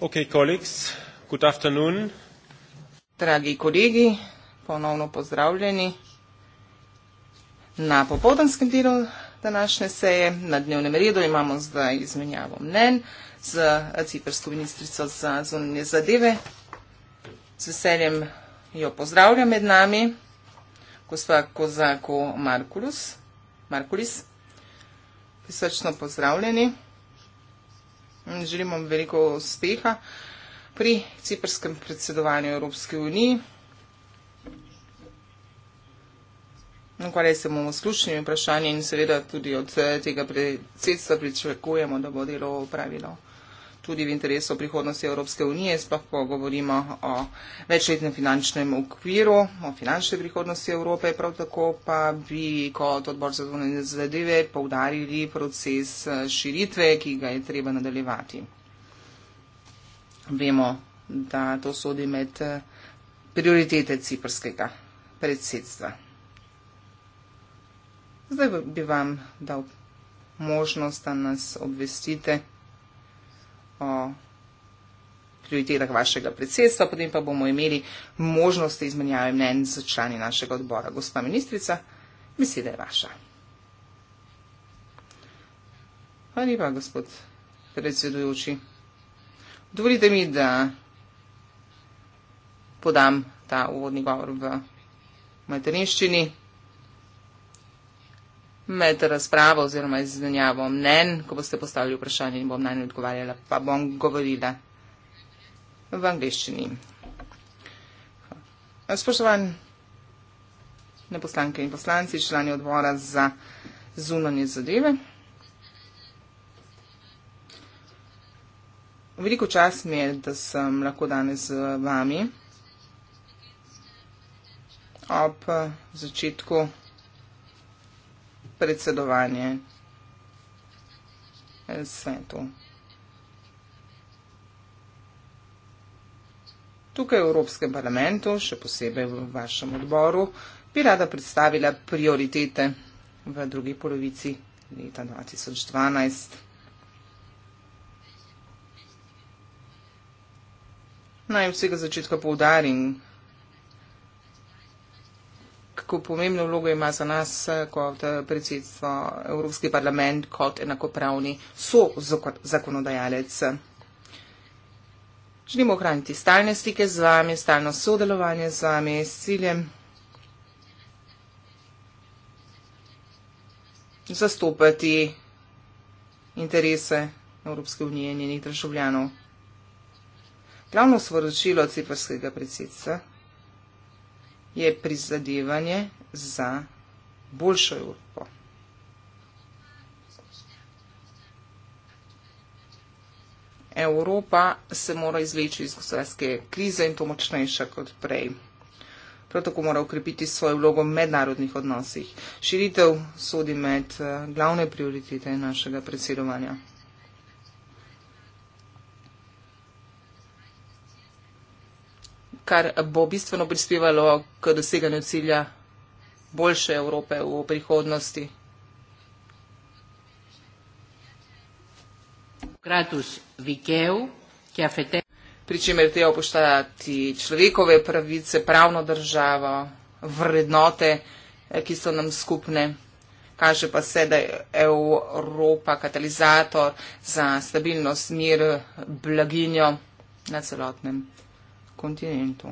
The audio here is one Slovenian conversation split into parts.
Okay, colleagues, good afternoon. Dragi kolegi, ponovno pozdravljeni na popoldanskem delu današnje seje. Na dnevnem redu imamo zdaj izmenjavo mnen z eh, ciprsko ministrico za zunanje zadeve. Z veseljem jo pozdravljam med nami, gospa Kozako Markulus. Markulis, prisrčno pozdravljeni. Mm, Želimo vam veliko uspeha pri ciprskem predsedovanju Evropske unije. Ukvarjaj se bomo s ključnimi vprašanji in seveda tudi od eh, tega predsedstva pričakujemo, da bo delo upravilo tudi v interesu prihodnosti Evropske unije, sploh ko govorimo o večletnem finančnem okviru, o finančni prihodnosti Evrope, prav tako pa bi kot odbor za zvonjene zadeve poudarili proces eh, širitve, ki ga je treba nadaljevati. Vemo, da to sodi med eh, prioritete ciprskega predsedstva. Zdaj bi vam dal možnost, da nas obvestite prioritetah vašega predsedstva, potem pa bomo imeli možnost izmenjave mnen z člani našega odbora. Gospa ministrica, beseda je vaša. Hvala lepa, gospod predsedujoči. Dovolite mi, da podam ta uvodni govor v materinščini med razpravo oziroma izmenjavo mnen, ko boste postavili vprašanje in bom na nje odgovarjala, pa bom govorila v angliščini. Spoštovani neposlanke in poslanci, člani odbora za zunanje zadeve. Veliko čas mi je, da sem lahko danes z vami ob začetku predsedovanje svetu. Tukaj v Evropskem parlamentu, še posebej v vašem odboru, bi rada predstavila prioritete v drugi polovici leta 2012. Naj vsega začetka poudarim, kako pomembno vlogo ima za nas eh, kot eh, predsedstvo Evropski parlament, kot enakopravni sozakonodajalec. Želimo ohraniti stalne stike z vami, stalno sodelovanje z vami s ciljem zastopati interese Evropske unije in njenih državljanov. Glavno sporočilo ciprskega predsedstva je prizadevanje za boljšo Evropo. Evropa se mora izvleči iz gospodarske krize in to močnejša kot prej. Prav tako mora ukrepiti svojo vlogo v mednarodnih odnosih. Širitev sodi med eh, glavne prioritete našega predsedovanja. kar bo bistveno prispevalo k doseganju cilja boljše Evrope v prihodnosti. Pričemer treba upoštevati človekove pravice, pravno državo, vrednote, eh, ki so nam skupne. Kaže pa se, da je Evropa katalizator za stabilnost, mir, blaginjo na celotnem kontinentu.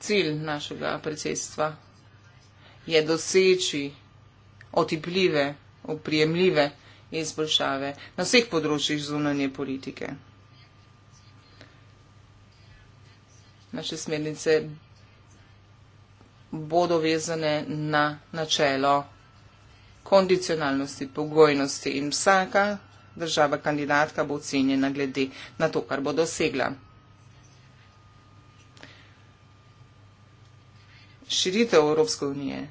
Cilj našega predsedstva je doseči otipljive, oprijemljive izboljšave na vseh področjih zunanje politike. Naše smernice bodo vezane na načelo kondicionalnosti, pogojnosti in vsaka država kandidatka bo ocenjena glede na to, kar bo dosegla. Širitev Evropske unije,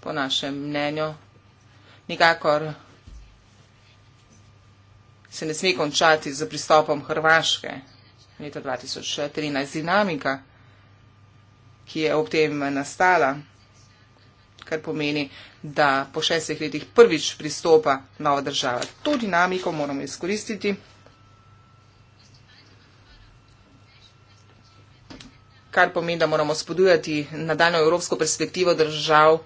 po našem mnenju, nikakor se ne sme končati z pristopom Hrvaške leta 2013. Dinamika, ki je ob tem nastala, kar pomeni, da po šestih letih prvič pristopa nova država. To dinamiko moramo izkoristiti. kar pomeni, da moramo spodujati nadaljno evropsko perspektivo držav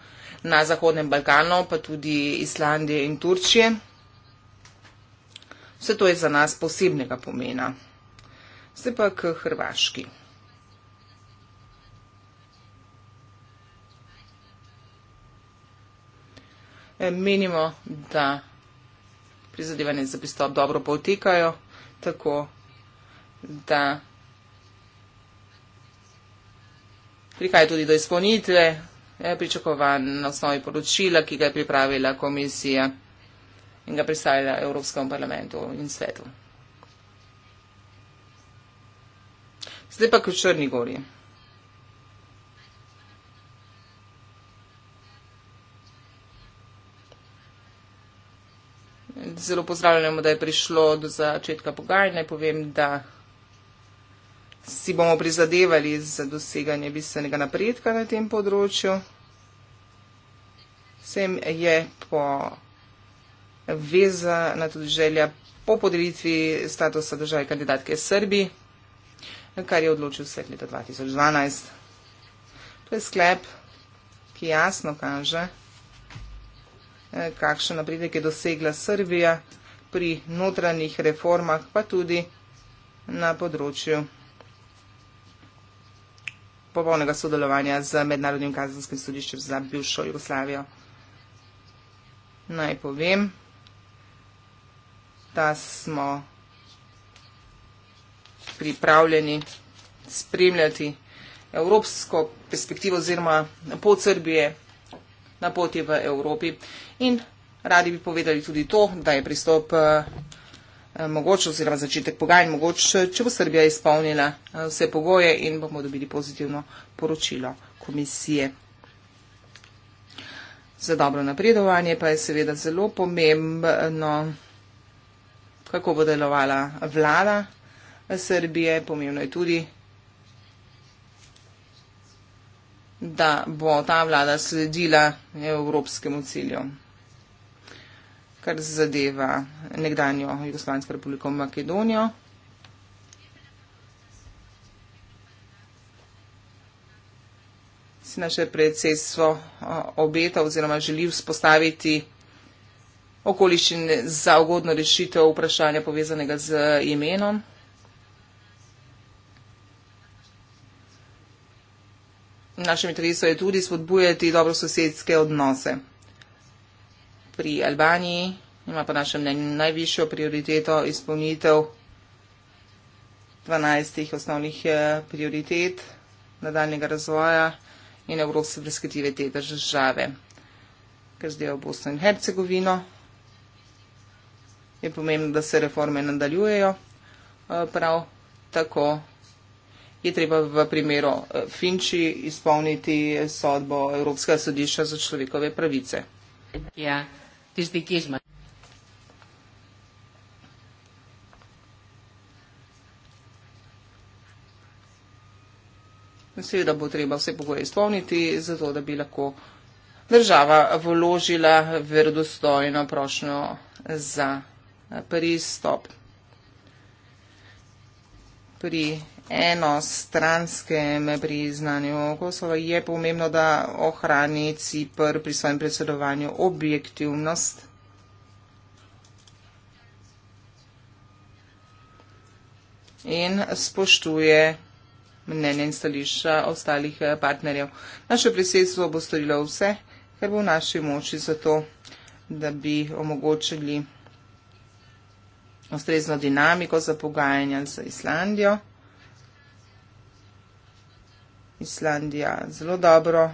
na Zahodnem Balkanu, pa tudi Islandije in Turčije. Vse to je za nas posebnega pomena. Zdaj pa k Hrvaški. E, menimo, da prizadevanje za pristop dobro potekajo, tako da prihaja tudi do izpolnitve e, pričakovanj na osnovi poročila, ki ga je pripravila komisija in ga predstavila Evropskemu parlamentu in svetu. Zdaj pa k Črni gori. zelo pozdravljamo, da je prišlo do začetka pogajanja. Povem, da si bomo prizadevali za doseganje bistvenega napredka na tem področju. Vsem je po veza na tudi želja po podelitvi statusa države kandidatke Srbiji, kar je odločil vse leta 2012. To je sklep, ki jasno kaže, Eh, kakšen napredek je dosegla Srbija pri notranjih reformah, pa tudi na področju popolnega sodelovanja z Mednarodnim kazenskim sodiščem za bivšo Jugoslavijo. Naj povem, da smo pripravljeni spremljati evropsko perspektivo oziroma pot Srbije na poti v Evropi. In radi bi povedali tudi to, da je pristop eh, eh, mogoče oziroma začetek pogajanj mogoče, če bo Srbija izpolnila eh, vse pogoje in bomo dobili pozitivno poročilo komisije. Za dobro napredovanje pa je seveda zelo pomembno, kako bo delovala vlada Srbije. Pomembno je tudi, da bo ta vlada sledila evropskemu cilju, kar zadeva nekdanjo Jugoslavijsko republiko Makedonijo. Si naše predsedstvo obeta oziroma želi vzpostaviti okoliščine za ugodno rešitev vprašanja povezanega z imenom. v našem interesu je tudi spodbujati dobrososedske odnose. Pri Albaniji ima pa našem mnenju najvišjo prioriteto izpolnitev 12 osnovnih eh, prioritet nadaljnega razvoja in evropske perspektive te države. Ker zdaj je v Bosno in Hercegovino, je pomembno, da se reforme nadaljujejo eh, prav tako je treba v primeru eh, Finči izpolniti eh, sodbo Evropskega sodišča za človekove pravice. Ja, tisti, ki smo. Seveda bo treba vse pogoje izpolniti, zato da bi lahko država vložila verodostojno prošnjo za eh, pristop pri enostranske me pri znanju Kosova, je pomembno, da ohrani Cipr pri svojem predsedovanju objektivnost. in spoštuje mnenje in stališča ostalih eh, partnerjev. Naše predsedstvo bo storilo vse, ker bo v naši moči za to, da bi omogočili ustrezno dinamiko za pogajanja z Islandijo. Islandija zelo dobro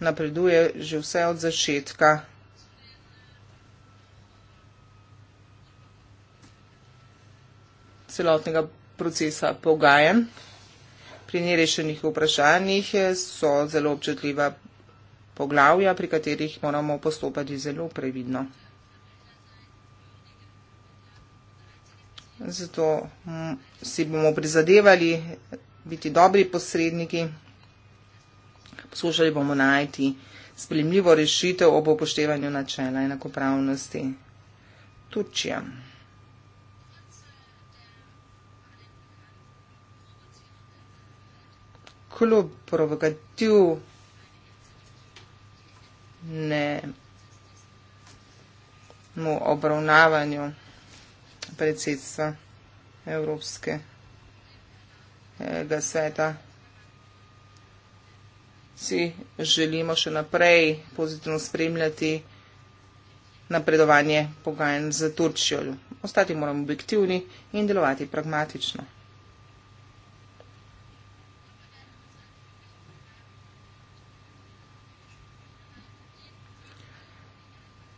napreduje že vse od začetka. celotnega procesa pogajanj. Pri nerešenih vprašanjih so zelo občutljiva poglavja, pri katerih moramo postopati zelo previdno. Zato si bomo prizadevali biti dobri posredniki. Poskušali bomo najti spremljivo rešitev ob upoštevanju načela enakopravnosti. Tučija. Klub provokativ ne mu obravnavanju predsedstva Evropske unije da eh, sveta si želimo še naprej pozitivno spremljati napredovanje pogajanj z Turčijo. Ostati moramo objektivni in delovati pragmatično.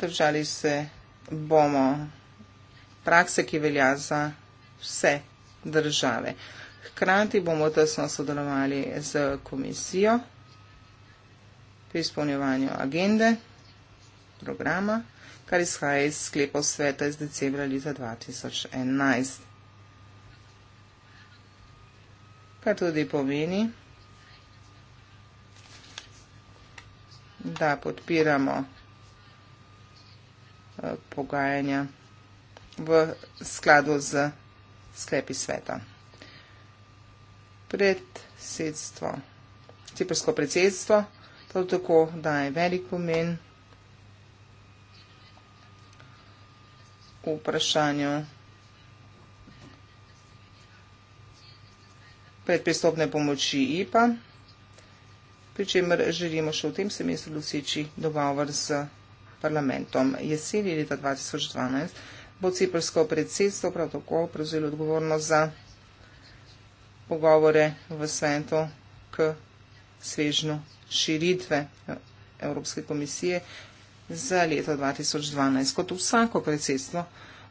Držali se bomo prakse, ki velja za vse države. Hkrati bomo tesno sodelovali z komisijo pri izpolnjevanju agende programa, kar izhaja iz sklepov sveta iz decembra leta 2011. Kar tudi pomeni, da podpiramo eh, pogajanja v skladu z sklepi sveta predsedstvo. Ciprsko predsedstvo, prav tako daje velik pomen v vprašanju predpristopne pomoči IPA, pri čemer želimo še v tem semestru doseči dogovor z parlamentom. Jeseni leta 2012 bo ciprsko predsedstvo prav tako prevzelo odgovornost za predsedstvo pogovore v svetu k svežnju širitve Evropske komisije za leto 2012. Kot vsako predsedstvo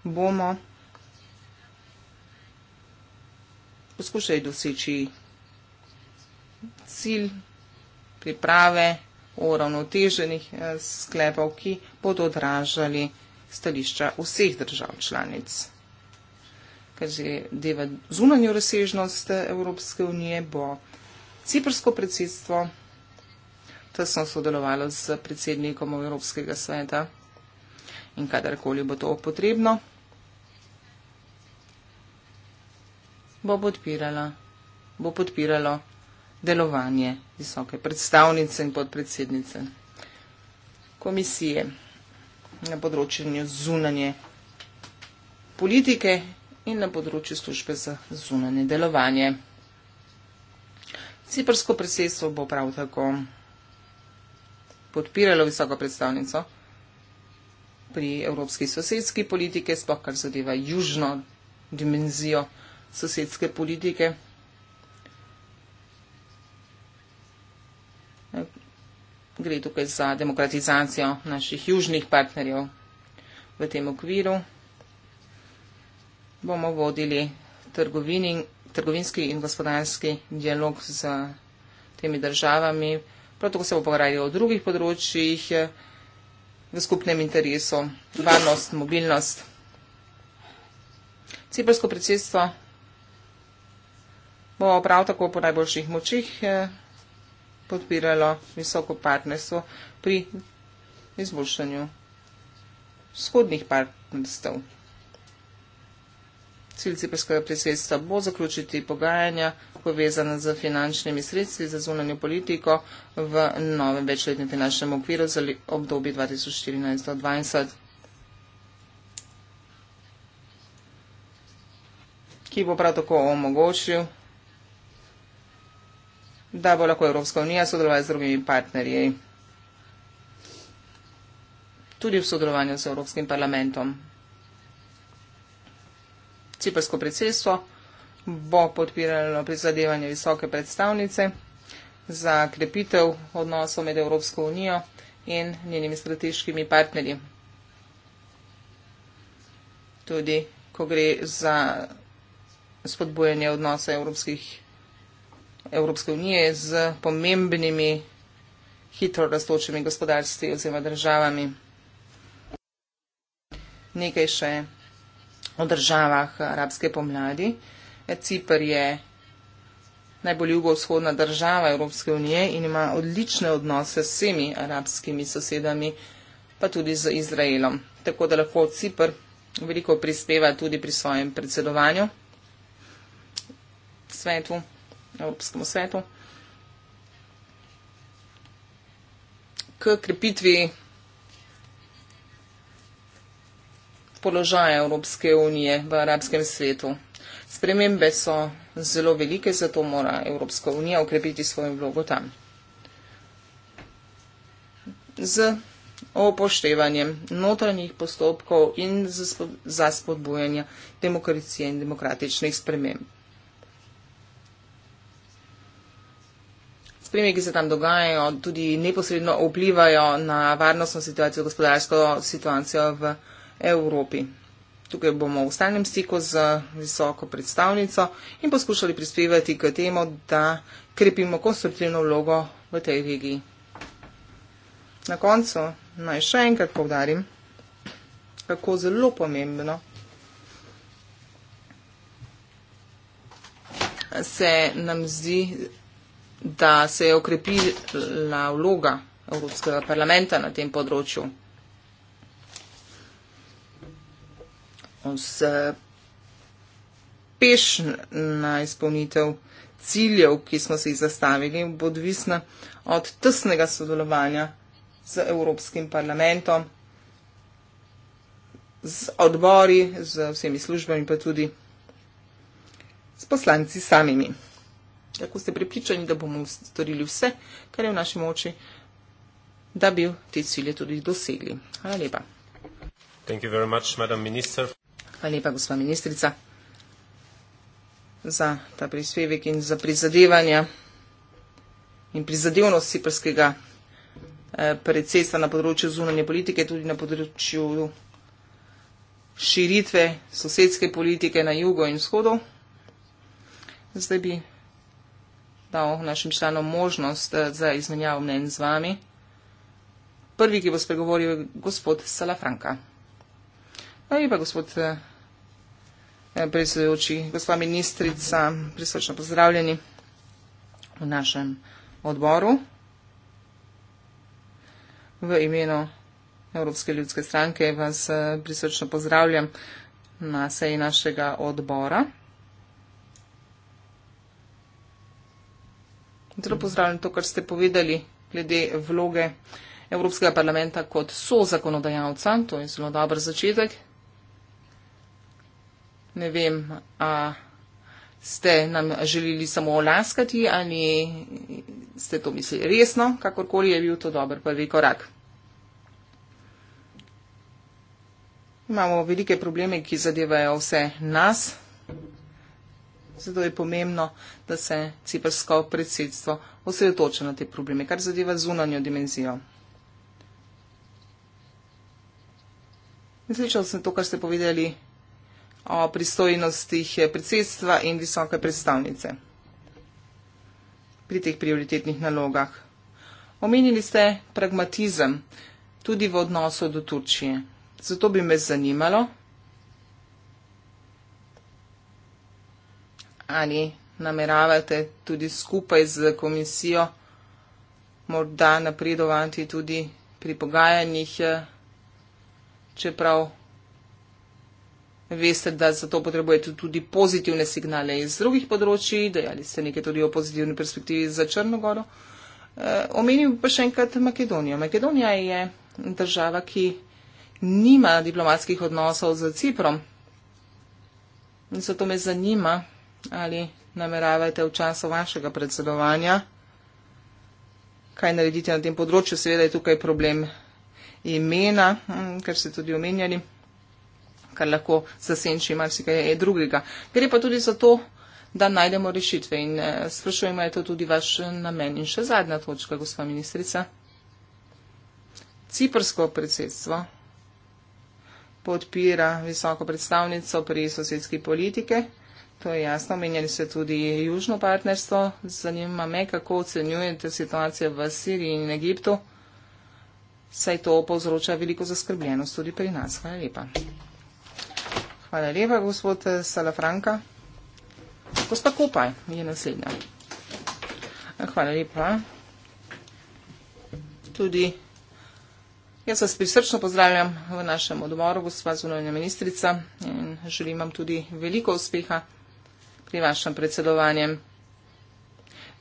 bomo poskušali doseči cilj priprave uravnoteženih eh, sklepov, ki bodo odražali stališča vseh držav članic kar zadeva zunanjo razsežnost Evropske unije, bo ciprsko predsedstvo tesno sodelovalo z predsednikom Evropskega sveta in kadarkoli bo to potrebno, bo podpirala, bo podpiralo delovanje visoke predstavnice in podpredsednice komisije na področju zunanje politike in na področju službe za zunanje delovanje. Ciprsko predsedstvo bo prav tako podpiralo visoko predstavnico pri evropski sosedski politike, spoh kar zadeva južno dimenzijo sosedske politike. Gre tukaj za demokratizacijo naših južnih partnerjev v tem okviru bomo vodili trgovini, trgovinski in gospodarski dialog z temi državami. Prav tako se bo pogovarjali o drugih področjih eh, v skupnem interesu, varnost, mobilnost. Ciprsko predsedstvo bo prav tako po najboljših močih eh, podpiralo visoko partnerstvo pri izboljšanju vzhodnih partnerstv. Cilj ciperskega predsedstva bo zaključiti pogajanja povezane z finančnimi sredstvi za zunanjo politiko v novem večletnem finančnem okviru za obdobje 2014-2020. ki bo prav tako omogočil, da bo lahko Evropska unija sodelovala z drugimi partnerji, tudi v sodelovanju s Evropskim parlamentom ciprsko predsedstvo bo podpiralo prizadevanje visoke predstavnice za krepitev odnosov med Evropsko unijo in njenimi strateškimi partnerji. Tudi, ko gre za spodbujanje odnosa Evropskih, Evropske unije z pomembnimi hitro rastočimi gospodarstvi oziroma državami. Nekaj še v državah arabske pomladi. Ja, Cipr je najbolj jugovzhodna država Evropske unije in ima odlične odnose s vsemi arabskimi sosedami, pa tudi z Izraelom. Tako da lahko Cipr veliko prispeva tudi pri svojem predsedovanju svetu, Evropskemu svetu. K krepitvi položaja Evropske unije v arabskem svetu. Spremembe so zelo velike, zato mora Evropska unija ukrepiti svojo vlogo tam. Z opoštevanjem notranjih postopkov in za spodbujanje demokracije in demokratičnih sprememb. Spremembe, ki se tam dogajajo, tudi neposredno vplivajo na varnostno situacijo, gospodarsko situacijo v Evropi. Evropi. Tukaj bomo v stalnem stiku z visoko predstavnico in poskušali prispevati k temu, da krepimo konstruktivno vlogo v tej regiji. Na koncu naj še enkrat povdarim, kako zelo pomembno se nam zdi, da se je okrepila vloga Evropskega parlamenta na tem področju. uspešna izpolnitev ciljev, ki smo se jih zastavili, bo odvisna od tesnega sodelovanja z Evropskim parlamentom, z odbori, z vsemi službami, pa tudi s poslanci samimi. Tako ste pripričani, da bomo storili vse, kar je v naši moči, da bi te cilje tudi dosegli. Hvala lepa. Thank you very much, Madam Minister. Hvala lepa, gospa ministrica, za ta prispevek in za prizadevanja in prizadevnost ciprskega eh, predsedstva na področju zunanje politike, tudi na področju širitve sosedske politike na jugu in vzhodu. Zdaj bi dal našim članom možnost eh, za izmenjavo mnen z vami. Prvi, ki bo spregovoril, je gospod Salafranka. Hvala lepa, gospod Salafranka. Eh, Eh, predsedujoči, gospa ministrica, prisrčno pozdravljeni v našem odboru v imenu Evropske ljudske stranke vas eh, prisrčno pozdravljam na seji našega odbora. Zelo pozdravljam to, kar ste povedali glede vloge Evropskega parlamenta kot sozakonodajalca. To je zelo dober začetek, ne vem, a ste nam želeli samo olaskati ali ste to mislili resno, kakorkoli je bil to dober prvi korak. Imamo velike probleme, ki zadevajo vse nas, zato je pomembno, da se ciprsko predsedstvo osredotoča na te probleme, kar zadeva zunanjo dimenzijo. Slišal sem to, kar ste povedali o pristojnostih predsedstva in visoke predstavnice pri teh prioritetnih nalogah. Omenili ste pragmatizem tudi v odnosu do Turčije. Zato bi me zanimalo, ali nameravate tudi skupaj z komisijo morda napredovati tudi pri pogajanjih, čeprav veste, da za to potrebujete tudi pozitivne signale iz drugih področji, dejali ste nekaj tudi o pozitivni perspektivi za Črnogoro. Eh, Omenim pa še enkrat Makedonijo. Makedonija je država, ki nima diplomatskih odnosov z Ciprom. In zato me zanima, ali nameravate v času vašega predsedovanja kaj narediti na tem področju. Seveda je tukaj problem imena, hm, kar ste tudi omenjali kar lahko zasenči marsikaj drugega. Gre pa tudi za to, da najdemo rešitve in eh, sprašujemo, je to tudi vaš namen. In še zadnja točka, gospa ministrica. Ciprsko predsedstvo podpira visoko predstavnico pri sosedski politike. To je jasno, menjali se tudi južno partnerstvo. Zanima me, kako ocenjujete situacijo v Siriji in Egiptu, saj to povzroča veliko zaskrbljenost tudi pri nas. Hvala lepa. Hvala lepa, gospod Salafranka. Gospa Kupaj je naslednja. Hvala lepa. Tudi jaz vas prisrčno pozdravljam v našem odboru, gospa zunanja ministrica, in želim vam tudi veliko uspeha pri vašem predsedovanju.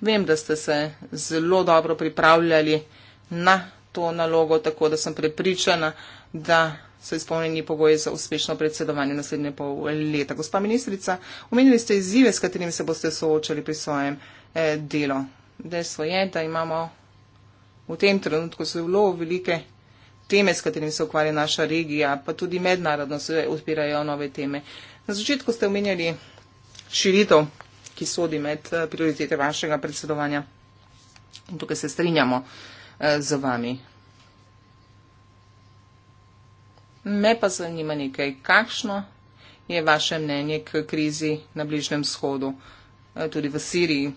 Vem, da ste se zelo dobro pripravljali na to nalogo, tako da sem prepričana, da so izpolnjeni pogoji za uspešno predsedovanje naslednje pol leta. Gospa ministrica, omenili ste izzive, s katerimi se boste soočali pri svojem eh, delu. Dejstvo je, da imamo v tem trenutku zelo velike teme, s katerimi se ukvarja naša regija, pa tudi mednarodno se odpirajo nove teme. Na začetku ste omenjali širitev, ki sodi med eh, prioritete vašega predsedovanja. In tukaj se strinjamo eh, z vami. Me pa zanima nekaj, kakšno je vaše mnenje k krizi na Bližnjem shodu, eh, tudi v Siriji.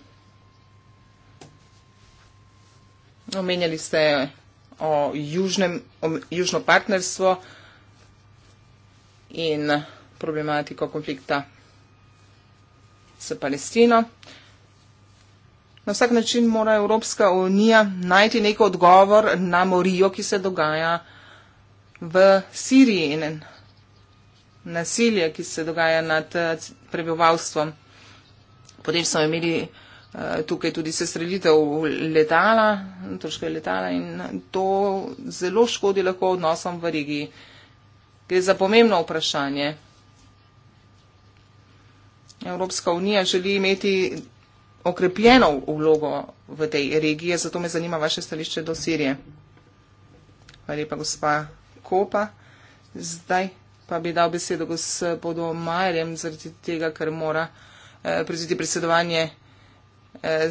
Omenjali ste o južnem, o južno partnerstvo in problematiko konflikta s Palestino. Na vsak način mora Evropska unija najti nek odgovor na morijo, ki se dogaja v Siriji in nasilje, ki se dogaja nad eh, prebivalstvom. Potem smo imeli eh, tukaj tudi sestrelitev letala, turške letala in to zelo škodi lahko odnosom v regiji. Gre za pomembno vprašanje. Evropska unija želi imeti okrepljeno vlogo v tej regiji, zato me zanima vaše stališče do Sirije. Hvala lepa, gospa kopa. Zdaj pa bi dal besedo gospodu Majerjem, zaradi tega, ker mora eh, prezeti predsedovanje eh,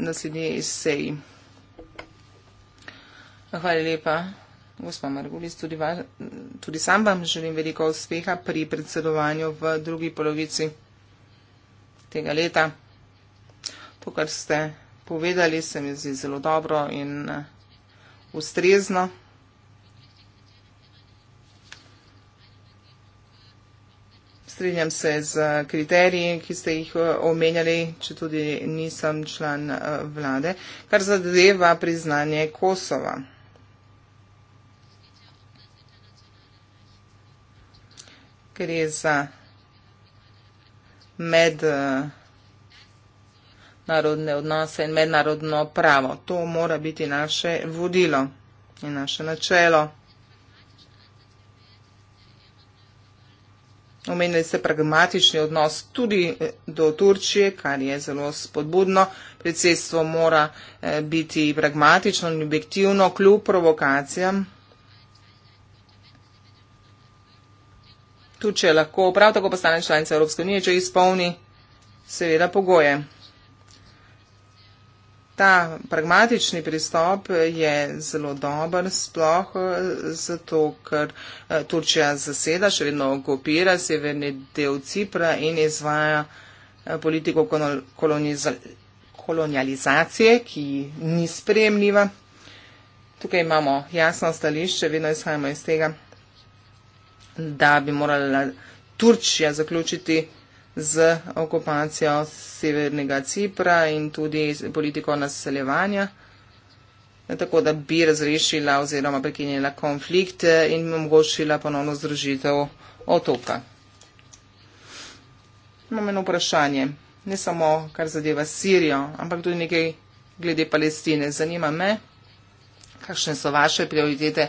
naslednji seji. Hvala lepa, gospod Margulis, tudi, va, tudi sam vam želim veliko uspeha pri predsedovanju v drugi polovici tega leta. To, kar ste povedali, se mi zdi zelo dobro in eh, ustrezno. Eh, Strinjam se z eh, kriteriji, ki ste jih eh, omenjali, če tudi nisem član eh, vlade, kar zadeva priznanje Kosova. Ker je za med narodne odnose in mednarodno pravo. To mora biti naše vodilo in naše načelo. Omenili ste pragmatični odnos tudi eh, do Turčije, kar je zelo spodbudno. Predsedstvo mora eh, biti pragmatično in objektivno kljub provokacijam. Turčija lahko prav tako postane članica Evropske unije, če izpolni seveda pogoje. Ta pragmatični pristop je zelo dober, sploh eh, zato, ker eh, Turčija zaseda, še vedno okupira severni del Cipra in izvaja eh, politiko kolonializacije, ki ni spremljiva. Tukaj imamo jasno stališče, vedno izhajamo iz tega, da bi morala Turčija zaključiti z okupacijo Severnega Cipra in tudi politiko naseljevanja, tako da bi razrešila oziroma prekinjala konflikt in omogočila ponovno združitev otoka. Imam eno vprašanje, ne samo kar zadeva Sirijo, ampak tudi nekaj glede Palestine. Zanima me, kakšne so vaše prioritete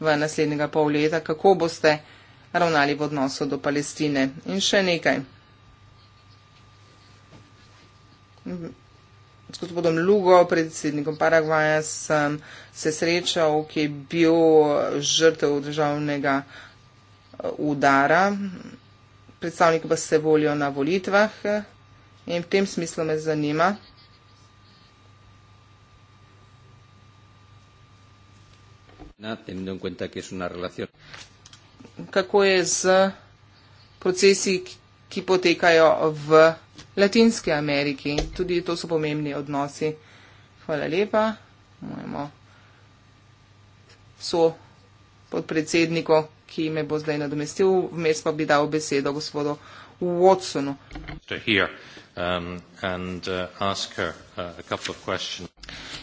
v naslednjega pol leta, kako boste ravnali v odnosu do Palestine. In še nekaj. Mhm. s gospodom Lugo, predsednikom Paragvaja, sem se srečal, ki je bil žrtev državnega eh, udara. Predstavniki pa se volijo na volitvah eh, in v tem smislu me zanima. Kako je z procesi, ki potekajo v. Latinski Ameriki. Tudi to so pomembni odnosi. Hvala lepa. Mojmo so podpredsedniku, ki me bo zdaj nadomestil, vmes pa bi dal besedo gospodu Watsonu. Um, uh, uh,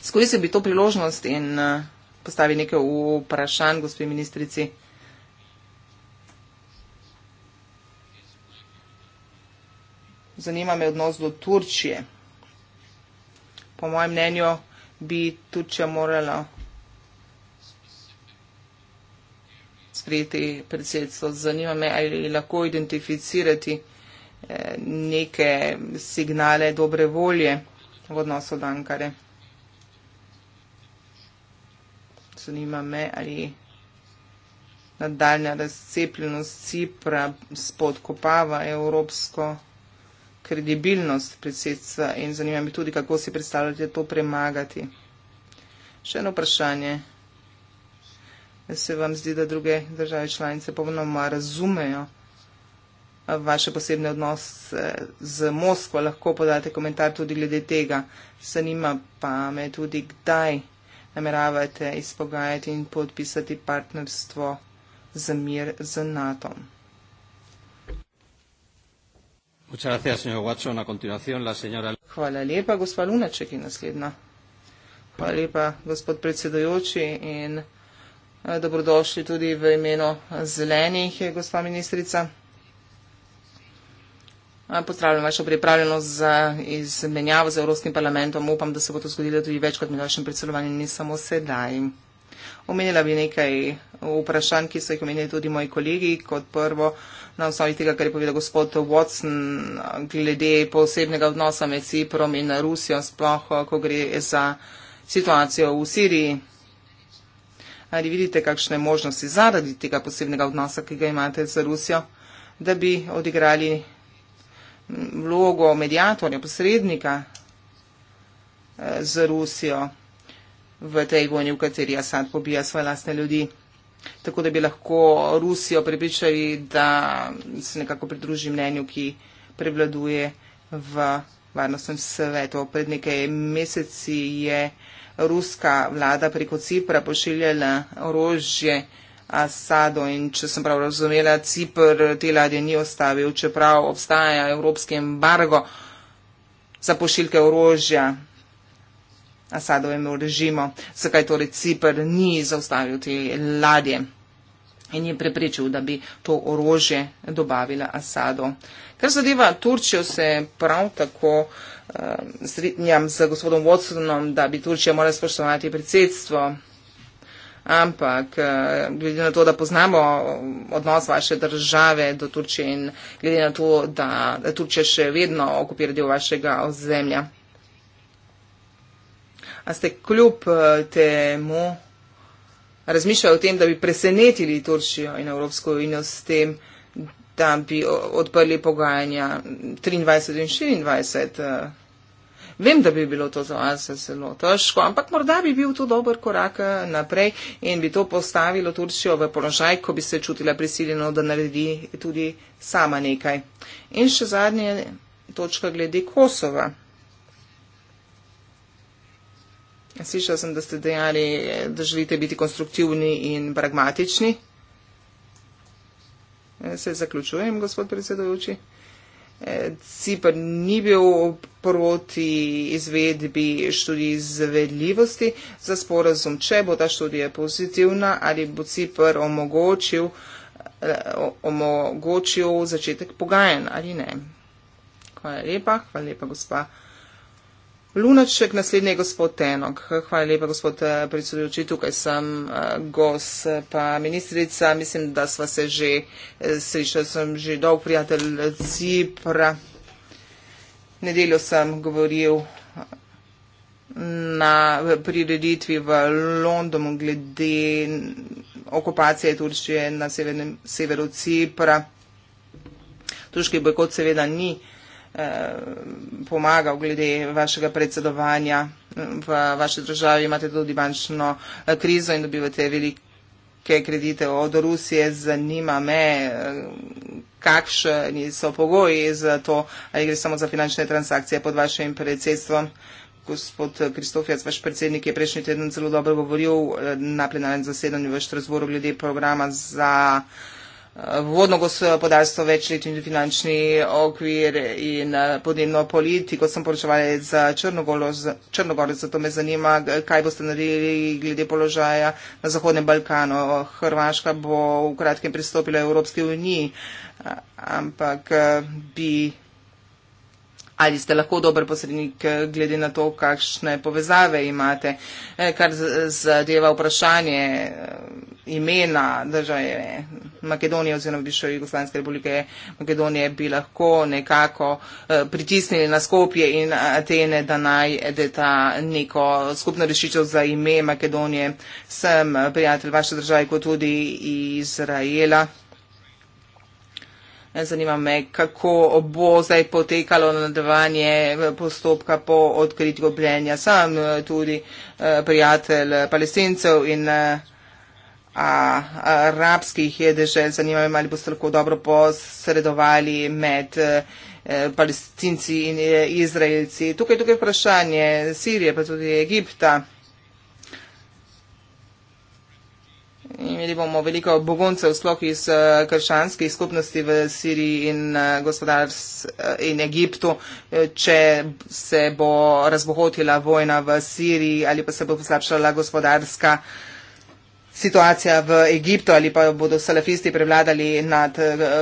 Skoraj se bi to priložnost in uh, postavi nekaj vprašanj gospe ministrici. zanima me odnos do Turčije. Po mojem mnenju bi Turčija morala sprejeti predsedstvo. Zanima me, ali lahko identificirati eh, neke signale dobre volje v odnosu do Ankare. Zanima me, ali nadaljna razcepljenost Cipra spodkopava evropsko kredibilnost predsedstva in zanima me tudi, kako si predstavljate to premagati. Še eno vprašanje. Se vam zdi, da druge države članice popolnoma razumejo vaše posebne odnose z Moskvo? Lahko podate komentar tudi glede tega. Zanima pa me tudi, kdaj nameravate izpogajati in podpisati partnerstvo za mir z NATO. -om. Hvala lepa, gospa Lunaček je naslednja. Hvala lepa, gospod predsedojoči in eh, dobrodošli tudi v imeno zelenih, eh, gospa ministrica. Eh, pozdravljam vašo pripravljenost za izmenjavo z Evropskim parlamentom. Upam, da se bo to zgodilo tudi večkrat med vašim predsedovanjem in samo sedaj. Omenila bi nekaj vprašanj, ki so jih omenili tudi moji kolegi. Kot prvo, na osnovi tega, kar je povedal gospod Watson, glede posebnega odnosa med Ciprom in Rusijo, sploh, ko gre za situacijo v Siriji. Ali vidite kakšne možnosti zaradi tega posebnega odnosa, ki ga imate z Rusijo, da bi odigrali vlogo medijatorja, posrednika eh, z Rusijo? v tej vojni, v kateri Asad pobija svoje lastne ljudi. Tako da bi lahko Rusijo prepričali, da se nekako pridruži mnenju, ki prevladuje v varnostnem svetu. Pred nekaj meseci je ruska vlada preko Cipra pošiljala orožje Asado in če sem prav razumela, Cipr te ladje ni ostavil, čeprav obstaja evropski embargo za pošiljke orožja Asadovemu režimu, zakaj torej Cipr ni zaustavil te ladje in je preprečil, da bi to orožje dobavila Asado. Kar zadeva Turčijo, se prav tako uh, strinjam z gospodom Watsonom, da bi Turčija morala spoštovati predsedstvo. Ampak, eh, glede na to, da poznamo odnos vaše države do Turčije in glede na to, da Turčija še vedno okupira del vašega ozemlja. A ste kljub eh, temu razmišljali o tem, da bi presenetili Turčijo in Evropsko unijo s tem, da bi odprli pogajanja 23 in 24? Eh? Vem, da bi bilo to za vas zelo težko, ampak morda bi bil to dober korak eh, naprej in bi to postavilo Turčijo v položaj, ko bi se čutila prisiljeno, da naredi tudi sama nekaj. In še zadnje točka glede Kosova. Slišal sem, da ste dejali, da želite biti konstruktivni in pragmatični. E, se zaključujem, gospod predsedujoči. E, CIPR ni bil proti izvedbi študij izvedljivosti za sporazum, če bo ta študija pozitivna ali bo CIPR omogočil, e, omogočil začetek pogajanj ali ne. Hvala lepa, hvala lepa, gospa. Lunaček, naslednji je gospod Tenok. Hvala lepa, gospod eh, predsedujoči. Tukaj sem eh, gost, eh, pa ministrica. Mislim, da sva se že slišala, sem že dolg prijatelj Cipra. Nedeljo sem govoril na prireditvi v Londonu glede okupacije Turčije na severu Cipra. Turški bojkot seveda ni. Eh, pomagal glede vašega predsedovanja. Eh, v vaši državi imate tudi bančno eh, krizo in dobivate velike kredite od Rusije. Zanima me, kakšni so pogoji za to, ali gre samo za finančne transakcije pod vašim predsedstvom. Gospod Kristofjac, vaš predsednik je prejšnji teden zelo dobro govoril na plenarnem zasedanju v Štrasboru glede programa za uh, vodno gospodarstvo, večletni finančni okvir in eh, podnebno politiko. Sem poročevalec za Črnogoro, zato me zanima, kaj boste naredili glede položaja na Zahodnem Balkanu. Hrvaška bo v kratkem pristopila Evropske unije, eh, ampak eh, bi ali ste lahko dober posrednik, eh, glede na to, kakšne povezave imate. Eh, kar zadeva vprašanje eh, imena države Makedonije oziroma Bišo Jugoslavijske republike Makedonije, bi lahko nekako pritisnili na Skopje in Atene, da najdete neko skupno rešitev za ime Makedonije. Sem prijatelj vaše države, kot tudi Izraela. Zanima me, kako bo zdaj potekalo nadaljevanje postopka po odkritju obljenja. Sam eh, tudi eh, prijatelj palestincev in eh, arabskih držav. Zanima me, ali boste lahko dobro posredovali med palestinci in izraelci. Tukaj je tukaj vprašanje Sirije, pa tudi Egipta. Imeli bomo veliko boguncev, sploh iz eh, krščanskih skupnosti v Siriji in eh, gospodars eh, in Egiptu, če se bo razbohotila vojna v Siriji ali pa se bo poslabšala gospodarska situacija v Egiptu ali pa bodo salafisti prevladali nad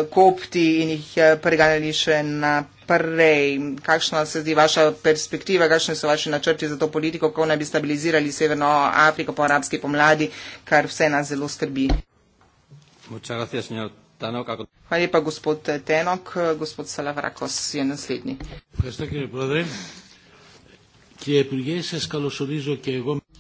kopti in jih preganjali še na prej, kakšna se zdi vaša perspektiva, kakšni so vaši načrti za to politiko, kako naj bi stabilizirali Severno Afriko po arabski pomladi, kar vse nas zelo skrbi. Hvala lepa, gospod Tenok. Gospod Salavrakos je naslednji.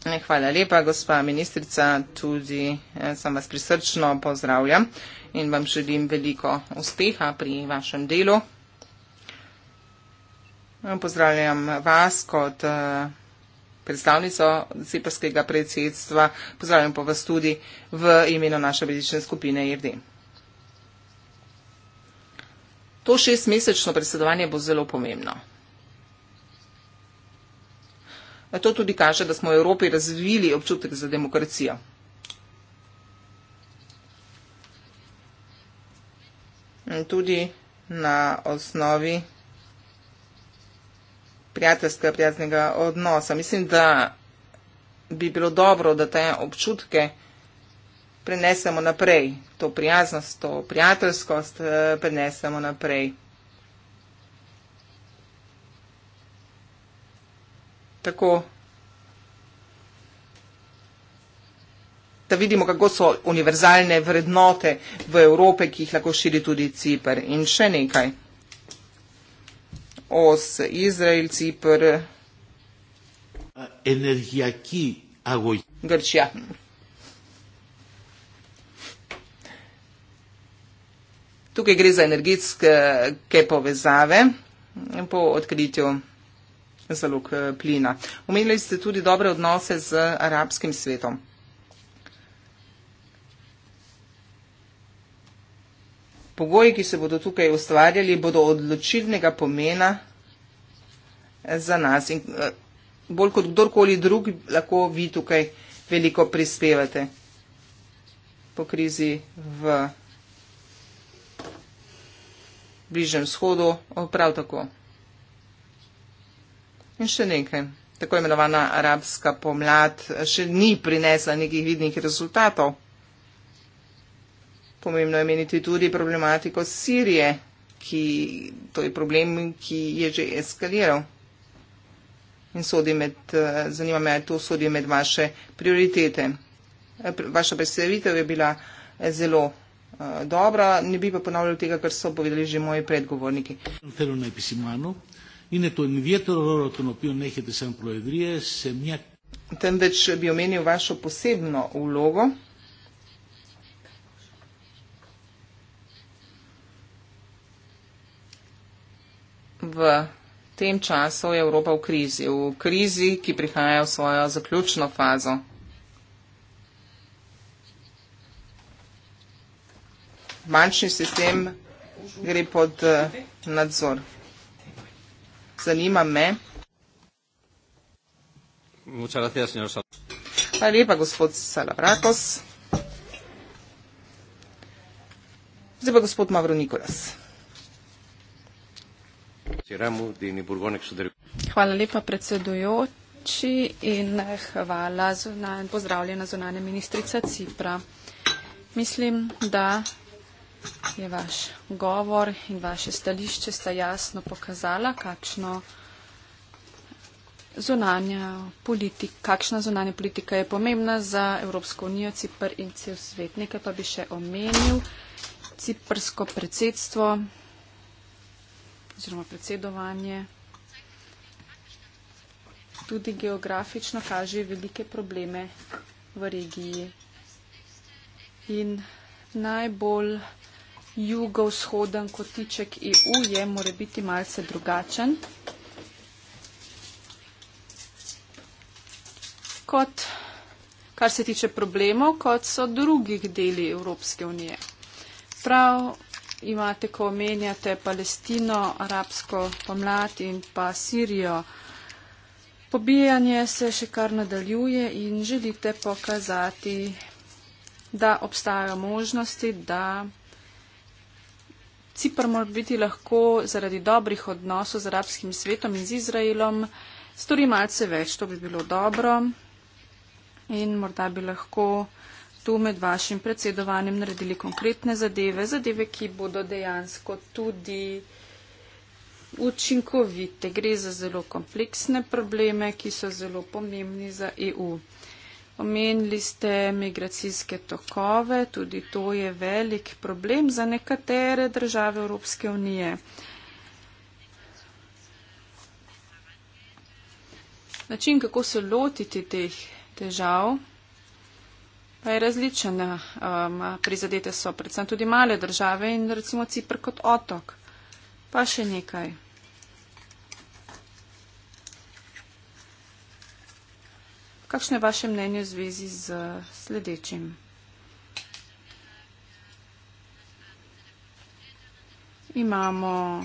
Ne, hvala lepa, gospa ministrica, tudi eh, sem vas prisrčno pozdravljam in vam želim veliko uspeha pri vašem delu. Pozdravljam vas kot eh, predstavnico ciprskega predsedstva, pozdravljam pa vas tudi v imenu naše bilične skupine IRD. To šestmesečno predsedovanje bo zelo pomembno. To tudi kaže, da smo v Evropi razvili občutek za demokracijo. Tudi na osnovi demokracije prijateljskega, prijateljskega odnosa. Mislim, da bi bilo dobro, da te občutke prenesemo naprej, to prijaznost, to prijateljskost eh, prenesemo naprej. Tako, da vidimo, kako so univerzalne vrednote v Evrope, ki jih lahko širi tudi Cipr in še nekaj os Izrael, Cipr, eh, Energijaki, Agoj. Grčija. Tukaj gre za energetske povezave po odkritju zalog eh, plina. Omenili ste tudi dobre odnose z arabskim svetom. pogoji, ki se bodo tukaj ustvarjali, bodo odločilnega pomena za nas in eh, bolj kot kdorkoli drug lahko vi tukaj veliko prispevate po krizi v bližnjem shodu, prav tako. In še nekaj, tako imenovana arabska pomlad še ni prinesla nekih vidnih rezultatov pomembno je meniti tudi problematiko Sirije, ki to je problem, ki je že eskaliral. In med, eh, zanima me, ali to sodi med vaše prioritete. Eh, vaša predstavitev je bila eh, zelo dobra, ne bi pa ponavljal tega, kar so povedali že moji predgovorniki. Temveč bi omenil vašo posebno vlogo. v tem času je Evropa v krizi, v krizi, ki prihaja v svojo zaključno fazo. Bančni sistem gre pod eh, nadzor. Zanima me. Hvala lepa, gospod Salavrakos. Zdaj pa gospod Mavro Nikolas. Hvala lepa predsedujoči in hvala zunanj, pozdravljena zunanja ministrica Cipra. Mislim, da je vaš govor in vaše stališče sta jasno pokazala, kakšno zunanja politika, kakšna zunanja politika je pomembna za Evropsko unijo, Cipr in cel svet. Nekaj pa bi še omenil. Ciprsko predsedstvo oziroma predsedovanje. Tudi geografično kaže velike probleme v regiji. In najbolj jugovzhoden kotiček EU je mora biti malce drugačen. Kot, kar se tiče problemov, kot so drugih deli Evropske unije. Prav imate, ko omenjate Palestino, arabsko pomlad in pa Sirijo. Pobijanje se še kar nadaljuje in želite pokazati, da obstajajo možnosti, da Cipr mora biti lahko zaradi dobrih odnosov z arabskim svetom in z Izraelom, stori malce več, to bi bilo dobro in morda bi lahko tu med vašim predsedovanjem naredili konkretne zadeve, zadeve, ki bodo dejansko tudi učinkovite. Gre za zelo kompleksne probleme, ki so zelo pomembni za EU. Omenili ste migracijske tokove, tudi to je velik problem za nekatere države Evropske unije. Način, kako se lotiti teh težav, pa je različen. Um, prizadete so predvsem tudi male države in recimo Cipr kot otok. Pa še nekaj. Kakšno je vaše mnenje v zvezi z sledečim? Imamo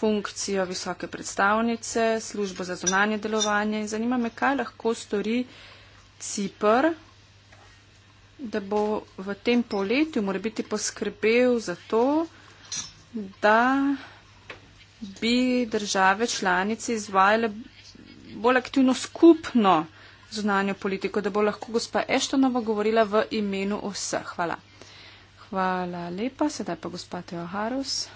funkcijo visoke predstavnice, službo za zunanje delovanje in zanima me, kaj lahko stori Cipr da bo v tem poletju mora biti poskrbel za to, da bi države članice izvajale bolj aktivno skupno zunanjo politiko, da bo lahko gospa Eštonova govorila v imenu vseh. Hvala. Hvala lepa. Sedaj pa gospa Teo Harus.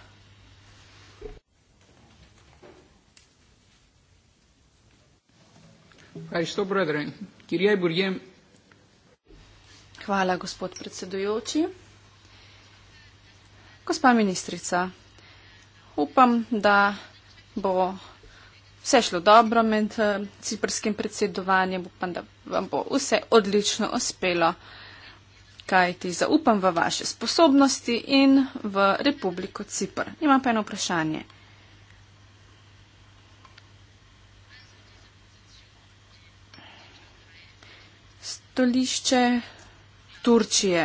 Kaj so, brethren, kjer je burjem Hvala, gospod predsedujoči. Gospa ministrica, upam, da bo vse šlo dobro med eh, ciprskim predsedovanjem, upam, da vam bo vse odlično uspelo, kajti zaupam v vaše sposobnosti in v Republiko Cipr. Imam pa eno vprašanje. Stolišče Turčije,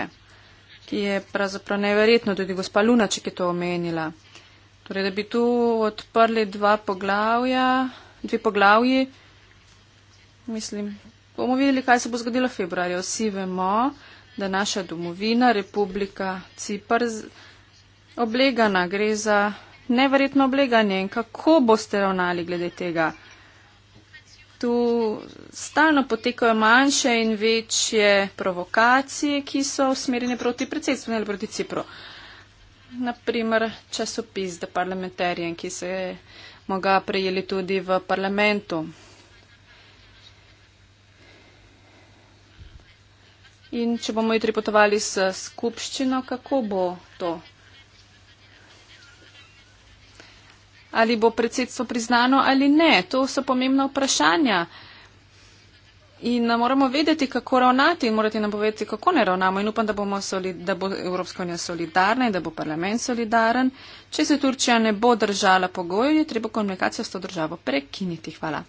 ki je pravzaprav neverjetno, tudi gospa Lunaček je to omenila. Torej, da bi tu odprli dva poglavja, dve poglavji, mislim, bomo videli, kaj se bo zgodilo februarja. Vsi vemo, da naša domovina, Republika Cipr, oblegana gre za neverjetno obleganje in kako boste ravnali glede tega tu stalno potekajo manjše in večje provokacije, ki so usmerjene proti predsedstvu ali proti Cipru. Naprimer, časopis The Parliamentarian, ki se je moga prejeli tudi v parlamentu. In če bomo jutri potovali s skupščino, kako bo to? ali bo predsedstvo priznano ali ne. To so pomembna vprašanja. In moramo vedeti, kako ravnati in morate nam povedati, kako ne ravnamo. In upam, da, da bo Evropska unija solidarna in da bo parlament solidaren. Če se Turčija ne bo držala pogojev, je treba komunikacijo s to državo prekiniti. Hvala.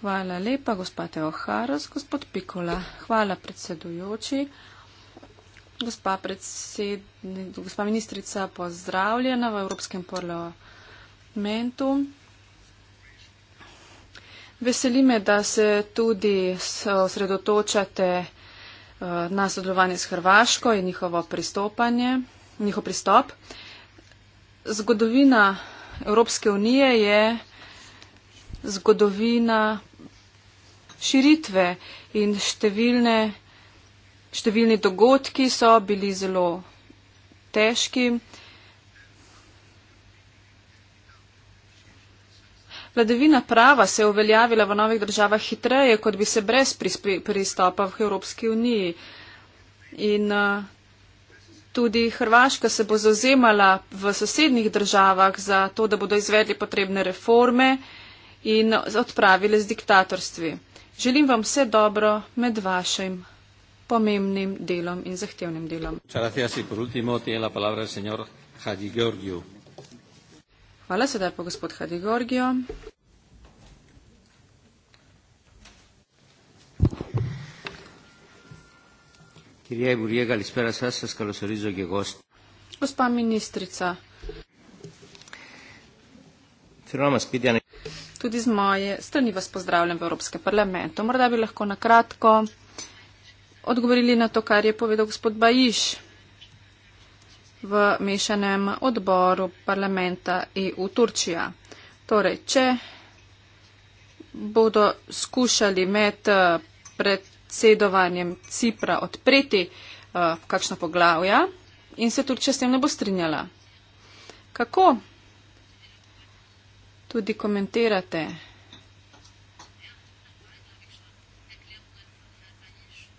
Hvala lepa, gospa Teoharos, gospod Pikola. Hvala predsedujoči. Gospa, predsed... gospa ministrica, pozdravljena v Evropskem parlamentu mentu. Veseli me, da se tudi osredotočate eh, na sodelovanje s Hrvaško in njihovo pristopanje, njihov pristop. Zgodovina Evropske unije je zgodovina širitve in številne, številni dogodki so bili zelo težki. Vladavina prava se je uveljavila v novih državah hitreje, kot bi se brez pristopa v Evropski uniji. In eh, tudi Hrvaška se bo zauzemala v sosednjih državah za to, da bodo izvedli potrebne reforme in odpravili z diktatorstvi. Želim vam vse dobro med vašim pomembnim delom in zahtevnim delom. Hvala, sedaj pa gospod Hadigorgijo. Gospa ministrica. Tudi z moje strani vas pozdravljam v Evropskem parlamentu. Morda bi lahko na kratko odgovorili na to, kar je povedal gospod Bajiš v mešanem odboru parlamenta EU Turčija. Torej, če bodo skušali med eh, predsedovanjem Cipra odpreti uh, eh, kakšno poglavja in se Turčija s tem ne bo strinjala. Kako tudi komentirate?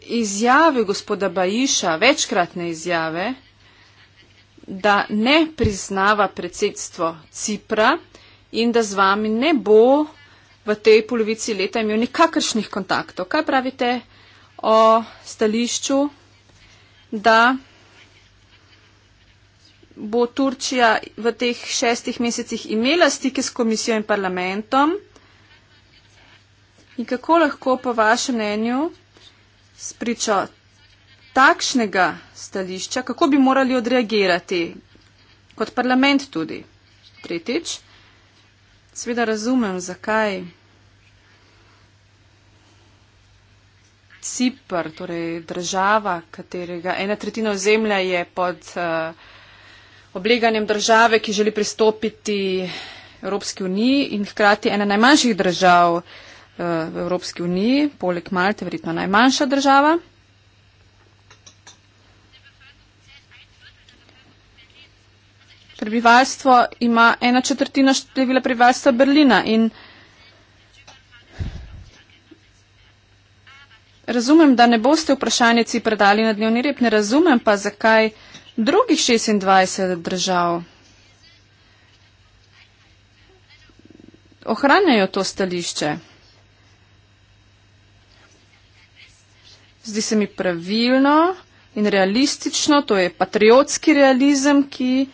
Izjave gospoda Bajiša, večkratne izjave, da ne priznava predsedstvo Cipra in da z vami ne bo v tej polovici leta imel nikakršnih kontaktov. Kaj pravite o stališču, da bo Turčija v teh šestih mesecih imela stike s komisijo in parlamentom? In kako lahko po vašem mnenju spričo takšnega stališča, kako bi morali odreagirati kot parlament tudi. Tretjič, seveda razumem, zakaj Cipr, torej država, katerega ena tretjina ozemlja je pod uh, obleganjem države, ki želi pristopiti Evropski uniji in hkrati ena najmanjših držav uh, v Evropski uniji, poleg Malte, verjetno najmanjša država. prebivalstvo ima ena četrtina števila prebivalstva Berlina in razumem, da ne boste vprašanjeci predali na dnevni rep, ne razumem pa, zakaj drugih 26 držav ohranjajo to stališče. Zdi se mi pravilno in realistično, to je patriotski realizem, ki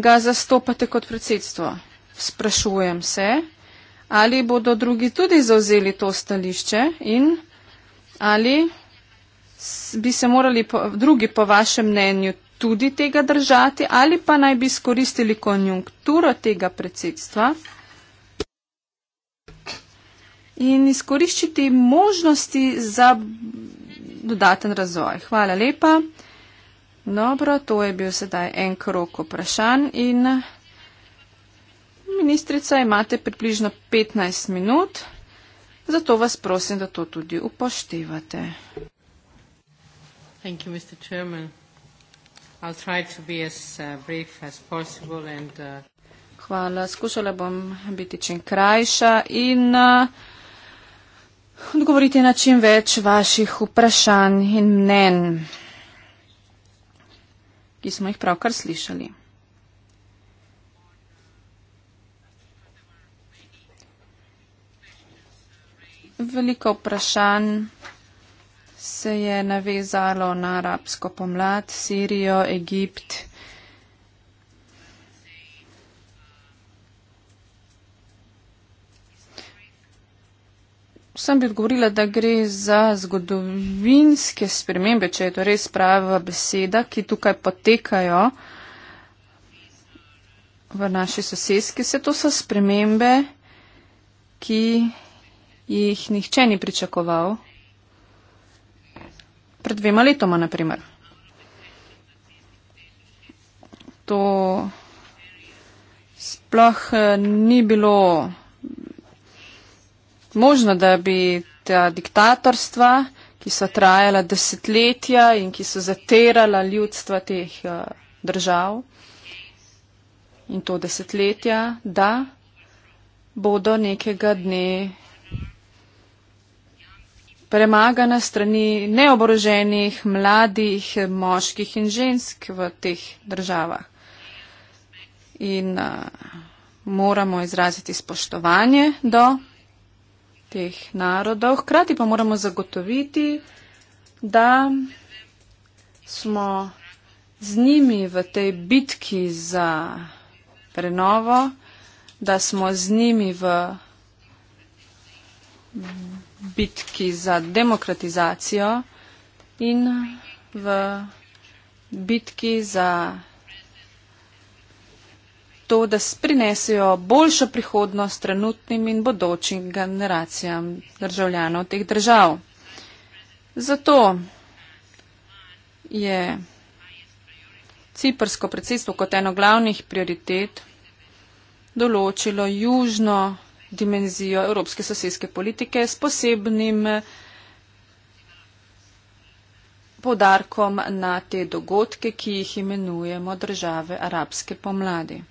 ga zastopate kot predsedstvo. Sprašujem se, ali bodo drugi tudi zauzeli to stališče in ali bi se morali po, drugi po vašem mnenju tudi tega držati ali pa naj bi skoristili konjunkturo tega predsedstva in izkoriščiti možnosti za dodaten razvoj. Hvala lepa. Dobro, to je bil sedaj en krok vprašanj in ministrica imate približno 15 minut, zato vas prosim, da to tudi upoštevate. Thank you, Mr. Chairman. I'll try to be as uh, brief as possible and uh... Hvala, skušala bom biti čim krajša in uh, odgovoriti na čim več vaših vprašanj in mnen ki smo jih pravkar slišali. Veliko vprašanj se je navezalo na arabsko pomlad, Sirijo, Egipt. Sem bi odgovorila, da gre za zgodovinske spremembe, če je to res prava beseda, ki tukaj potekajo v naši sosedski. Vse to so spremembe, ki jih nihče ni pričakoval. Pred dvema letoma, naprimer. To sploh eh, ni bilo možno, da bi ta diktatorstva, ki so trajala desetletja in ki so zaterala ljudstva teh eh, držav in to desetletja, da bodo nekega dne premagana strani neoboroženih mladih moških in žensk v teh državah. In uh, moramo izraziti spoštovanje do teh narodov. Hkrati pa moramo zagotoviti, da smo z njimi v tej bitki za prenovo, da smo z njimi v bitki za demokratizacijo in v bitki za to, da prinesejo boljšo prihodnost trenutnim in bodočim generacijam državljanov teh držav. Zato je ciprsko predsedstvo kot eno glavnih prioritet določilo južno dimenzijo evropske sosedske politike s posebnim podarkom na te dogodke, ki jih imenujemo države arabske pomladi.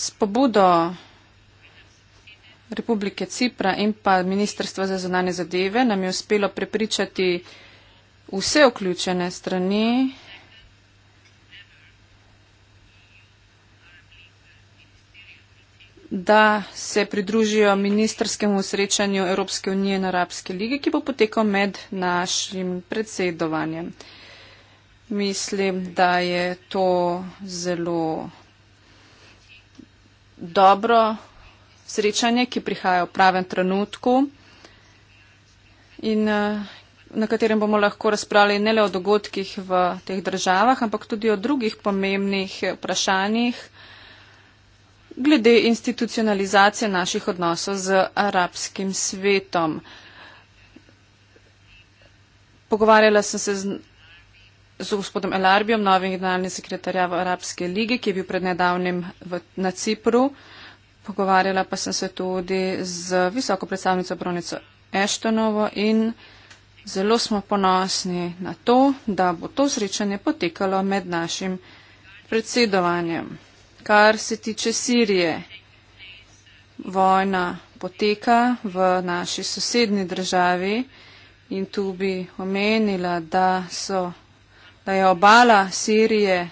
s pobudo Republike Cipra in pa Ministrstva za zunanje zadeve nam je uspelo prepričati vse vključene strani, da se pridružijo ministerskemu srečanju Evropske unije in Arabske lige, ki bo potekal med našim predsedovanjem. Mislim, da je to zelo dobro srečanje, ki prihaja v pravem trenutku in eh, na katerem bomo lahko razpravljali ne le o dogodkih v teh državah, ampak tudi o drugih pomembnih vprašanjih glede institucionalizacije naših odnosov z arabskim svetom. Pogovarjala sem se z z gospodom El Arbijom, novim generalnim sekretarjem Arabske lige, ki je bil prednedavnim v, na Cipru. Pogovarjala pa sem se tudi z visoko predstavnico Bronico Eštonovo in zelo smo ponosni na to, da bo to srečanje potekalo med našim predsedovanjem. Kar se tiče Sirije, vojna poteka v naši sosednji državi in tu bi omenila, da so da je obala Sirije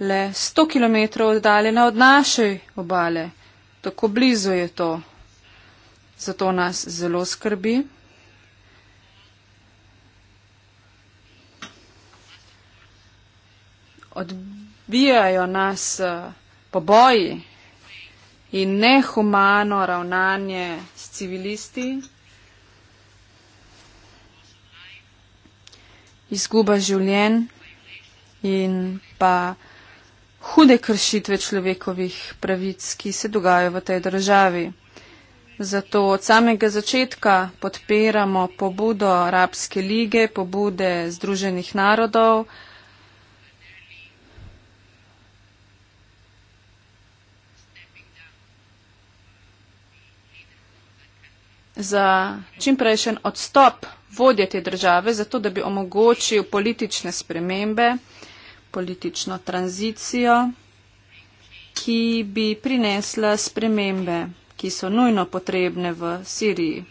le 100 km oddaljena od naše obale. Tako blizu je to. Zato nas zelo skrbi. Odbijajo nas eh, poboji in nehumano ravnanje s civilisti. Izguba življenja in pa hude kršitve človekovih pravic, ki se dogajajo v tej državi. Zato od samega začetka podpiramo pobudo Arabske lige, pobude Združenih narodov. za čimprejšen odstop vodje te države, zato da bi omogočil politične spremembe politično tranzicijo, ki bi prinesla spremembe, ki so nujno potrebne v Siriji.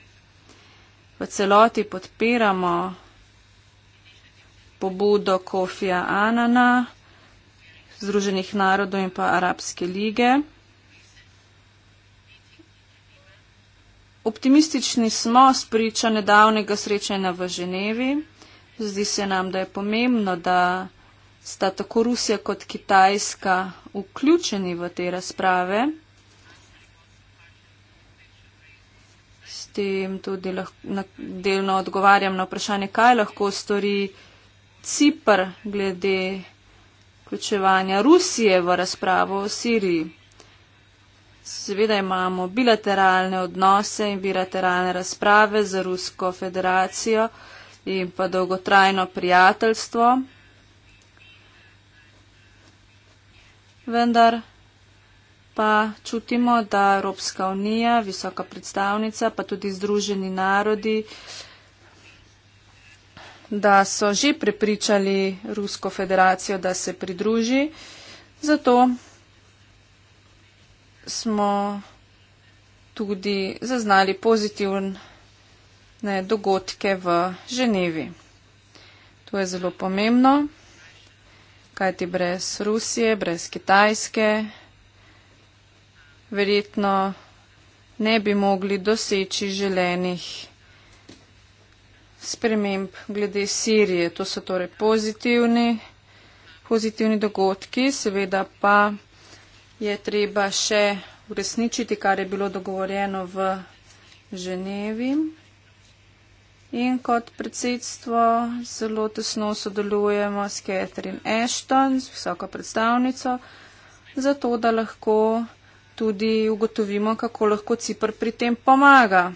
V celoti podpiramo pobudo Kofija Anana, Združenih narodov in pa Arabske lige. Optimistični smo spriča nedavnega srečanja v Ženevi. Zdi se nam, da je pomembno, da sta tako Rusija kot Kitajska vključeni v te razprave. S tem tudi lahko, delno odgovarjam na vprašanje, kaj lahko stori Cipr glede vključevanja Rusije v razpravo o Siriji. Seveda imamo bilateralne odnose in bilateralne razprave z Rusko federacijo in pa dolgotrajno prijateljstvo. vendar pa čutimo, da Evropska unija, visoka predstavnica, pa tudi Združeni narodi, da so že prepričali Rusko federacijo, da se pridruži. Zato smo tudi zaznali pozitivne dogodke v Ženevi. To je zelo pomembno kaj ti brez Rusije, brez Kitajske, verjetno ne bi mogli doseči želenih sprememb glede Sirije. To so torej pozitivni, pozitivni dogodki, seveda pa je treba še uresničiti, kar je bilo dogovorjeno v Ženevi. In kot predsedstvo zelo tesno sodelujemo s Catherine Ashton, z visoko predstavnico, zato da lahko tudi ugotovimo, kako lahko Cipr pri tem pomaga.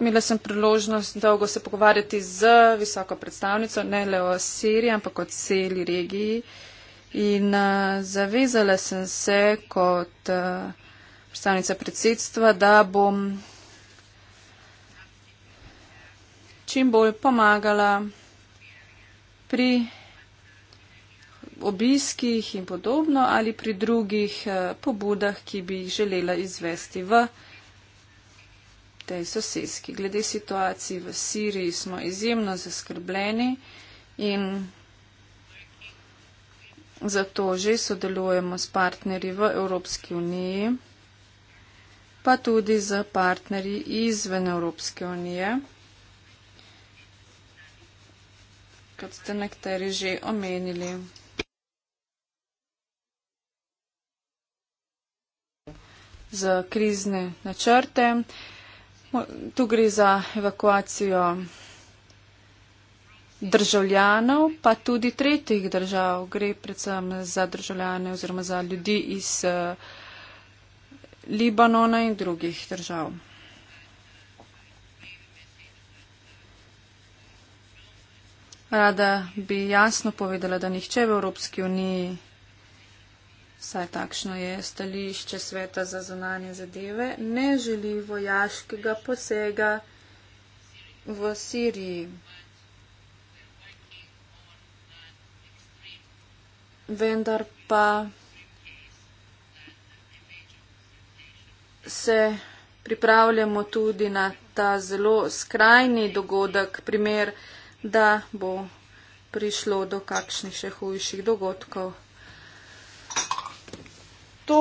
Imela sem priložnost dolgo se pogovarjati z visoko predstavnico, ne le o Siriji, ampak o celi regiji. In uh, zavezala sem se kot uh, predstavnica predsedstva, da bom čim bolj pomagala pri obiskih in podobno ali pri drugih eh, pobudah, ki bi jih želela izvesti v tej sosedski. Glede situacij v Siriji smo izjemno zaskrbljeni in zato že sodelujemo s partnerji v Evropski uniji, pa tudi z partnerji izven Evropske unije. kot ste nekateri že omenili. Za krizne načrte. Tu gre za evakuacijo državljanov, pa tudi tretjih držav. Gre predvsem za državljane oziroma za ljudi iz eh, Libanona in drugih držav. Rada bi jasno povedala, da nihče v Evropski uniji, vsaj takšno je stališče sveta za zonanje zadeve, ne želi vojaškega posega v Siriji. Vendar pa se pripravljamo tudi na ta zelo skrajni dogodek, primer, da bo prišlo do kakšnih še hujših dogodkov. To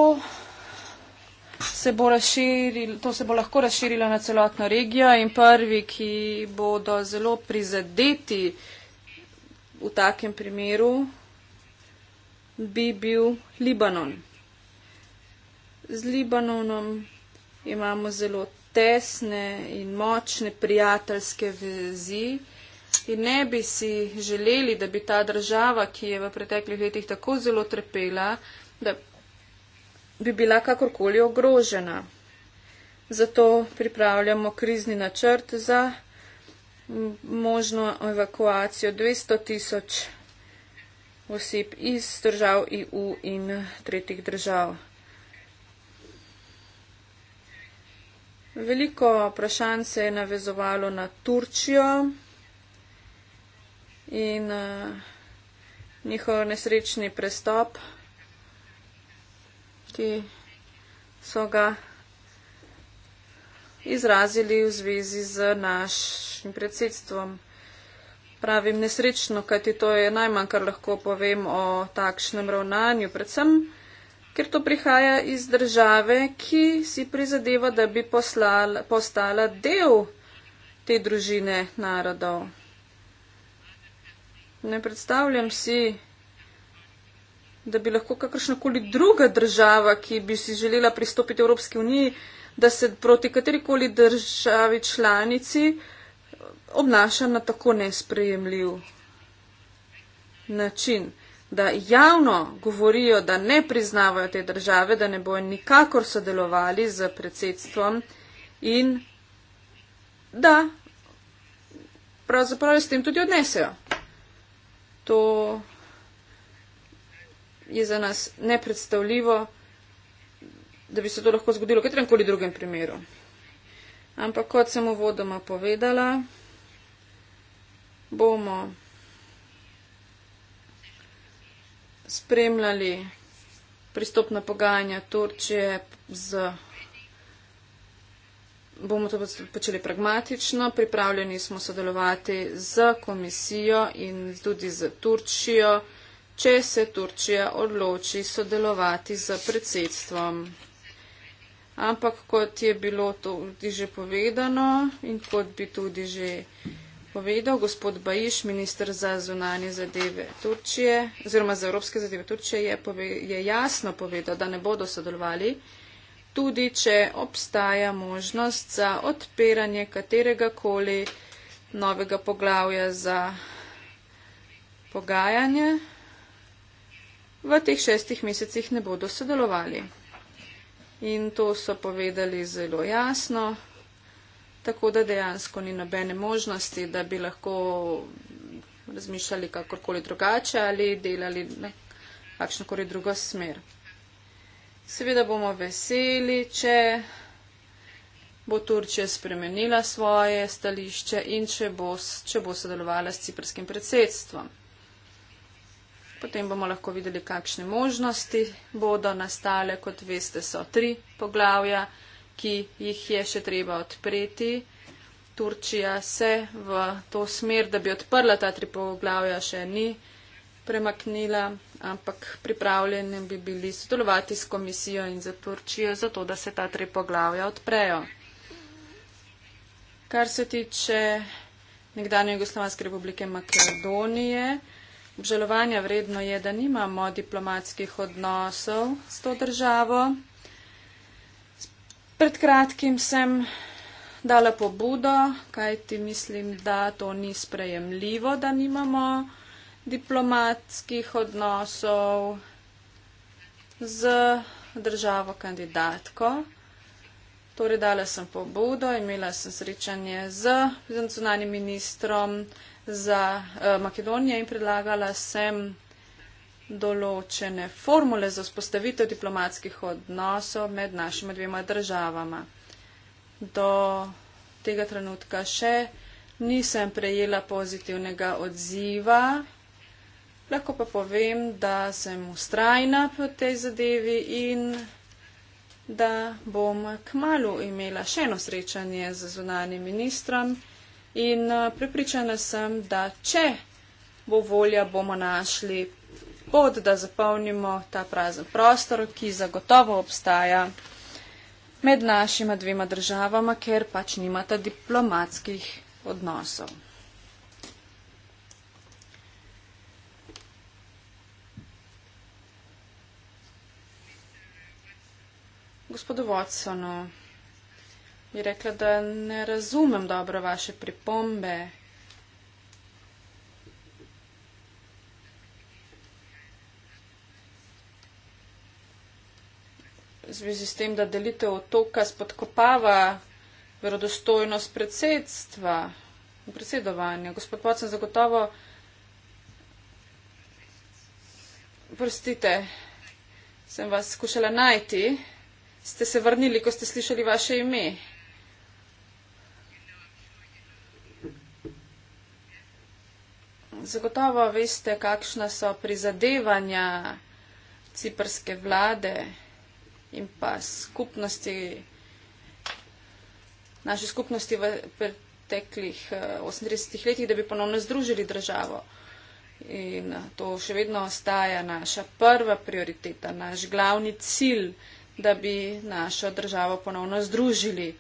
se bo, razširil, to se bo lahko razširilo na celotno regijo in prvi, ki bodo zelo prizadeti v takem primeru, bi bil Libanon. Z Libanonom imamo zelo tesne in močne prijateljske vezi in ne bi si želeli, da bi ta država, ki je v preteklih letih tako zelo trpela, da bi bila kakorkoli ogrožena. Zato pripravljamo krizni načrt za možno evakuacijo 200 tisoč oseb iz držav EU in tretjih držav. Veliko vprašanj se je navezovalo na Turčijo in uh, njihov nesrečni prestop, ki so ga izrazili v zvezi z našim predsedstvom. Pravim nesrečno, kajti to je najmanj, kar lahko povem o takšnem ravnanju, predvsem, ker to prihaja iz države, ki si prizadeva, da bi poslala, postala del te družine narodov. Ne predstavljam si, da bi lahko kakršnakoli druga država, ki bi si želela pristopiti Evropski uniji, da se proti katerikoli državi članici obnaša na tako nesprejemljiv način, da javno govorijo, da ne priznavajo te države, da ne bojo nikakor sodelovali z predsedstvom in da pravzaprav s tem tudi odnesejo to je za nas nepredstavljivo, da bi se to lahko zgodilo v kateremkoli drugem primeru. Ampak kot sem uvodoma povedala, bomo spremljali pristopna pogajanja Turčije z bomo to počeli pragmatično. Pripravljeni smo sodelovati z komisijo in tudi z Turčijo, če se Turčija odloči sodelovati z predsedstvom. Ampak kot je bilo to tudi že povedano in kot bi tudi že povedal gospod Bajiš, minister za zunanje zadeve Turčije, oziroma za evropske zadeve Turčije, je, pove, je jasno povedal, da ne bodo sodelovali tudi če obstaja možnost za odpiranje katerega koli novega poglavja za pogajanje, v teh šestih mesecih ne bodo sodelovali. In to so povedali zelo jasno, tako da dejansko ni nobene možnosti, da bi lahko razmišljali kakorkoli drugače ali delali na kakšno kori drugo smer. Seveda bomo veseli, če bo Turčija spremenila svoje stališče in če bo, če bo sodelovala s ciprskim predsedstvom. Potem bomo lahko videli, kakšne možnosti bodo nastale. Kot veste, so tri poglavja, ki jih je še treba odpreti. Turčija se v to smer, da bi odprla ta tri poglavja, še ni premaknila ampak pripravljeni bi bili sodelovati s komisijo in zaporčijo za to, da se ta tri poglavja odprejo. Kar se tiče nekdanje Jugoslovanske republike Makedonije, obžalovanja vredno je, da nimamo diplomatskih odnosov s to državo. Pred kratkim sem dala pobudo, kaj ti mislim, da to ni sprejemljivo, da nimamo diplomatskih odnosov z državo kandidatko. Torej, dala sem pobudo, imela sem srečanje z nacionalnim ministrom za eh, Makedonijo in predlagala sem določene formule za spostavitev diplomatskih odnosov med našima dvema državama. Do tega trenutka še nisem prejela pozitivnega odziva. Lahko pa povem, da sem ustrajna po tej zadevi in da bom kmalo imela še eno srečanje z zunanim ministrom in eh, pripričana sem, da če bo volja, bomo našli pot, da zapolnimo ta prazen prostor, ki zagotovo obstaja med našima dvema državama, ker pač nimata diplomatskih odnosov. Gospodu Watsonu, bi rekla, da ne razumem dobro vaše pripombe. V zvezi s tem, da delitev otoka spodkopava verodostojnost predsedstva in predsedovanja. Gospod Watson, zagotovo. Prostite, sem vas skušala najti ste se vrnili, ko ste slišali vaše ime? Zagotovo veste, kakšna so prizadevanja ciprske vlade in pa skupnosti, naše skupnosti v preteklih 38 eh, letih, da bi ponovno združili državo. In to še vedno ostaja naša prva prioriteta, naš glavni cilj da bi našo državo ponovno združili.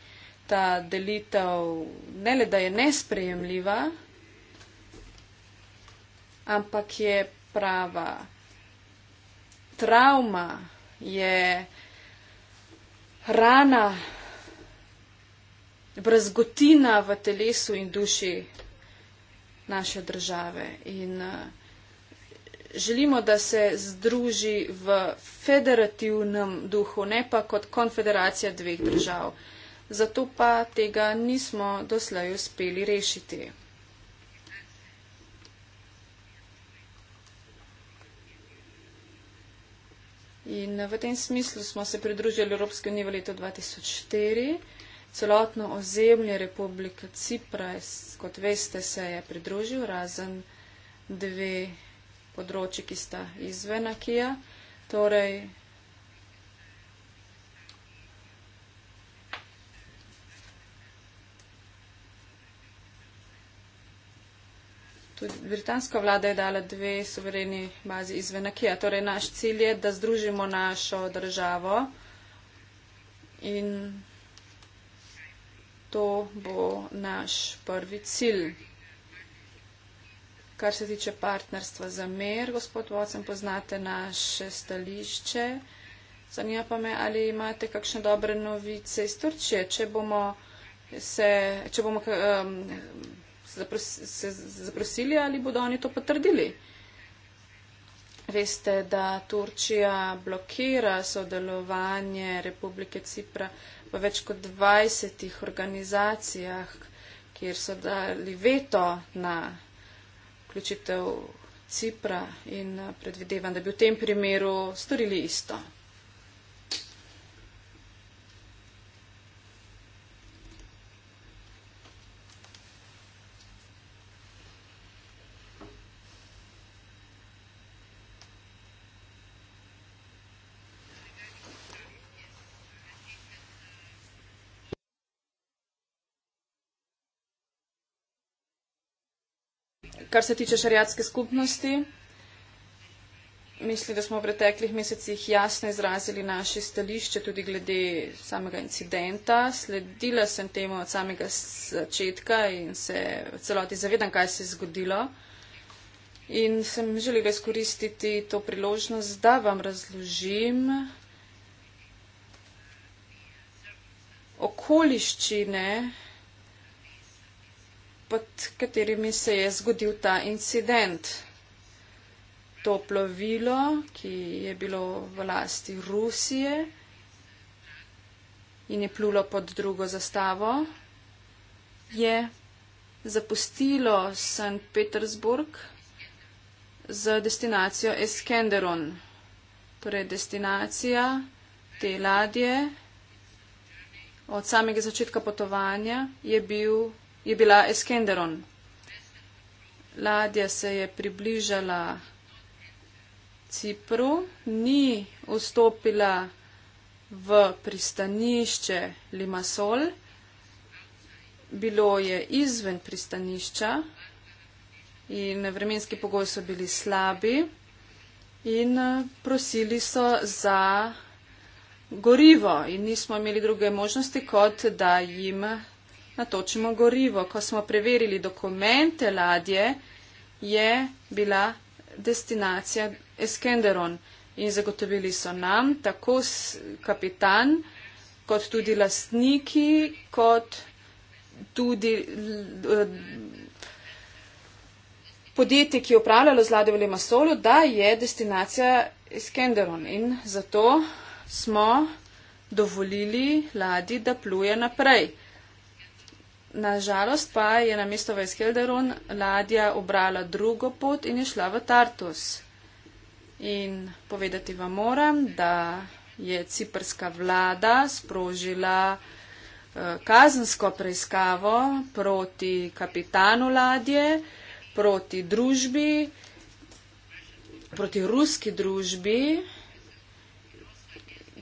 Ta delitev ne le, da je nesprejemljiva, ampak je prava travma, je rana, brazgotina v telesu in duši naše države. In, uh, želimo, da se združi v federativnem duhu, ne pa kot konfederacija dveh držav. Zato pa tega nismo doslej uspeli rešiti. In v tem smislu smo se pridružili Evropske unije v letu 2004. Celotno ozemlje Republike Cipra, kot veste, se je pridružil razen dve področji, ki sta izven Akija. Torej, tudi britanska vlada je dala dve suvereni bazi izven Akija. Torej, naš cilj je, da združimo našo državo in to bo naš prvi cilj. Kar se tiče partnerstva za mer, gospod Vocem, poznate naše stališče. Zanima pa me, ali imate kakšne dobre novice iz Turčije, če bomo se, če bomo, um, zapros, se zaprosili, ali bodo oni to potrdili. Veste, da Turčija blokira sodelovanje Republike Cipra v več kot 20 organizacijah, kjer so dali veto na vključitev Cipra in eh, predvidevam, da bi v tem primeru storili isto. kar se tiče šariatske skupnosti, mislim, da smo v preteklih mesecih jasno izrazili naše stališče tudi glede samega incidenta. Sledila sem temu od samega začetka in se v celoti zavedam, kaj se je zgodilo. In sem želela izkoristiti to priložnost, da vam razložim okoliščine, pod katerimi se je zgodil ta incident. To plovilo, ki je bilo v lasti Rusije in je plulo pod drugo zastavo, je zapustilo St. Petersburg z destinacijo Eskenderon. Torej, destinacija te ladje od samega začetka potovanja je bil je bila Eskenderon. Ladja se je približala Cipru, ni vstopila v pristanišče Limasol, bilo je izven pristanišča in vremenski pogoji so bili slabi in eh, prosili so za gorivo in nismo imeli druge možnosti, kot da jim natočimo gorivo. Ko smo preverili dokumente ladje, je bila destinacija Eskenderon in zagotovili so nam tako kapitan, kot tudi lastniki, kot tudi eh, podjetje, ki je upravljalo z ladjo v Limasolu, da je destinacija Eskenderon in zato smo dovolili ladji, da pluje naprej. Nažalost pa je na mesto Vajskelderon ladja obrala drugo pot in je šla v Tartus. In povedati vam moram, da je ciprska vlada sprožila eh, kazensko preiskavo proti kapitanu ladje, proti družbi, proti ruski družbi,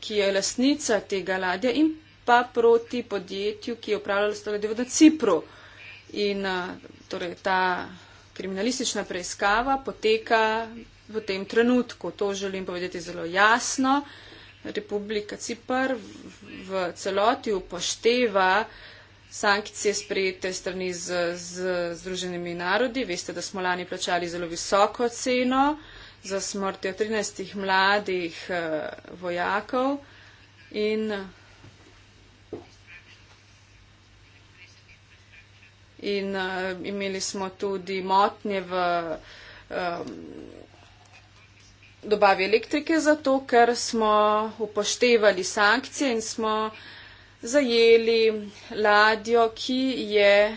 ki je lasnica tega ladja in pa proti podjetju, ki je upravljalo storitev na Cipru. In eh, torej, ta kriminalistična preiskava poteka v tem trenutku. To želim povedati zelo jasno. Republika Cipr v celoti upošteva sankcije sprejete strani z, z Združenimi narodi. Veste, da smo lani plačali zelo visoko ceno za smrtjo 13 mladih eh, vojakov in in uh, imeli smo tudi motnje v um, dobavi elektrike zato, ker smo upoštevali sankcije in smo zajeli ladjo, ki je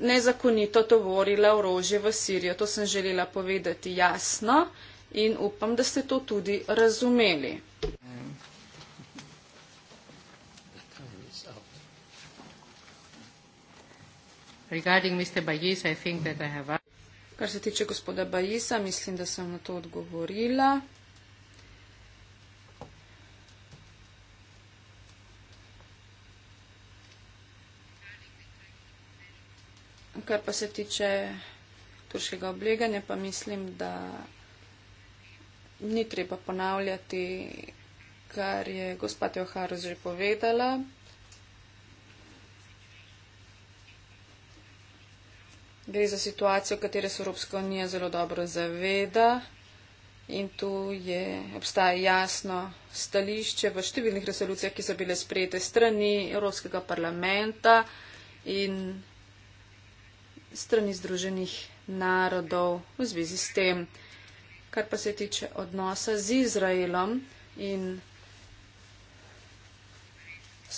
nezakonito tovorila orožje v Sirijo. To sem želela povedati jasno in upam, da ste to tudi razumeli. Mm. Kar se tiče gospoda Bajisa, mislim, da sem na to odgovorila. Kar pa se tiče turškega obleganja, pa mislim, da ni treba ponavljati, kar je gospa Teoharus že povedala. gre za situacijo, katero se Evropska unija zelo dobro zaveda in tu je, obstaja jasno stališče v številnih resolucijah, ki so bile sprejete strani Evropskega parlamenta in strani Združenih narodov v zvezi s tem, kar pa se tiče odnosa z Izraelom in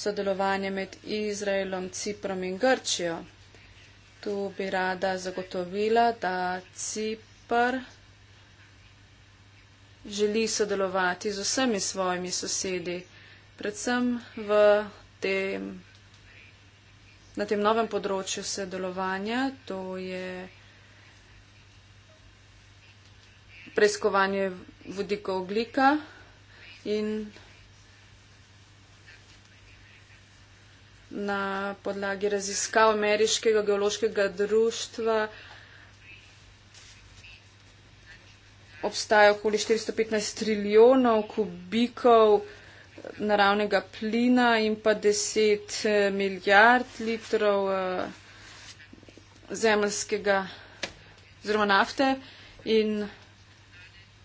sodelovanje med Izraelom, Ciprom in Grčijo. Tu bi rada zagotovila, da Cipr želi sodelovati z vsemi svojimi sosedi, predvsem tem, na tem novem področju sodelovanja, to je preiskovanje vodika oglika in na podlagi raziskav ameriškega geološkega društva obstaja okoli 415 trilijonov kubikov naravnega plina in pa 10 eh, milijard litrov eh, zemljskega oziroma nafte. In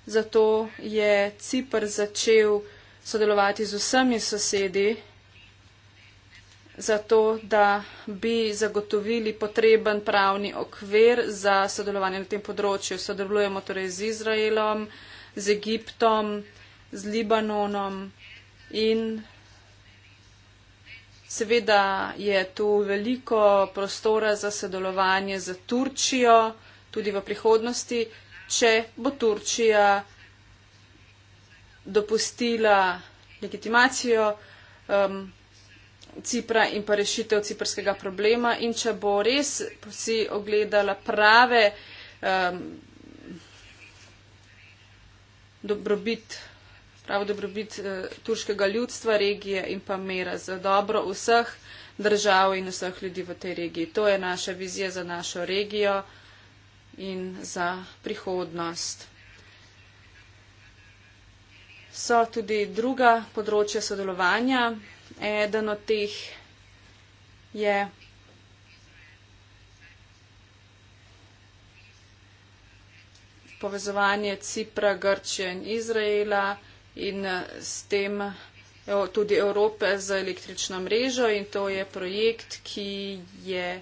zato je Cipr začel sodelovati z vsemi sosedi za to, da bi zagotovili potreben pravni okvir za sodelovanje na tem področju. Sodelujemo torej z Izraelom, z Egiptom, z Libanonom in seveda je tu veliko prostora za sodelovanje z Turčijo tudi v prihodnosti, če bo Turčija dopustila legitimacijo. Um, Cipra in pa rešitev ciprskega problema. In če bo res si ogledala prave um, dobrobit, pravo dobrobit uh, turškega ljudstva, regije in pa mera za dobro vseh držav in vseh ljudi v tej regiji. To je naša vizija za našo regijo in za prihodnost. So tudi druga področja sodelovanja eden od teh je. Povezovanje Cipra, Grčije in Izraela in eh, s tem tudi Evrope z električno mrežo in to je projekt, ki je,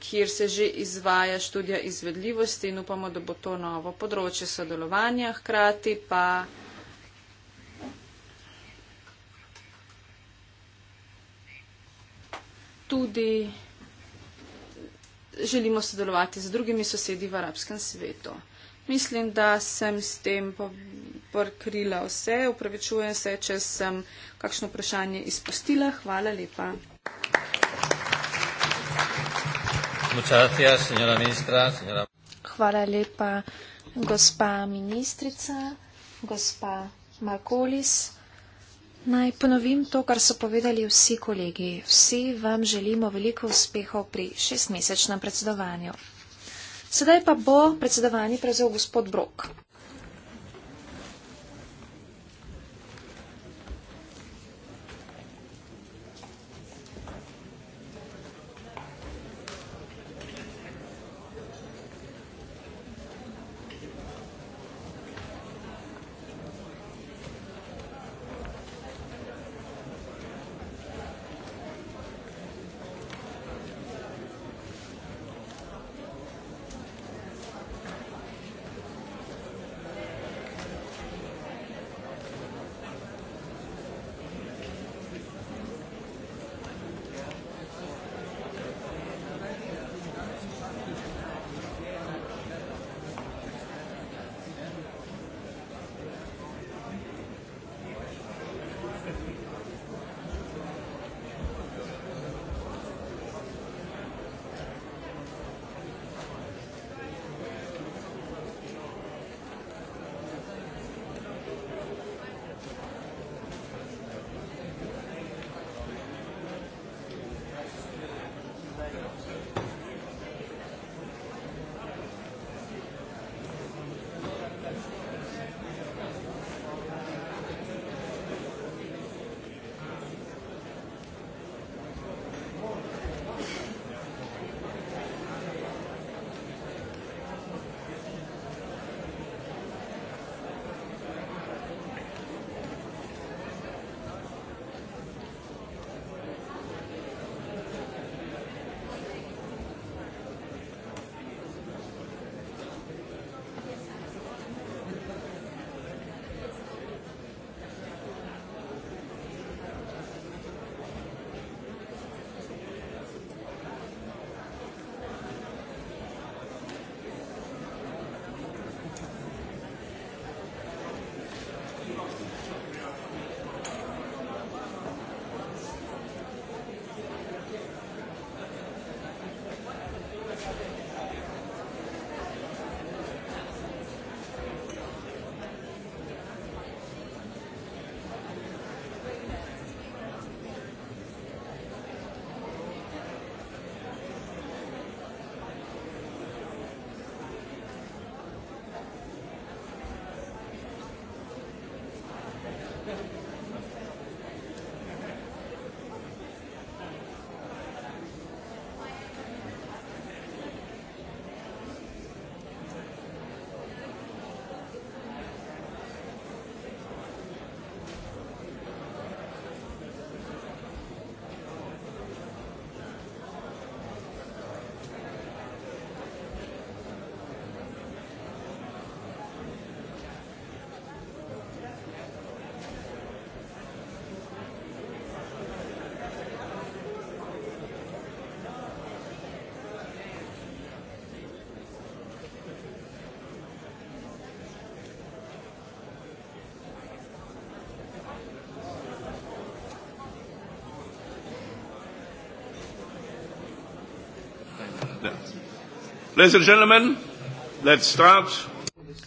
kjer se že izvaja študija izvedljivosti in upamo, da bo to novo področje sodelovanja, hkrati pa. tudi želimo sodelovati z drugimi sosedi v arabskem svetu. Mislim, da sem s tem pokrila vse. Upravičujem se, če sem kakšno vprašanje izpustila. Hvala lepa. Hvala lepa, gospa ministrica, gospa Markolis. Naj ponovim to, kar so povedali vsi kolegi. Vsi vam želimo veliko uspehov pri šestmesečnem predsedovanju. Sedaj pa bo predsedovanje prevzel gospod Brok.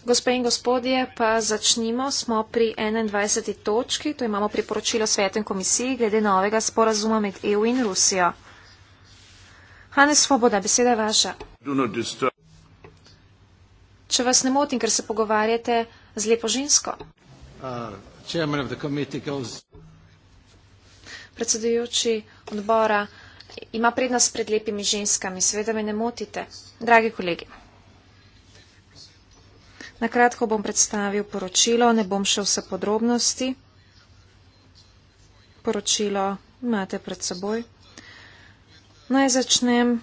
Gospe in gospodje, pa začnimo. Smo pri 21. točki, to imamo priporočilo Svetem komisiji glede novega sporazuma med EU in Rusijo. Hane Svoboda, beseda je vaša. Če vas ne motim, ker se pogovarjate z lepo žensko. Uh, goes... Predsedujoči odbora ima prednost pred lepimi ženskami. Seveda me ne motite, dragi kolegi. Na kratko bom predstavil poročilo, ne bom šel vse podrobnosti. Poročilo imate pred seboj. Naj začnem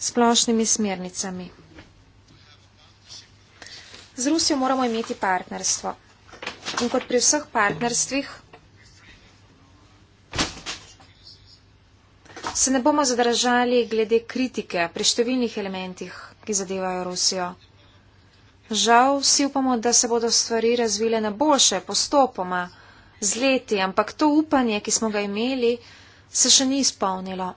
splošnimi smernicami. Z Rusijo moramo imeti partnerstvo. In kot pri vseh partnerstvih se ne bomo zadržali glede kritike pri številnih elementih, ki zadevajo Rusijo. Žal vsi upamo, da se bodo stvari razvile na boljše, postopoma, z leti, ampak to upanje, ki smo ga imeli, se še ni izpolnilo.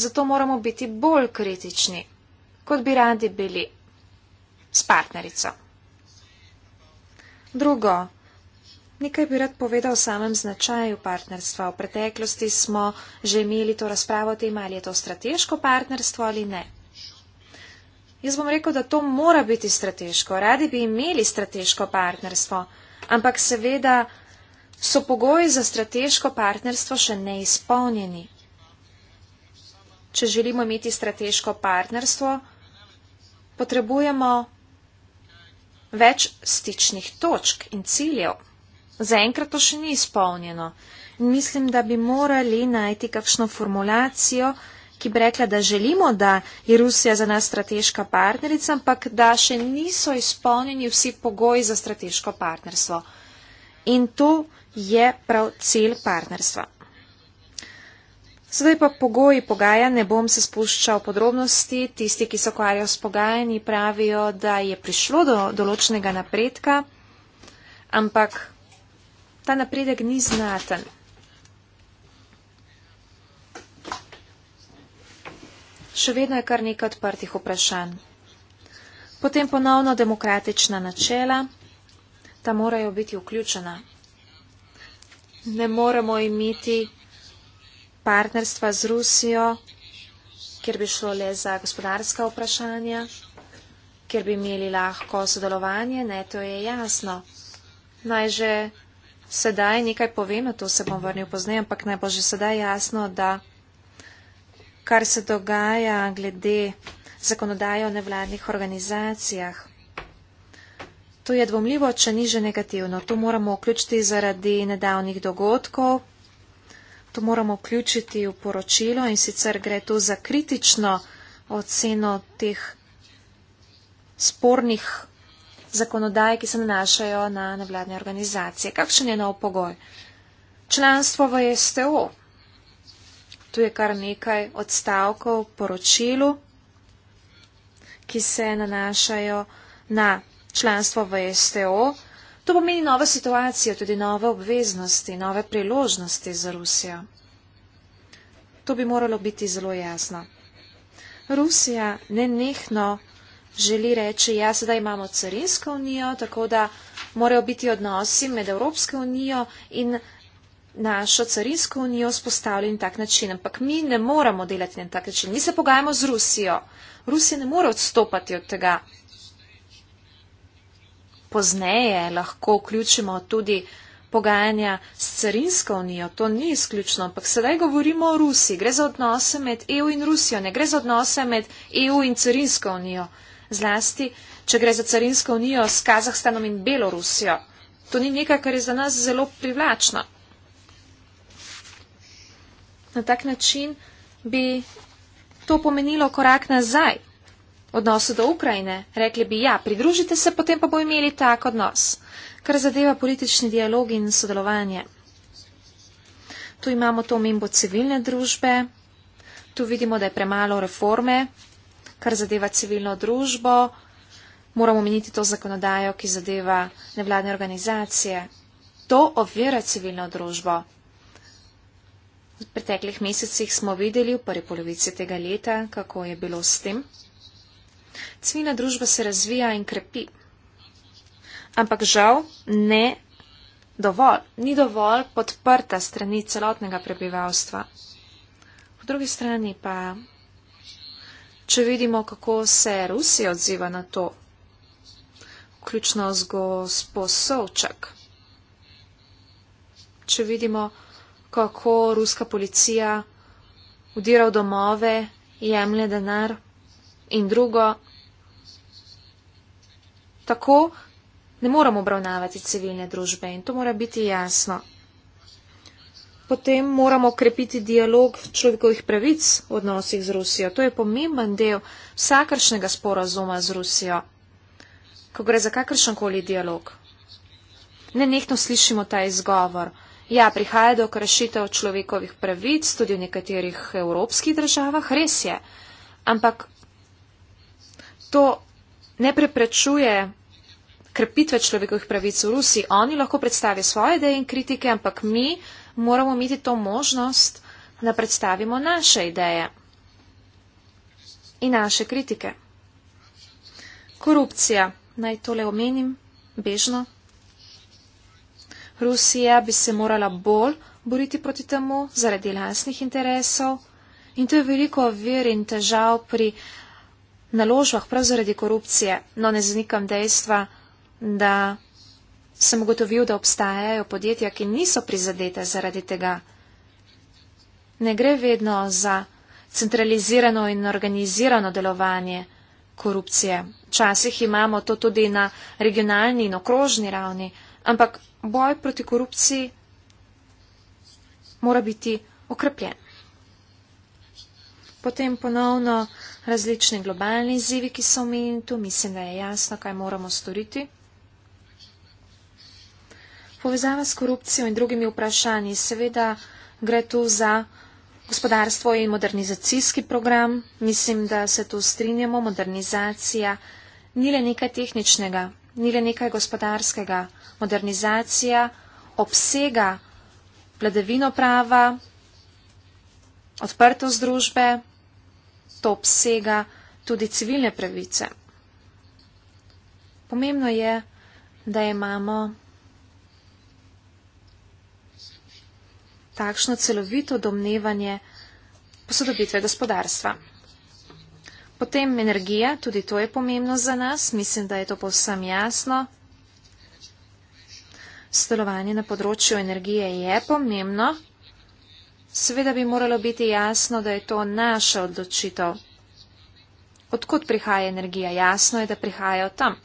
Zato moramo biti bolj kritični, kot bi radi bili s partnerico. Drugo, Nekaj bi rad povedal o samem značaju partnerstva. V preteklosti smo že imeli to razpravo o tem, ali je to strateško partnerstvo ali ne. Jaz bom rekel, da to mora biti strateško. Radi bi imeli strateško partnerstvo, ampak seveda so pogoji za strateško partnerstvo še neizpolnjeni. Če želimo imeti strateško partnerstvo, potrebujemo več stičnih točk in ciljev. Zaenkrat to še ni izpolnjeno. Mislim, da bi morali najti kakšno formulacijo, ki bi rekla, da želimo, da je Rusija za nas strateška partnerica, ampak da še niso izpolnjeni vsi pogoji za strateško partnerstvo. In to je prav cilj partnerstva. Sedaj pa pogoji pogaja, ne bom se spuščal v podrobnosti, tisti, ki se okvarjajo s pogajanji, pravijo, da je prišlo do določenega napredka, ampak ta napredek ni znaten. Še vedno je kar nekaj odprtih vprašanj. Potem ponovno demokratična načela, ta morajo biti vključena. Ne moremo imeti partnerstva z Rusijo, kjer bi šlo le za gospodarska vprašanja, kjer bi imeli lahko sodelovanje, ne, to je jasno. Naj že sedaj nekaj povem, na to se bom vrnil pozneje, ampak naj bo že sedaj jasno, da kar se dogaja glede zakonodaje o nevladnih organizacijah. To je dvomljivo, če ni že negativno. To moramo vključiti zaradi nedavnih dogodkov, to moramo vključiti v poročilo in sicer gre tu za kritično oceno teh spornih zakonodaje, ki se nanašajo na nevladne organizacije. Kakšen je nov pogoj? Članstvo v STO. Tu je kar nekaj odstavkov v poročilu, ki se nanašajo na članstvo v STO. To pomeni novo situacijo, tudi nove obveznosti, nove priložnosti za Rusijo. To bi moralo biti zelo jasno. Rusija nenehno želi reči, ja, sedaj imamo carinsko unijo, tako da morajo biti odnosi med Evropsko unijo in našo carinsko unijo spostavljeni na tak način. Ampak mi ne moramo delati na tak način. Mi se pogajamo z Rusijo. Rusija ne more odstopati od tega. Pozneje lahko vključimo tudi pogajanja s carinsko unijo. To ni izključno, ampak sedaj govorimo o Rusiji. Gre za odnose med EU in Rusijo, ne gre za odnose med EU in carinsko unijo zlasti, če gre za carinsko unijo s Kazahstanom in Belorusijo. To ni nekaj, kar je za nas zelo privlačno. Na tak način bi to pomenilo korak nazaj v odnosu do Ukrajine. Rekli bi, ja, pridružite se, potem pa bo imeli tak odnos, kar zadeva politični dialog in sodelovanje. Tu imamo to mimbo civilne družbe, tu vidimo, da je premalo reforme, kar zadeva civilno družbo, moramo meniti to zakonodajo, ki zadeva nevladne organizacije. To ovira civilno družbo. V preteklih mesecih smo videli, v prvi polovici tega leta, kako je bilo s tem. Civilna družba se razvija in krepi. Ampak žal ne dovolj, ni dovolj podprta strani celotnega prebivalstva. Po drugi strani pa če vidimo, kako se Rusija odziva na to, vključno z gosposovčak, če vidimo, kako ruska policija vdira v domove, jemlje denar in drugo, tako ne moramo obravnavati civilne družbe in to mora biti jasno potem moramo krepiti dialog človekovih pravic v odnosih z Rusijo. To je pomemben del vsakršnega sporazuma z Rusijo, ko gre za kakršenkoli dialog. Ne nekno slišimo ta izgovor. Ja, prihaja do kršitev človekovih pravic tudi v nekaterih evropskih državah, res je. Ampak to ne preprečuje krepitve človekovih pravic v Rusiji. Oni lahko predstavijo svoje ideje in kritike, ampak mi moramo imeti to možnost, da predstavimo naše ideje in naše kritike. Korupcija, naj tole omenim, bežno. Rusija bi se morala bolj boriti proti temu zaradi lasnih interesov in to je veliko vir in težav pri naložbah prav zaradi korupcije, no ne zanikam dejstva, da sem ugotovil, da obstajajo podjetja, ki niso prizadete zaradi tega. Ne gre vedno za centralizirano in organizirano delovanje korupcije. Včasih imamo to tudi na regionalni in okrožni ravni, ampak boj proti korupciji mora biti okrepljen. Potem ponovno različni globalni izzivi, ki so omenjeni, tu mislim, da je jasno, kaj moramo storiti povezava s korupcijo in drugimi vprašanji. Seveda gre tu za gospodarstvo in modernizacijski program. Mislim, da se tu strinjamo. Modernizacija ni le nekaj tehničnega, ni le nekaj gospodarskega. Modernizacija obsega vladavino prava, odprtost družbe, to obsega tudi civilne pravice. Pomembno je, da imamo takšno celovito domnevanje posodobitve gospodarstva. Potem energija, tudi to je pomembno za nas, mislim, da je to povsem jasno. Stolovanje na področju energije je pomembno. Seveda bi moralo biti jasno, da je to naša odločitev. Odkud prihaja energija? Jasno je, da prihaja od tam.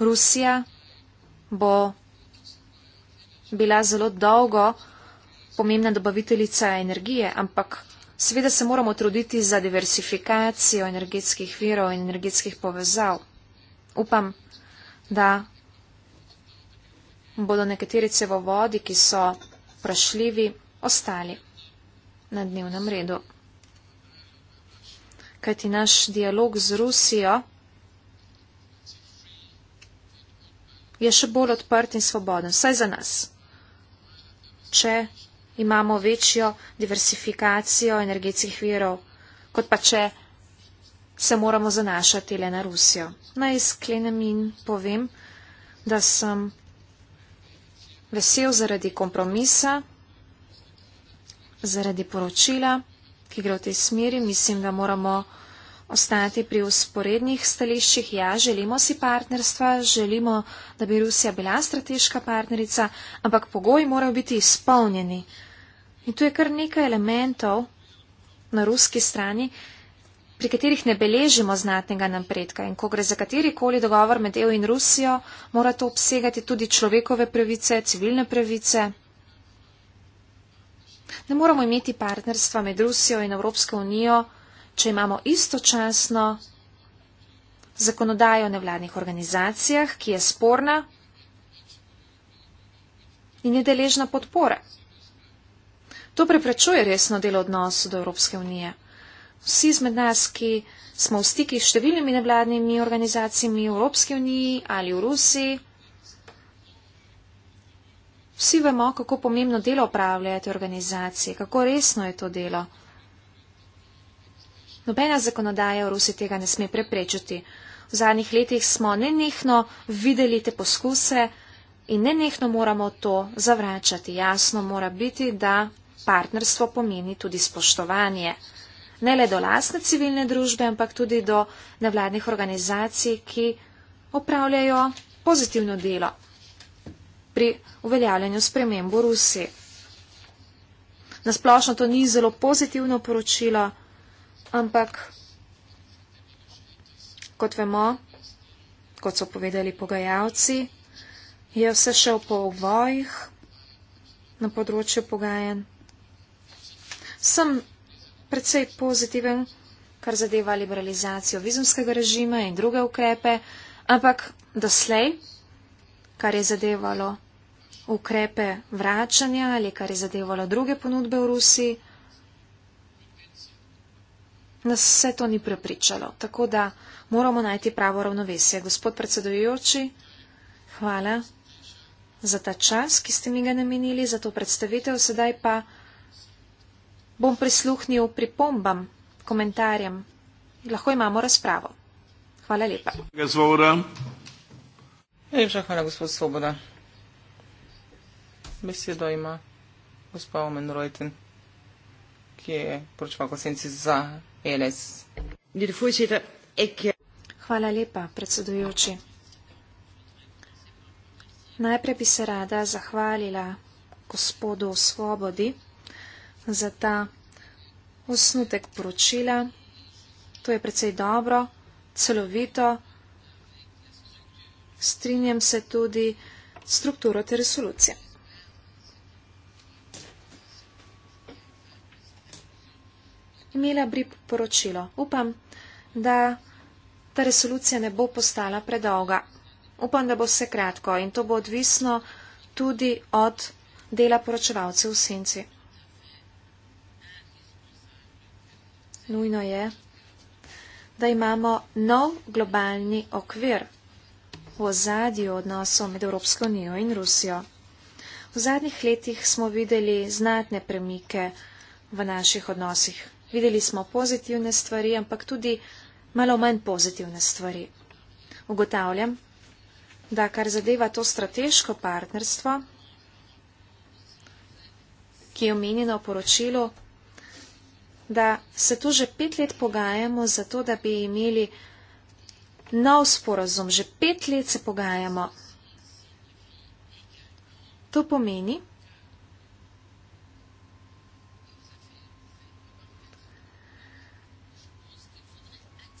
Rusija bo bila zelo dolgo pomembna dobaviteljica energije, ampak seveda se moramo truditi za diversifikacijo energetskih virov in energetskih povezav. Upam, da bodo nekateri cevovodi, ki so prašljivi, ostali na dnevnem redu. Kajti naš dialog z Rusijo je še bolj odprt in svoboden, saj za nas. Če imamo večjo diversifikacijo energetskih virov, kot pa če se moramo zanašati le na Rusijo. Naj sklenem in povem, da sem vesel zaradi kompromisa, zaradi poročila, ki gre v tej smeri. Mislim, da moramo ostati pri usporednih stališčih. Ja, želimo si partnerstva, želimo, da bi Rusija bila strateška partnerica, ampak pogoji morajo biti izpolnjeni. In tu je kar nekaj elementov na ruski strani, pri katerih ne beležimo znatnega napredka. In ko gre za katerikoli dogovor med EU in Rusijo, mora to obsegati tudi človekove pravice, civilne pravice. Ne moramo imeti partnerstva med Rusijo in Evropsko unijo, če imamo istočasno zakonodajo o nevladnih organizacijah, ki je sporna in je deležna podpore. To preprečuje resno delo odnos do Evropske unije. Vsi izmed nas, ki smo v stiki s številnimi nevladnimi organizacijami v Evropski uniji ali v Rusiji, vsi vemo, kako pomembno delo upravljajo te organizacije, kako resno je to delo. Nobena zakonodaja v Rusiji tega ne sme preprečiti. V zadnjih letih smo nenehno videli te poskuse in nenehno moramo to zavračati. Jasno mora biti, da partnerstvo pomeni tudi spoštovanje. Ne le do lastne civilne družbe, ampak tudi do nevladnih organizacij, ki opravljajo pozitivno delo pri uveljavljanju sprememb v Rusi. Nasplošno to ni zelo pozitivno poročilo, ampak kot vemo, kot so povedali pogajalci, je vse še v povojih na področju pogajanj sem predvsej pozitiven, kar zadeva liberalizacijo vizumskega režima in druge ukrepe, ampak doslej, kar je zadevalo ukrepe vračanja ali kar je zadevalo druge ponudbe v Rusiji, nas vse to ni prepričalo. Tako da moramo najti pravo ravnovesje. Gospod predsedujoči, hvala za ta čas, ki ste mi ga namenili, za to predstavitev. Sedaj pa bom prisluhnil pripombam, komentarjem. Lahko imamo razpravo. Hvala lepa. Najlepša hvala, gospod Svoboda. Besedo ima gospod Omen Rojten, ki je poročal konsenci za e LS. Eh, hvala lepa, predsedujoči. Najprej bi se rada zahvalila gospodu Svobodi za ta osnutek poročila. To je precej dobro, celovito. Strinjam se tudi strukturo te resolucije. Imela bi poročilo. Upam, da ta resolucija ne bo postala predolga. Upam, da bo vse kratko in to bo odvisno tudi od dela poročevalcev v senci. nujno je, da imamo nov globalni okvir v ozadju odnosov med Evropsko unijo in Rusijo. V zadnjih letih smo videli znatne premike v naših odnosih. Videli smo pozitivne stvari, ampak tudi malo manj pozitivne stvari. Ugotavljam, da kar zadeva to strateško partnerstvo, ki je omenjeno v poročilu, da se tu že pet let pogajamo za to, da bi imeli nov sporozum. Že pet let se pogajamo. To pomeni,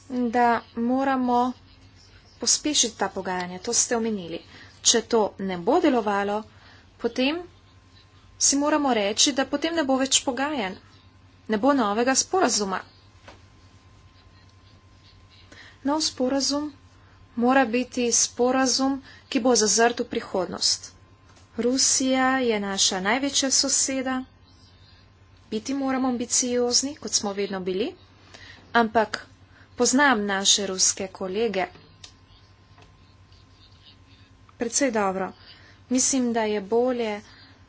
da moramo pospešiti ta pogajanja. To ste omenili. Če to ne bo delovalo, potem si moramo reči, da potem ne bo več pogajanj ne bo novega sporazuma. Nov sporazum mora biti sporazum, ki bo zazrt v prihodnost. Rusija je naša največja soseda, biti moramo ambiciozni, kot smo vedno bili, ampak poznam naše ruske kolege. Predvsej dobro. Mislim, da je bolje,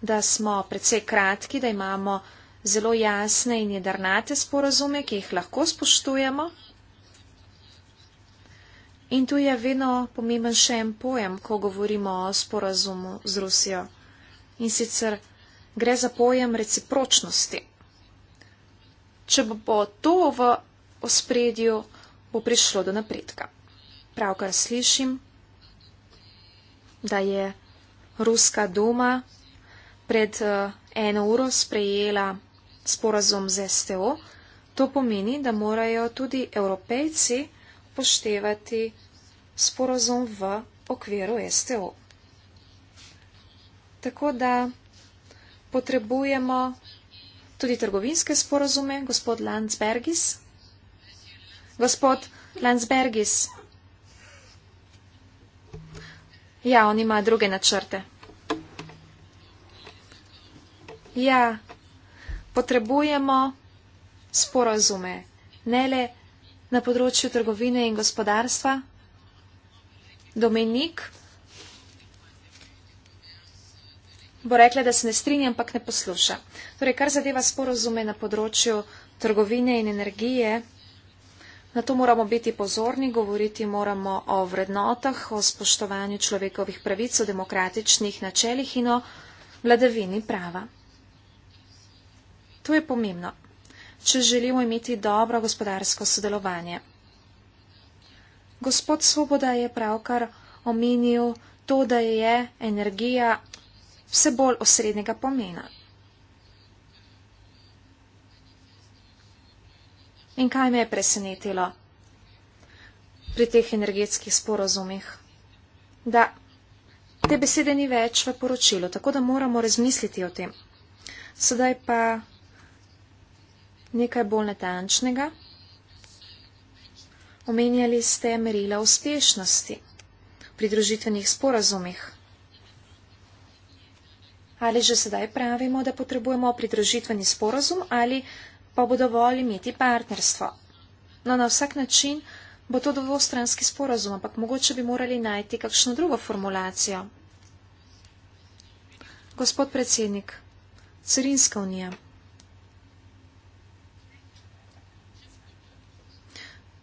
da smo predvsej kratki, da imamo zelo jasne in jedrnate sporazume, ki jih lahko spoštujemo. In tu je vedno pomemben še en pojem, ko govorimo o sporazumu z Rusijo. In sicer gre za pojem recipročnosti. Če bo to v ospredju, bo prišlo do napredka. Pravkar slišim, da je Ruska doma pred eh, eno uro sprejela sporazum z STO, to pomeni, da morajo tudi evropejci upoštevati sporazum v okviru STO. Tako da potrebujemo tudi trgovinske sporazume, gospod Landsbergis. Gospod Landsbergis. Ja, on ima druge načrte. Ja, potrebujemo sporozume, ne le na področju trgovine in gospodarstva. Dominik bo rekla, da se ne strinja, ampak ne posluša. Torej, kar zadeva sporozume na področju trgovine in energije, na to moramo biti pozorni, govoriti moramo o vrednotah, o spoštovanju človekovih pravic, o demokratičnih načelih in o vladavini prava. To je pomembno, če želimo imeti dobro gospodarsko sodelovanje. Gospod Svoboda je pravkar omenil to, da je energija vse bolj osrednjega pomena. In kaj me je presenetilo pri teh energetskih sporozumih? Da te besede ni več v poročilu, tako da moramo razmisliti o tem. Sedaj pa nekaj bolj natančnega. Omenjali ste merila uspešnosti pri družitvenih sporazumih. Ali že sedaj pravimo, da potrebujemo pridružitveni sporozum ali pa bo dovolj imeti partnerstvo. No, na vsak način bo to dvostranski sporozum, ampak mogoče bi morali najti kakšno drugo formulacijo. Gospod predsednik, Carinska unija.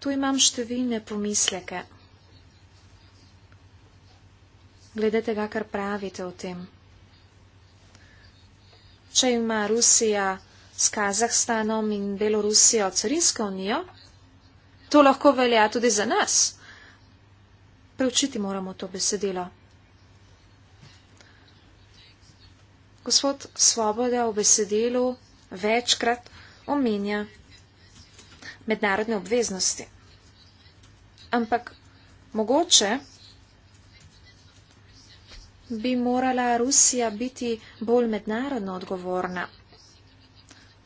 tu imam številne pomisleke. Glede tega, kar pravite o tem. Če ima Rusija s Kazahstanom in Belorusijo carinsko unijo, to lahko velja tudi za nas. Preučiti moramo to besedilo. Gospod Svoboda v besedilu večkrat omenja mednarodne obveznosti ampak mogoče bi morala Rusija biti bolj mednarodno odgovorna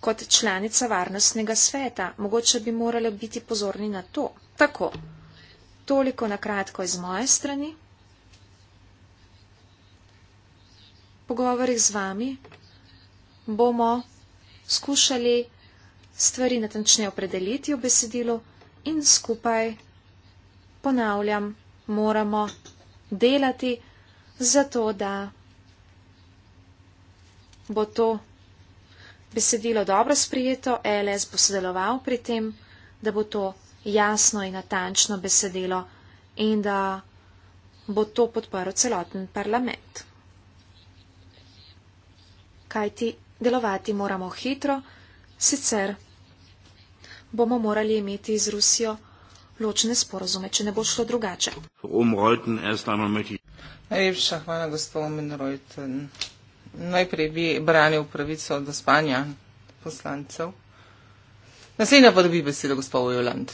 kot članica varnostnega sveta. Mogoče bi morala biti pozorni na to. Tako, toliko na kratko iz moje strani. Pogovorih z vami bomo skušali stvari natančneje opredeliti v besedilu in skupaj ponavljam, moramo delati zato, da bo to besedilo dobro sprijeto, LS bo sodeloval pri tem, da bo to jasno in natančno besedilo in da bo to podporo celoten parlament. Kajti delovati moramo hitro, sicer bomo morali imeti z Rusijo ločne sporozume, če ne bo šlo drugače. Um Najlepša hvala, gospod Omenrojten. Najprej bi branil pravico do spanja poslancev. Naslednja pa dobi besedo, gospod Jolant.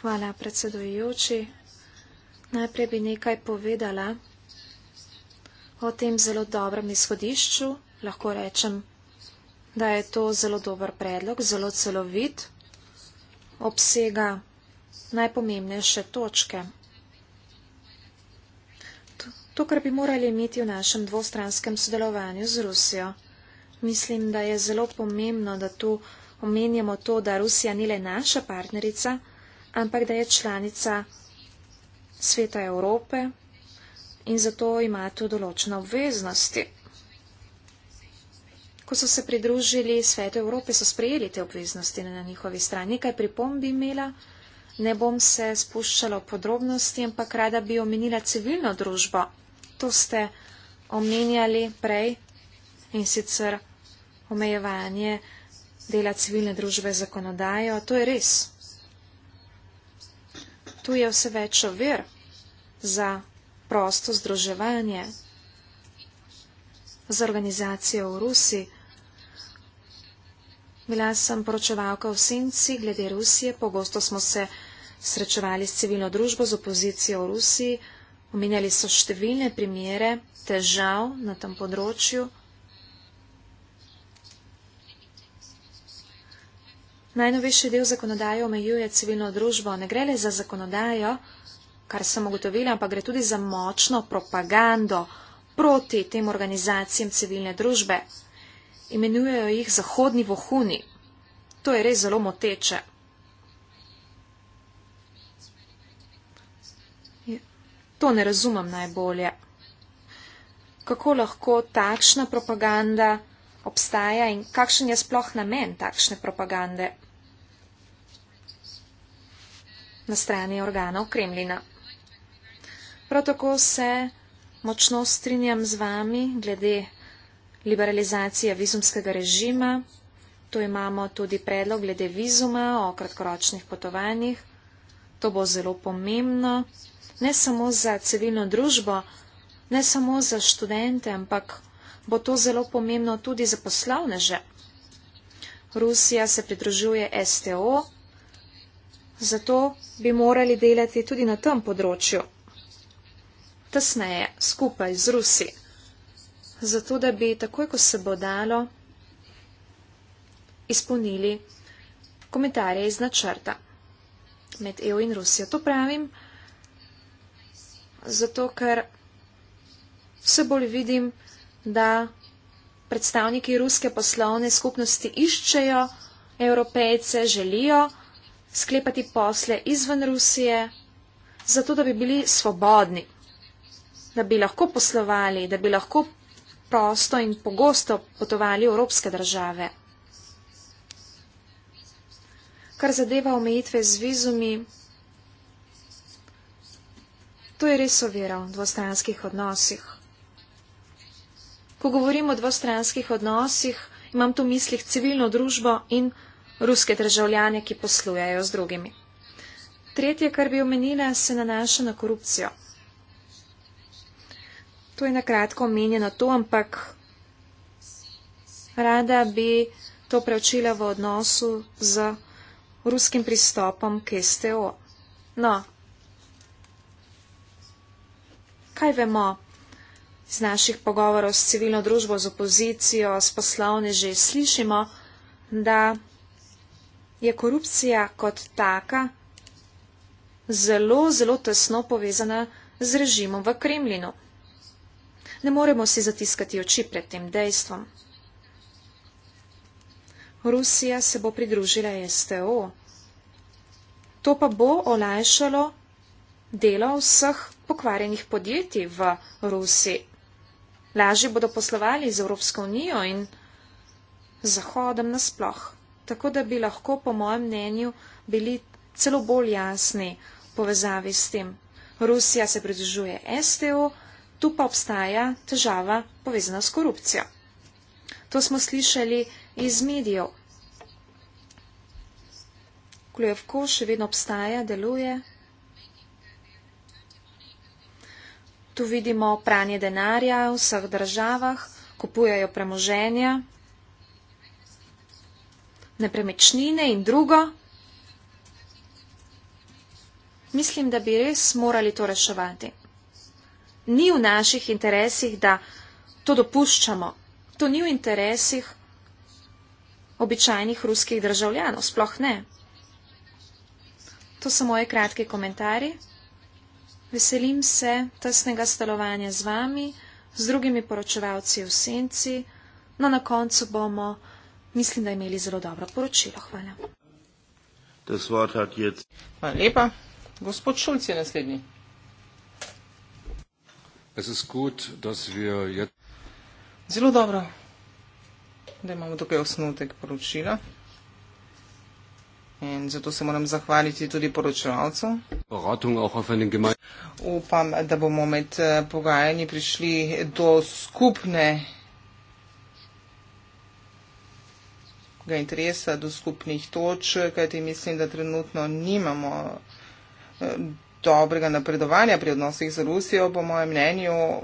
Hvala, predsedujoči. Najprej bi nekaj povedala o tem zelo dobrem izhodišču, lahko rečem da je to zelo dober predlog, zelo celovit, obsega najpomembnejše točke. To, to, kar bi morali imeti v našem dvostranskem sodelovanju z Rusijo. Mislim, da je zelo pomembno, da tu omenjamo to, da Rusija ni le naša partnerica, ampak da je članica sveta Evrope in zato ima tu določene obveznosti. Ko so se pridružili Svetu Evrope, so sprejeli te obveznosti na njihovi strani. Nekaj pripomb bi imela, ne bom se spuščala v podrobnosti, ampak rada bi omenila civilno družbo. To ste omenjali prej in sicer omejevanje dela civilne družbe zakonodajo. To je res. Tu je vse več ovir za prosto združevanje, z organizacijo v Rusi. Bila sem poročevalka v Senci glede Rusije, pogosto smo se srečevali s civilno družbo, z opozicijo v Rusiji, omenjali so številne primere težav na tem področju. Najnovejši del zakonodaje omejuje civilno družbo, ne gre le za zakonodajo, kar sem ugotovila, ampak gre tudi za močno propagando proti tem organizacijam civilne družbe. Imenujejo jih zahodni vohuni. To je res zelo moteče. To ne razumem najbolje. Kako lahko takšna propaganda obstaja in kakšen je sploh namen takšne propagande na strani organov Kremlina. Prav tako se močno strinjam z vami glede liberalizacije vizumskega režima. Tu imamo tudi predlog glede vizuma o kratkoročnih potovanjih. To bo zelo pomembno, ne samo za civilno družbo, ne samo za študente, ampak bo to zelo pomembno tudi za poslovneže. Rusija se pridružuje STO, zato bi morali delati tudi na tem področju tesneje skupaj z Rusi, zato da bi takoj, ko se bo dalo, izpolnili komentarje iz načrta med EU in Rusijo. To pravim, zato ker vse bolj vidim, da predstavniki ruske poslovne skupnosti iščejo evropejce, želijo sklepati posle izven Rusije, zato da bi bili svobodni da bi lahko poslovali, da bi lahko prosto in pogosto potovali v evropske države. Kar zadeva omejitve z vizumi, to je res ovira v dvostranskih odnosih. Ko govorimo o dvostranskih odnosih, imam tu mislih civilno družbo in ruske državljane, ki poslujajo z drugimi. Tretje, kar bi omenila, se nanaša na korupcijo. To je nakratko omenjeno to, ampak rada bi to preučila v odnosu z ruskim pristopom k STO. No, kaj vemo iz naših pogovorov s civilno družbo, z opozicijo, s poslovneži? Slišimo, da je korupcija kot taka zelo, zelo tesno povezana z režimom v Kremlinu. Ne moremo si zatiskati oči pred tem dejstvom. Rusija se bo pridružila STO. To pa bo olajšalo delo vseh pokvarjenih podjetij v Rusiji. Lažje bodo poslovali z Evropsko unijo in Zahodom nasploh, tako da bi lahko, po mojem mnenju, bili celo bolj jasni povezavi s tem. Rusija se pridružuje STO tu pa obstaja težava povezana s korupcijo. To smo slišali iz medijev. Kuljevko še vedno obstaja, deluje. Tu vidimo pranje denarja v vseh državah, kupujajo premoženja, nepremečnine in drugo. Mislim, da bi res morali to reševati ni v naših interesih, da to dopuščamo. To ni v interesih običajnih ruskih državljanov, sploh ne. To so moje kratke komentarji. Veselim se tesnega stalovanja z vami, z drugimi poročevalci v senci, no na koncu bomo, mislim, da imeli zelo dobro poročilo. Hvala. Hvala lepa. Gospod Šulc je naslednji. Es ist gut, dass wir jetzt. Zelo dobro, da imamo tukaj osnutek poročila. In zato se moram zahvaliti tudi poročevalcu. Upam, da bomo med eh, pogajanji prišli do skupne interesa, do skupnih točk, kajti mislim, da trenutno nimamo eh, dobrega napredovanja pri odnosih z Rusijo, po mojem mnenju,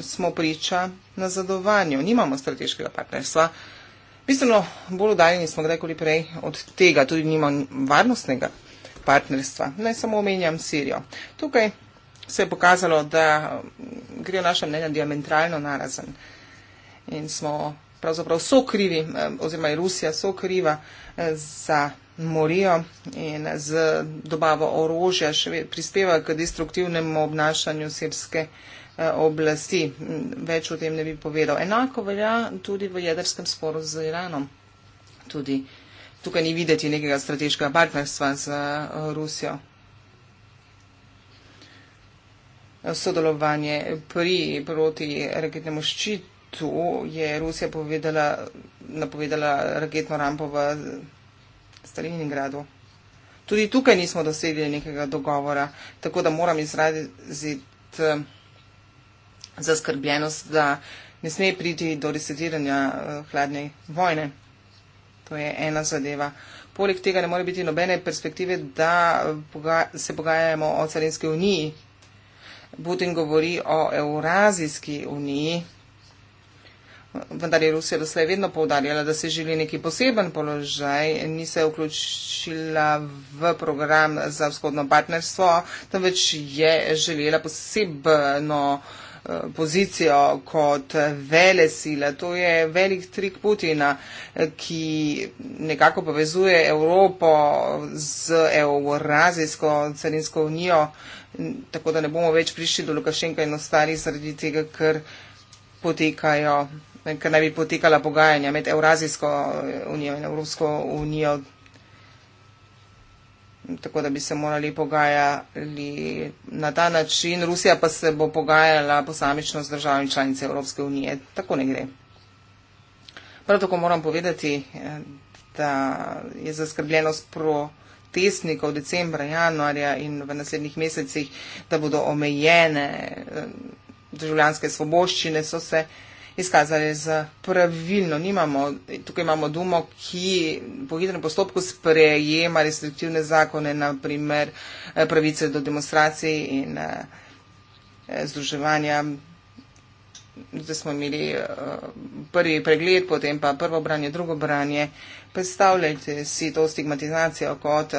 smo priča na zadovanju. Nimamo strateškega partnerstva. Bistveno bolj udaljeni smo kdajkoli prej od tega, tudi nimamo varnostnega partnerstva. Naj samo omenjam Sirijo. Tukaj se je pokazalo, da gre naša mnenja diametralno narazen in smo pravzaprav so krivi, eh, oziroma je Rusija so kriva eh, za morijo in z dobavo orožja še prispeva k destruktivnemu obnašanju srpske eh, oblasti. Mm, več o tem ne bi povedal. Enako velja tudi v jedrskem sporu z Iranom. Tudi tukaj ni videti nekega strateškega partnerstva z eh, Rusijo. Sodelovanje pri proti raketnemu ščitu je Rusija napovedala raketno rampo v Stalingradu. Tudi tukaj nismo dosegli nekega dogovora, tako da moram izraziti eh, zaskrbljenost, da ne sme priti do resetiranja eh, hladne vojne. To je ena zadeva. Poleg tega ne more biti nobene perspektive, da se pogajajemo o carinski uniji. Putin govori o Eurazijski uniji vendar je Rusija doslej vedno povdarjala, da se želi neki poseben položaj, ni se vključila v program za vzhodno partnerstvo, temveč je želela posebno eh, pozicijo kot vele sile. To je velik trik Putina, ki nekako povezuje Evropo z Eurazijsko carinsko unijo, tako da ne bomo več prišli do Lukašenka in ostalih zaradi tega, ker potekajo ker naj bi potekala pogajanja med Eurazijsko unijo in Evropsko unijo. Tako da bi se morali pogajati na ta način. Rusija pa se bo pogajala posamično z državami članice Evropske unije. Tako ne gre. Prav tako moram povedati, da je zaskrbljenost protestnikov decembra, januarja in v naslednjih mesecih, da bodo omejene eh, državljanske svoboščine, so se izkazali za pravilno. Nimamo, tukaj imamo Dumo, ki po hitrem postopku sprejema restriktivne zakone, naprimer eh, pravice do demonstracij in eh, eh, združevanja. Zdaj smo imeli prvi pregled, potem pa prvo branje, drugo branje. Predstavljajte si to stigmatizacijo kot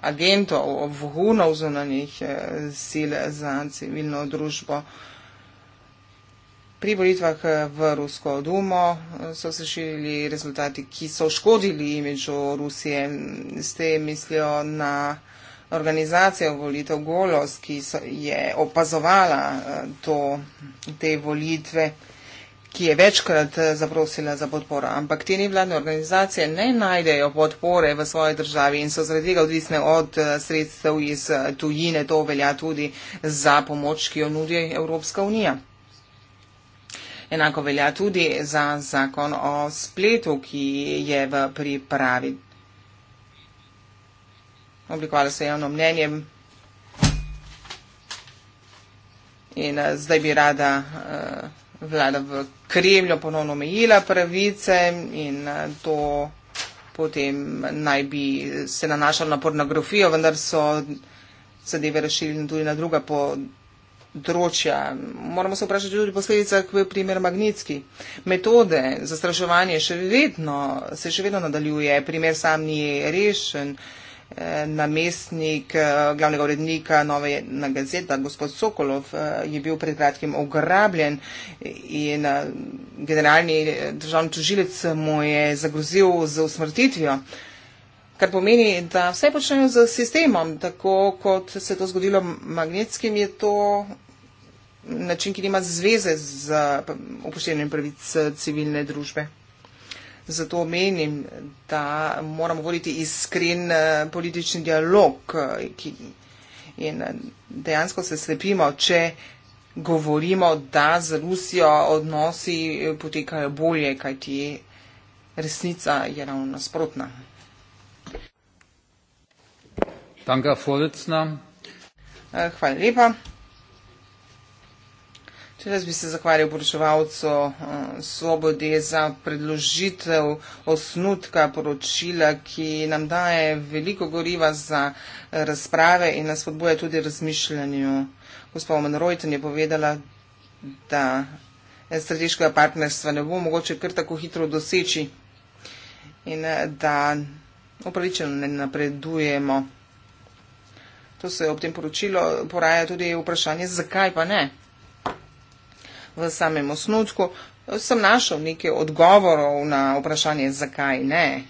agentov, vhunov zunanjih sil za civilno družbo. Pri volitvah eh, v Rusko Dumo eh, so se širili rezultati, ki so škodili imidžu Rusije. S tem mislijo na organizacijo volitev Golos, ki so, je opazovala eh, to, te volitve, ki je večkrat zaprosila za podporo. Ampak te nevladne organizacije ne najdejo podpore v svoji državi in so zaradi tega odvisne od sredstev iz tujine. To velja tudi za pomoč, ki jo nudi Evropska unija. Enako velja tudi za zakon o spletu, ki je v pripravi. Oblikovalo se je javno mnenje. In eh, zdaj bi rada eh, vlada v Kremlju ponovno omejila pravice in eh, to potem naj bi se nanašalo na pornografijo, vendar so zadeve rešili tudi na druga področja področja. Moramo se vprašati tudi posledica, kot je primer magnetski. Metode zastraševanja še vedno se še vedno nadaljuje, primer sam ni rešen. E, namestnik e, glavnega urednika Nove Gazeta, gospod Sokolov, e, je bil pred kratkim ograbljen in generalni državni tužilec mu je zagrozil z usmrtitvijo, kar pomeni, da vse počnejo z sistemom, tako kot se to zgodilo magnetskim, je to način, ki nima zveze z upoštevanjem pravic eh, civilne družbe. Zato menim, da moramo voditi iskren eh, politični dialog eh, ki, in dejansko se slepimo, če govorimo, da z Rusijo odnosi potekajo bolje, kajti resnica je ravno nasprotna. Hvala lepa. Jaz bi se zahvalil poročevalcu eh, Svobode za predložitev osnutka poročila, ki nam daje veliko goriva za eh, razprave in nas podbuja tudi razmišljanju. Gospod Omen Rojten je povedala, da eh, strateškega partnerstva ne bo mogoče kar tako hitro doseči in da upravičeno ne napredujemo. To se je ob tem poročilo poraja tudi vprašanje, zakaj pa ne v samem osnutku, sem našel nekaj odgovorov na vprašanje, zakaj ne.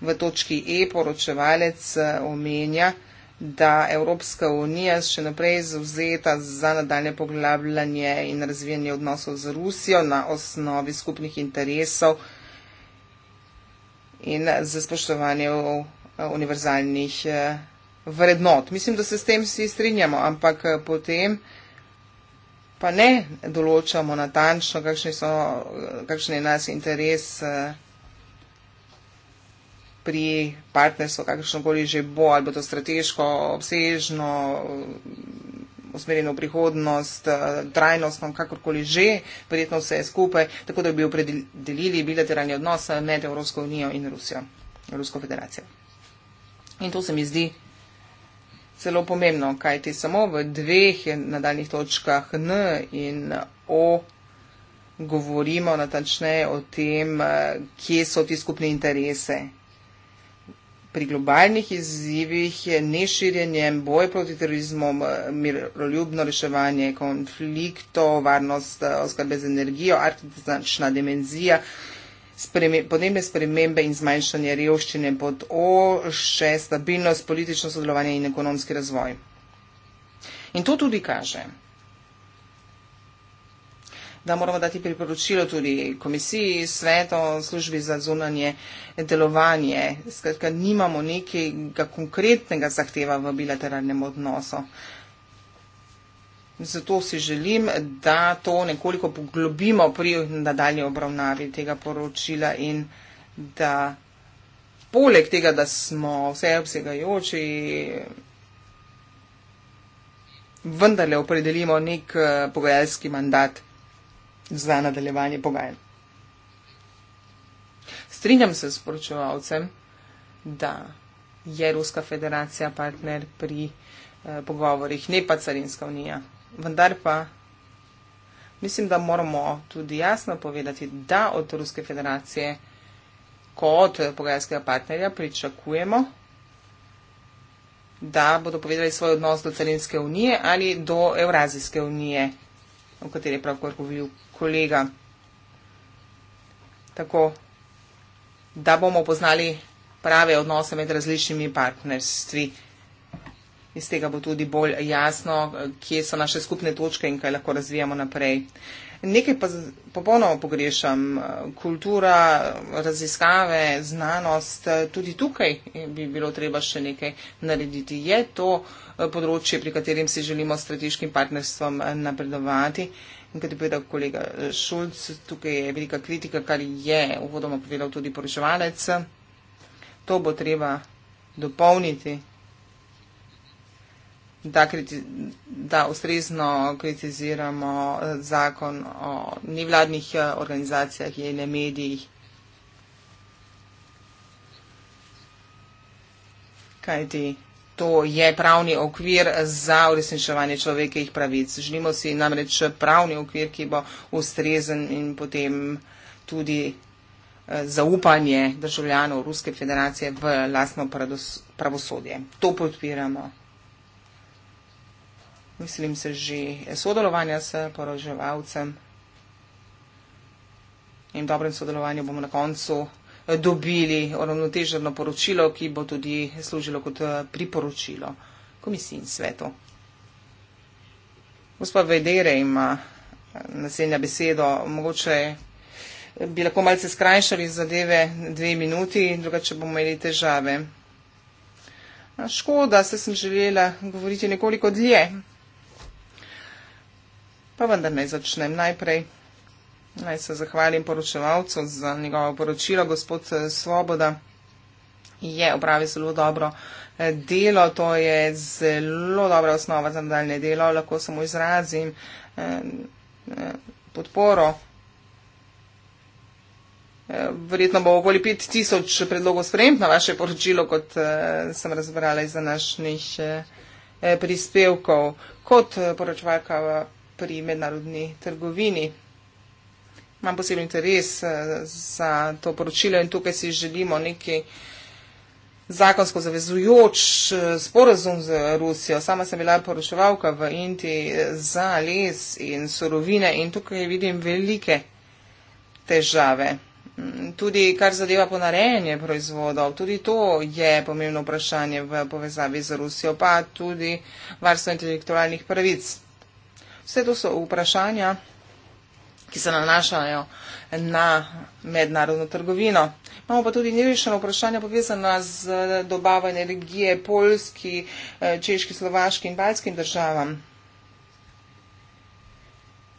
V točki E poročevalec eh, omenja, da Evropska unija še naprej zauzeta za nadaljne poglabljanje in razvijanje odnosov z Rusijo na osnovi skupnih interesov in za spoštovanje univerzalnih eh, vrednot. Mislim, da se s tem vsi strinjamo, ampak eh, potem pa ne določamo natančno, kakšni so, kakšen je nas interes eh, pri partnerstvu, kakšno koli že bo, ali bo to strateško, obsežno, usmerjeno v prihodnost, eh, trajnostno, kakorkoli že, verjetno vse je skupaj, tako da bi opredelili bilateralni odnos med Evropsko unijo in Rusijo, Rusko federacijo. In to se mi zdi celo pomembno, kajti samo v dveh nadaljnih točkah N in O govorimo natančneje o tem, eh, kje so ti skupne interese. Pri globalnih izzivih je neširjenjem, boj proti terorizmu, eh, miroljubno reševanje konfliktov, varnost eh, oskrbe z energijo, arktična dimenzija, spremembe, podnebne spremembe in zmanjšanje revščine pod O, še stabilnost, politično sodelovanje in ekonomski razvoj. In to tudi kaže, da moramo dati priporočilo tudi komisiji, sveto, službi za zunanje delovanje. Skratka, nimamo nekega konkretnega zahteva v bilateralnem odnosu. Uh, Zato si želim, da to nekoliko poglobimo pri nadaljni obravnavi tega poročila in da poleg tega, da smo vseobsegajoči, vendarle opredelimo nek eh, pogajalski mandat za nadaljevanje pogajanj. Strinjam se s poročevalcem, da je Ruska federacija partner pri eh, pogovorih, ne pa carinska unija vendar pa mislim, da moramo tudi jasno povedati, da od Ruske federacije kot pogajalskega partnerja pričakujemo, da bodo povedali svoj odnos do Carinske unije ali do Eurazijske unije, o kateri je pravkar govoril kolega. Tako, da bomo poznali prave odnose med različnimi partnerstvi iz tega bo tudi bolj jasno, kje so naše skupne točke in kaj lahko razvijamo naprej. Nekaj pa popolnoma pogrešam. Kultura, raziskave, znanost, tudi tukaj bi bilo treba še nekaj narediti. Je to eh, področje, pri katerem si želimo strateškim partnerstvom eh, napredovati. In kot je povedal kolega eh, Šulc, tukaj je velika kritika, kar je uvodoma povedal tudi poročevalec. To bo treba dopolniti da, kriti, da ustrezno kritiziramo eh, zakon o nevladnih eh, organizacijah in medijih. Kajti to je pravni okvir za uresničevanje človekovih pravic. Želimo si namreč pravni okvir, ki bo ustrezen in potem tudi eh, zaupanje državljanov Ruske federacije v lastno pravosodje. To podpiramo veselim se že sodelovanja s poroževalcem in dobrem sodelovanju bomo na koncu eh, dobili uravnoteženo poročilo, ki bo tudi služilo kot eh, priporočilo komisiji in svetu. Gospod Vedere ima eh, naslednja besedo. Mogoče bi lahko malce skrajšali zadeve dve minuti, drugače bomo imeli težave. Škoda, se sem želela govoriti nekoliko dlje. Pa vendar naj začnem najprej. Naj se zahvalim poročevalcu za njegovo poročilo. Gospod eh, Svoboda je opravil zelo dobro eh, delo. To je zelo dobra osnova za nadaljne delo. Lahko samo izrazim eh, podporo. Verjetno bo okoli 5000 predlogov sprejemt na vaše poročilo, kot sem razbrala iz današnjih prispevkov. Kot poročevalka pri mednarodni trgovini. Imam poseben interes eh, za to poročilo in tukaj si želimo neki zakonsko zavezujoč eh, sporazum z Rusijo. Sama sem bila poročevalka v Indiji za les in sorovine in tukaj vidim velike težave. Mm, tudi kar zadeva ponarejanje proizvodov, tudi to je pomembno vprašanje v povezavi z Rusijo, pa tudi varstvo intelektualnih pravic. Vse to so vprašanja, ki se nanašajo na mednarodno trgovino. Imamo pa tudi nerešeno vprašanje povezano z dobavo energije polski, eh, češki, slovaški in baljskim državam.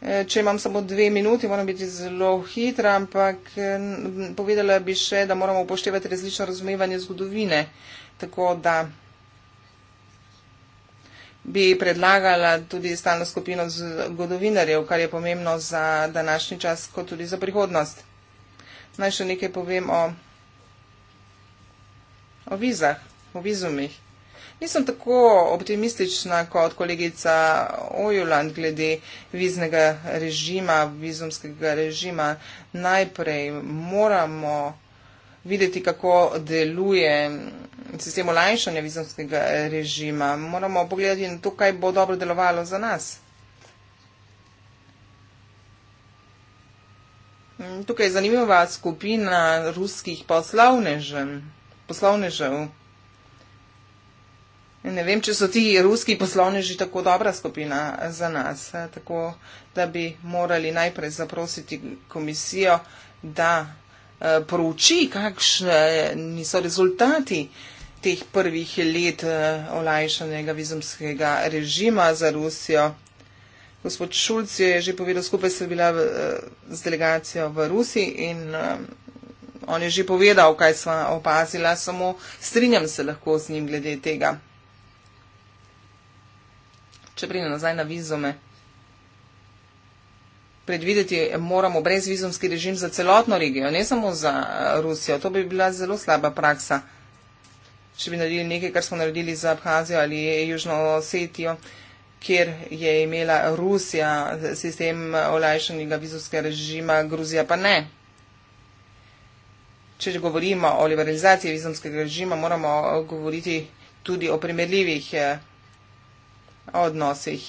Eh, če imam samo dve minuti, moram biti zelo hitra, ampak eh, povedala bi še, da moramo upoštevati različno razumevanje zgodovine. Tako da bi predlagala tudi stalno skupino zgodovinarjev, kar je pomembno za današnji čas, kot tudi za prihodnost. Naj še nekaj povem o, o vizah, o vizumih. Nisem tako optimistična kot kolegica Ojuland glede viznega režima, vizumskega režima. Najprej moramo videti, kako deluje sistem olajšanja vizumskega režima. Moramo pogledati na to, kaj bo dobro delovalo za nas. Mm, tukaj je zanimiva skupina ruskih poslovnežev. poslovnežev. Ne vem, če so ti ruski poslovneži tako dobra skupina za nas, eh, tako da bi morali najprej zaprositi komisijo, da eh, poruči, kakšni so rezultati uh, teh prvih let eh, olajšanega vizumskega režima za Rusijo. Gospod Šulc je že povedal, skupaj sem bila v, eh, z delegacijo v Rusiji in um, on je že povedal, kaj sva opazila, samo strinjam se lahko z njim glede tega. Če pridem nazaj na vizume, predvideti moramo brezvizumski režim za celotno regijo, ne samo za Rusijo. To bi bila zelo slaba praksa če bi naredili nekaj, kar smo naredili za Abhazijo ali Južno Osetijo, kjer je imela Rusija sistem olajšanega vizovskega režima, Gruzija pa ne. Če govorimo o liberalizaciji vizumskega režima, moramo govoriti tudi o primerljivih eh, odnosih.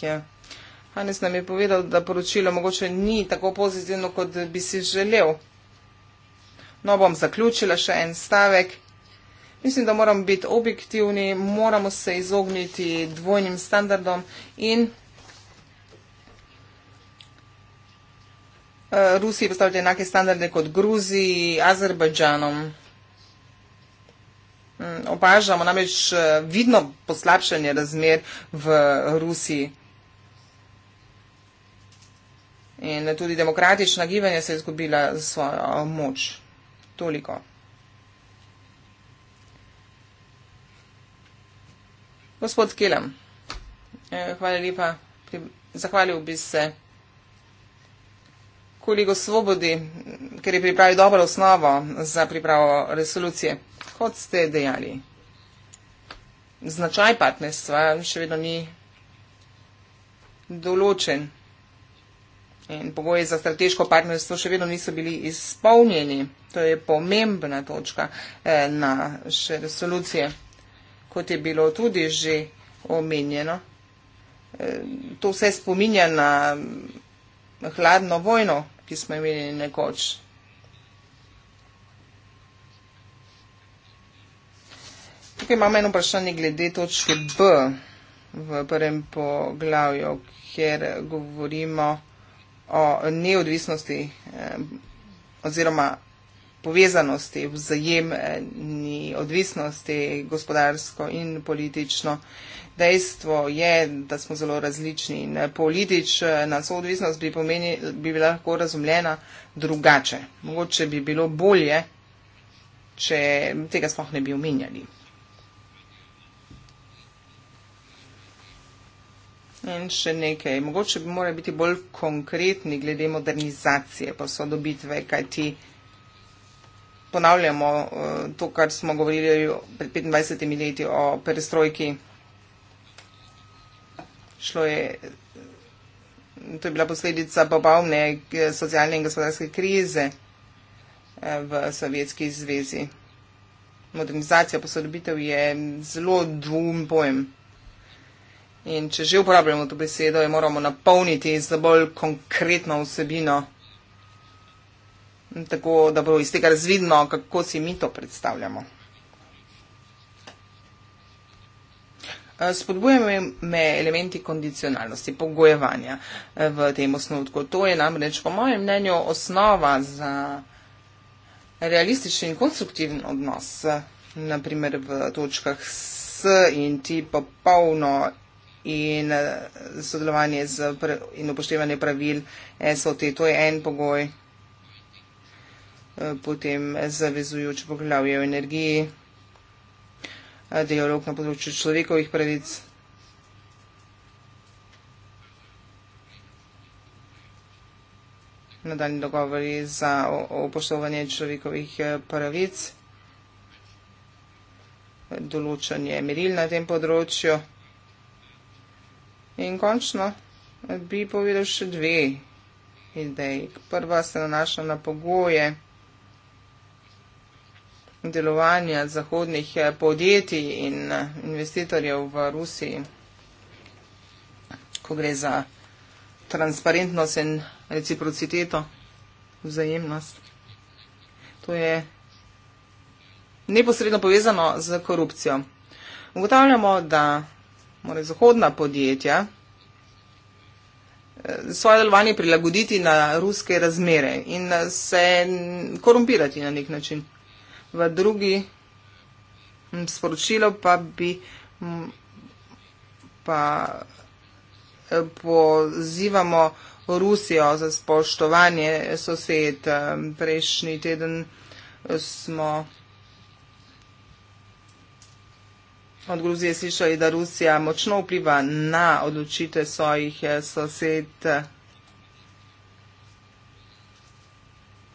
Hanes nam je povedal, da poročilo mogoče ni tako pozitivno, kot bi si želel. No, bom zaključila še en stavek. Mislim, da moramo biti objektivni, moramo se izogniti dvojnim standardom in eh, Rusiji postavljati enake standarde kot Gruziji, Azerbajdžanom. Mm, opažamo namreč eh, vidno poslabšanje razmer v Rusiji. In tudi demokratična gibanja se je izgubila svojo moč. Toliko. Gospod Kelem, eh, hvala lepa. Zahvalil bi se kolego Svobodi, ker je pripravil dobro osnovo za pripravo resolucije. Kot ste dejali, značaj partnerstva še vedno ni določen in pogoji za strateško partnerstvo še vedno niso bili izpolnjeni. To je pomembna točka eh, naše resolucije kot je bilo tudi že omenjeno. Eh, to vse spominja na hladno vojno, ki smo imeli nekoč. Tukaj imamo eno vprašanje glede točke B v prvem poglavju, kjer govorimo o neodvisnosti eh, oziroma povezanosti, vzajemni odvisnosti, gospodarsko in politično. Dejstvo je, da smo zelo različni in politična soodvisnost bi, pomeni, bi bila lahko razumljena drugače. Mogoče bi bilo bolje, če tega sploh ne bi omenjali. In še nekaj. Mogoče bi morali biti bolj konkretni glede modernizacije posodobitve, kajti ponavljamo eh, to, kar smo govorili pred 25 leti o perestrojki. Šlo je, to je bila posledica bobavne eh, socialne in gospodarske krize eh, v Sovjetski zvezi. Modernizacija, posodobitev je zelo dvum pojem. In če že uporabljamo to besedo, jo moramo napolniti z bolj konkretno vsebino tako da bo iz tega razvidno, kako si mi to predstavljamo. Eh, Spodbujajo me elementi kondicionalnosti, pogojevanja eh, v tem osnovku. To je namreč, po mojem mnenju, osnova za realističen in konstruktiven odnos, eh, naprimer v točkah S in ti popolno in sodelovanje z, in upoštevanje pravil SOT. To je en pogoj, potem zavezujoč poglavje o energiji, dialog na področju človekovih pravic. nadaljni dogovori za opoštovanje človekovih e, pravic, določanje meril na tem področju. In končno bi povedal še dve ideji. Prva se nanaša na pogoje delovanja zahodnih eh, podjetij in eh, investitorjev v Rusiji, ko gre za transparentnost in reciprociteto, vzajemnost. To je neposredno povezano z korupcijo. Ugotavljamo, da mora zahodna podjetja eh, svoje delovanje prilagoditi na ruske razmere in se korumpirati na nek način v drugi sporočilo pa bi pa e, pozivamo Rusijo za spoštovanje sosed. E, prejšnji teden smo od Gruzije slišali, da Rusija močno vpliva na odločitev svojih e, sosed.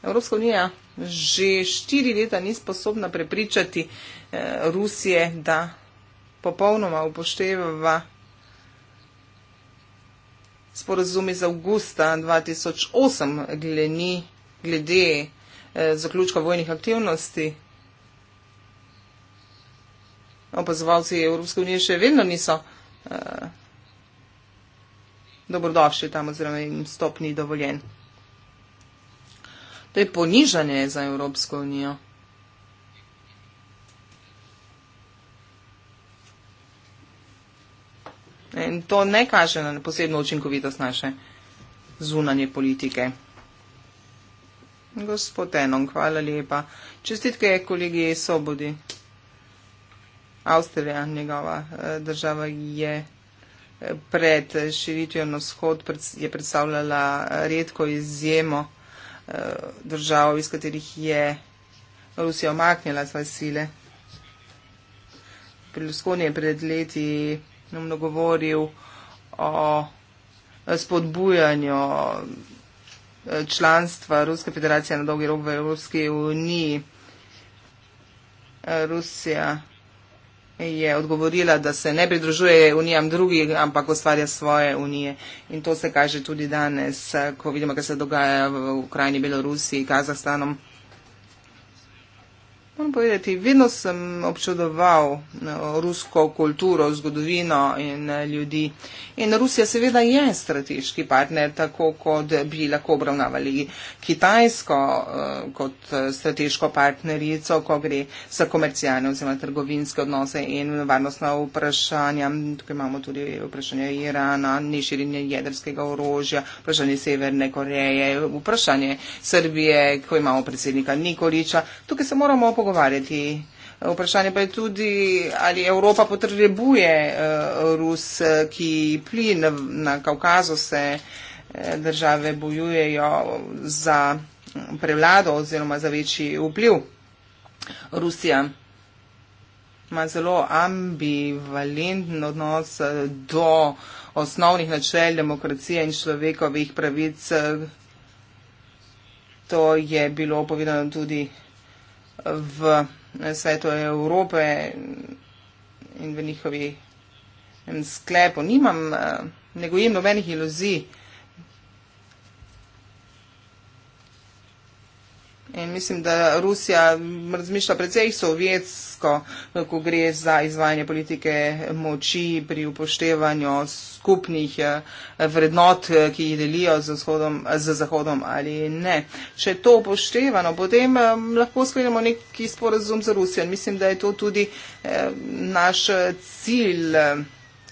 Evropska unija že štiri leta ni sposobna prepričati eh, Rusije, da popolnoma upošteva sporozumi za augusta 2008 glede eh, zaključka vojnih aktivnosti. Opazovalci Evropske unije še vedno niso eh, dobrodošli tam oziroma jim stop ni dovoljen. To je ponižanje za Evropsko unijo. In to ne kaže na posebno učinkovitost naše zunanje politike. Gospod Enon, hvala lepa. Čestitke kolegi Sobodi. Avstrija, njegova eh, država je eh, pred širitvijo na vzhod, je predstavljala eh, redko izjemo držav, iz katerih je Rusija omaknila svoje sile. Prilusconi je pred leti mnogo govoril o spodbujanju članstva Ruske federacije na dolgi rok v Evropski uniji. Rusija je odgovorila, da se ne pridružuje unijam drugih, ampak ustvarja svoje unije. In to se kaže tudi danes, ko vidimo, kaj se dogaja v Ukrajini, Belorusiji, Kazahstanom. Moram povedati, vedno sem občudoval no, rusko kulturo, zgodovino in eh, ljudi. In Rusija seveda je strateški partner, tako kot bi lahko obravnavali Kitajsko eh, kot eh, strateško partnerico, ko gre za komercijalne oziroma trgovinske odnose in varnostna vprašanja. Tukaj imamo tudi vprašanje Irana, neširjenje jedrskega orožja, vprašanje Severne Koreje, vprašanje Srbije, ko imamo predsednika Nikoliča. Tukaj se moramo pogovarjati pogovarjati. Vprašanje pa je tudi, ali Evropa potrebuje eh, ruski eh, plin na Kaukazu, se eh, države bojujejo za prevlado oziroma za večji vpliv. Rusija ima zelo ambivalentno odnos do osnovnih načel demokracije in človekovih pravic. To je bilo povedano tudi v svetu Evrope in v njihovi sklepu. Nimam, eh, ne gojim nobenih iluzij. In mislim, da Rusija razmišlja precej sovjetsko dejansko, ko gre za izvajanje politike moči pri upoštevanju skupnih eh, vrednot, eh, ki jih delijo z, vzhodom, z Zahodom ali ne. Če to upoštevano, potem lahko sklenemo neki sporazum za Rusijo. Mislim, da je to tudi naš cilj.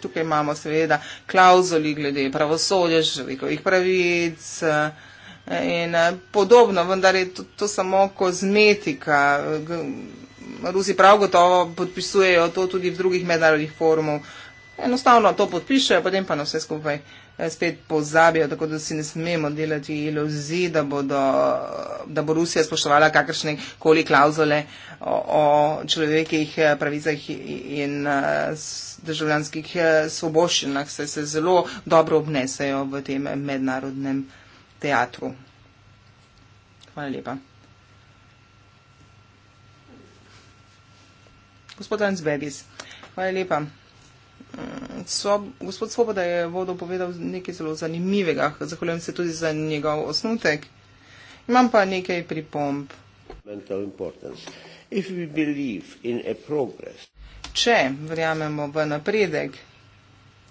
Tukaj imamo seveda klauzuli glede pravosodja, človekovih pravic eh, in podobno, vendar je to, to samo kozmetika. Rusi prav gotovo podpisujejo to tudi v drugih mednarodnih forumov. Enostavno to podpišejo, potem pa na vse skupaj eh, spet pozabijo, tako da si ne smemo delati iluzij, da, bodo, da bo Rusija spoštovala kakršne koli klauzule o, o človekih eh, pravicah in eh, državljanskih svoboščinah, saj se zelo dobro obnesejo v tem mednarodnem teatru. Hvala lepa. Gospod Hans Bergis, hvala lepa. Mm, so, gospod Svoboda je vodo povedal nekaj zelo zanimivega. Zahvaljujem se tudi za njegov osnutek. Imam pa nekaj pripomb. Če verjamemo v napredek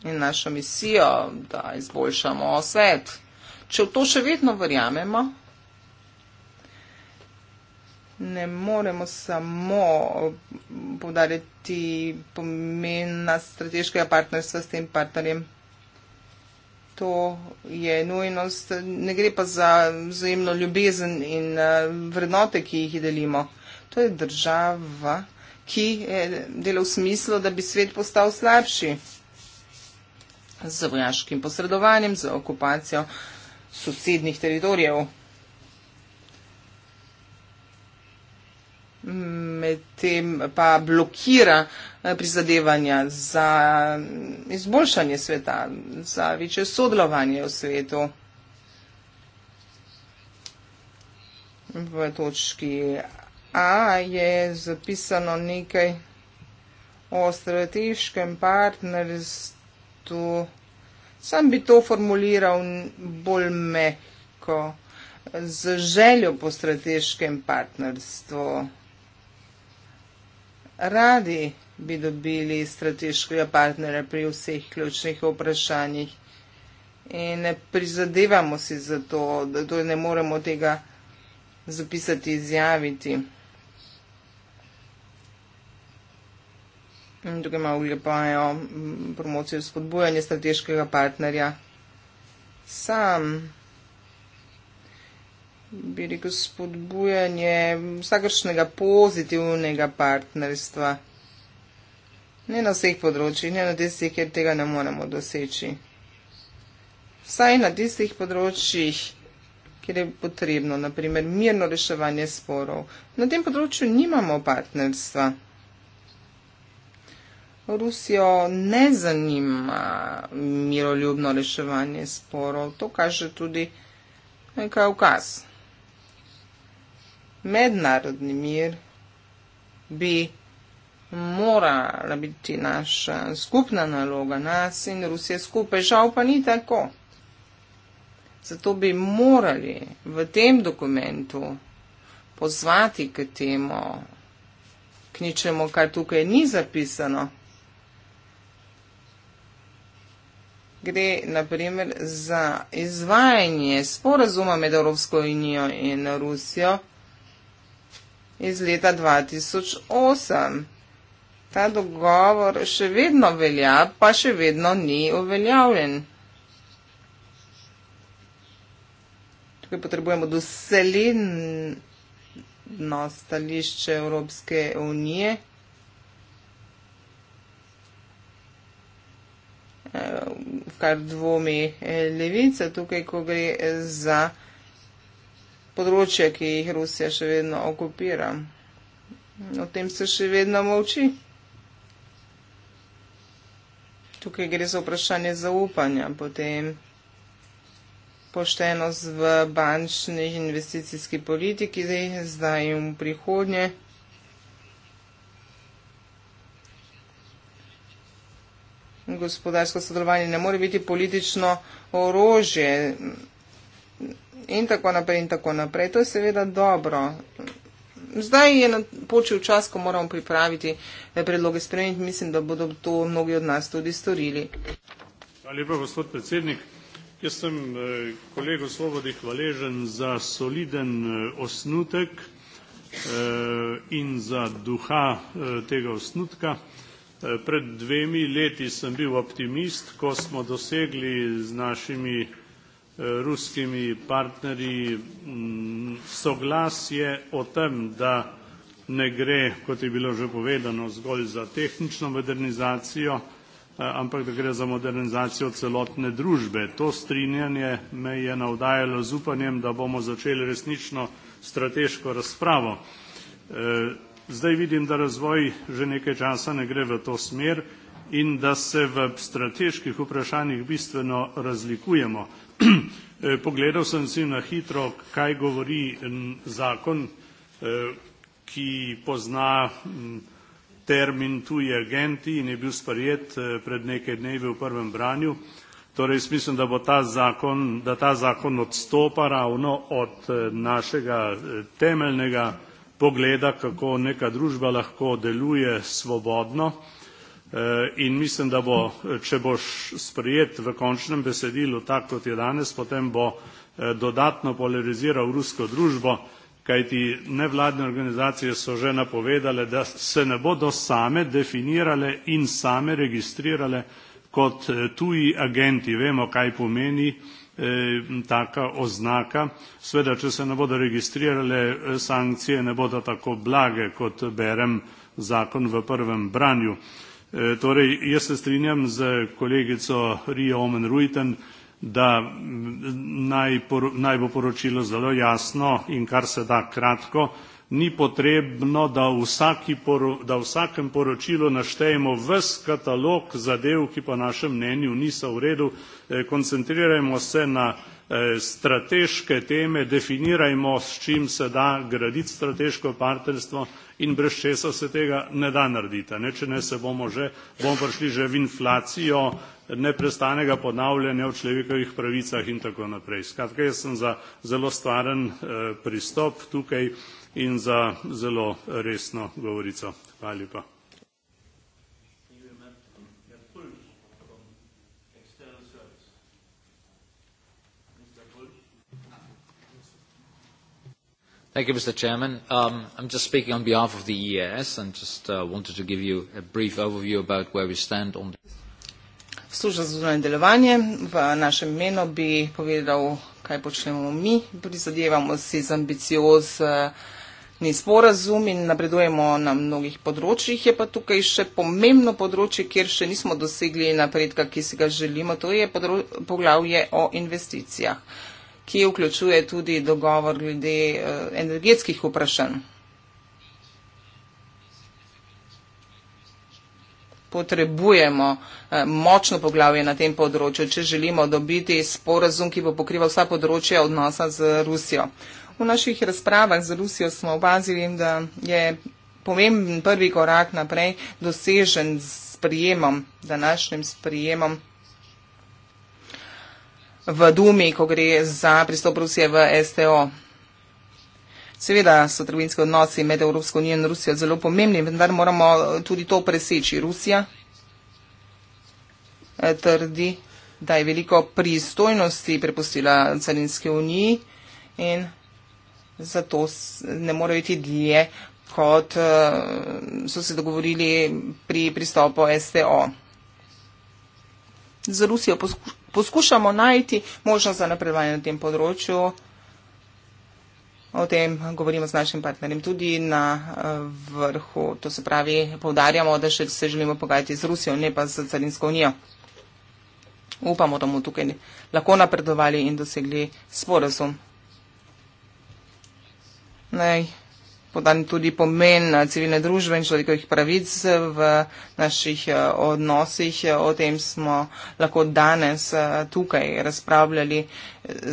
in našo misijo, da izboljšamo svet, če v to še vedno verjamemo, ne moremo samo podariti pomena strateškega partnerstva s tem partnerjem. To je nujnost, ne gre pa za vzajemno ljubezen in eh, vrednote, ki jih delimo. To je država, ki eh, dela v smislu, da bi svet postal slabši. Z vojaškim posredovanjem, z okupacijo sosednih teritorijev. medtem pa blokira eh, prizadevanja za izboljšanje sveta, za večje sodelovanje v svetu. V točki A je zapisano nekaj o strateškem partnerstvu. Sam bi to formuliral bolj mehko, z željo po strateškem partnerstvu radi bi dobili strateškega partnera pri vseh ključnih vprašanjih. In ne prizadevamo si za to, da to ne moremo tega zapisati, izjaviti. In tukaj imamo lepojo promocijo spodbujanja strateškega partnerja. Sam bi rekel, spodbujanje vsakršnega pozitivnega partnerstva. Ne na vseh področjih, ne na tistih, kjer tega ne moremo doseči. Vsaj na tistih področjih, kjer je potrebno, naprimer, mirno reševanje sporov. Na tem področju nimamo partnerstva. Rusijo ne zanima miroljubno reševanje sporov. To kaže tudi nekaj ukaz mednarodni mir bi morala biti naša skupna naloga, nas in Rusije skupaj. Žal pa ni tako. Zato bi morali v tem dokumentu pozvati k temu, k ničemu, kar tukaj ni zapisano. Gre naprimer za izvajanje sporazuma med Evropsko unijo in Rusijo iz leta 2008. Ta dogovor še vedno velja, pa še vedno ni uveljavljen. Tukaj potrebujemo doseljeno stališče Evropske unije. Eh, kar dvomi eh, levice tukaj, ko gre za področje, ki jih Rusija še vedno okupira. O tem se še vedno molči. Tukaj gre za vprašanje zaupanja, potem poštenost v bančni investicijski politiki, zdaj in v prihodnje. Gospodarsko sodelovanje ne more biti politično orožje in tako naprej in tako naprej. To je seveda dobro. Zdaj je počil čas, ko moramo pripraviti eh, predloge spremeniti. Mislim, da bodo to mnogi od nas tudi storili. Hvala lepa, gospod predsednik. Jaz sem eh, kolego Svobodi hvaležen za soliden eh, osnutek in za duha tega osnutka. Pred dvemi leti sem bil optimist, ko smo dosegli z našimi ruskimi partnerji mm, soglasje o tem, da ne gre, kot je bilo že povedano, zgolj za tehnično modernizacijo, eh, ampak da gre za modernizacijo celotne družbe. To strinjanje me je navdajalo z upanjem, da bomo začeli resnično strateško razpravo. Eh, zdaj vidim, da razvoj že nekaj časa ne gre v to smer in da se v strateških vprašanjih bistveno razlikujemo. Eh, pogledal sem si na hitro, kaj govori mm, zakon, eh, ki pozna mm, termin tuji agenti in je bil sprejet eh, pred nekaj dnevi v prvem branju. Torej, mislim, da, bo ta zakon, da ta zakon odstopa ravno od našega temeljnega pogleda, kako neka družba lahko deluje svobodno. Eh, in mislim, da bo, eh, če boš sprejet v končnem besedilu tak, kot je danes, potem bo eh, dodatno polariziral rusko družbo, kajti nevladne organizacije so že napovedale, da se ne bodo same definirale in same registrirale kot tuji agenti. Vemo, kaj pomeni taka oznaka. Sveda, če se ne bodo registrirale sankcije, ne bodo tako blage, kot berem zakon v prvem branju. E, torej, jaz se strinjam z kolegico Rijo Omen Ruiten, da naj, por, naj bo poročilo zelo jasno in kar se da kratko. Ni potrebno, da, poro, da vsakem poročilu naštejemo ves katalog zadev, ki po našem mnenju niso v redu. E, koncentrirajmo se na Eh, strateške teme, definirajmo, s čim se da graditi strateško partnerstvo in brez česa se tega ne da narediti. Ne, če ne, se bomo že, bomo prišli že v inflacijo neprestanega ponavljanja o človekovih pravicah in tako naprej. Skratka, jaz sem za zelo stvaren eh, pristop tukaj in za zelo resno govorico. Hvala lepa. Thank you, Mr. Chairman. Um, I'm just speaking on behalf of the EAS and just uh, wanted to give you a brief overview about where we stand on the... Služba za zunanje delovanje v našem imenu bi povedal, kaj počnemo mi. Prizadevamo si z ambiciozni sporazum in napredujemo na mnogih področjih. Je pa tukaj še pomembno področje, kjer še nismo dosegli napredka, ki si ga želimo. To je poglavje o investicijah ki vključuje tudi dogovor glede eh, energetskih vprašanj. Potrebujemo eh, močno poglavje na tem področju, če želimo dobiti sporazum, ki bo pokrival vsa področja odnosa z Rusijo. V naših razpravah z Rusijo smo obazili, da je pomemben prvi korak naprej dosežen s današnjim sprijemom v Dumi, ko gre za pristop Rusije v STO. Seveda so trgovinske odnosi med Evropsko unijo in Rusijo zelo pomembni, vendar moramo tudi to preseči. Rusija eh, trdi, da je veliko pristojnosti prepustila carinske unije in zato ne morejo iti dlje, kot eh, so se dogovorili pri pristopu STO. Za Rusijo poskušamo najti možnost za napredovanje na tem področju. O tem govorimo z našim partnerjem tudi na eh, vrhu. To se pravi, povdarjamo, da še se želimo pogajati z Rusijo, ne pa z Carinsko unijo. Upamo, da bomo tukaj lahko napredovali in dosegli sporazum. Naj podan tudi pomen eh, civilne družbe in človekovih pravic eh, v naših eh, odnosih. O tem smo lahko danes tukaj razpravljali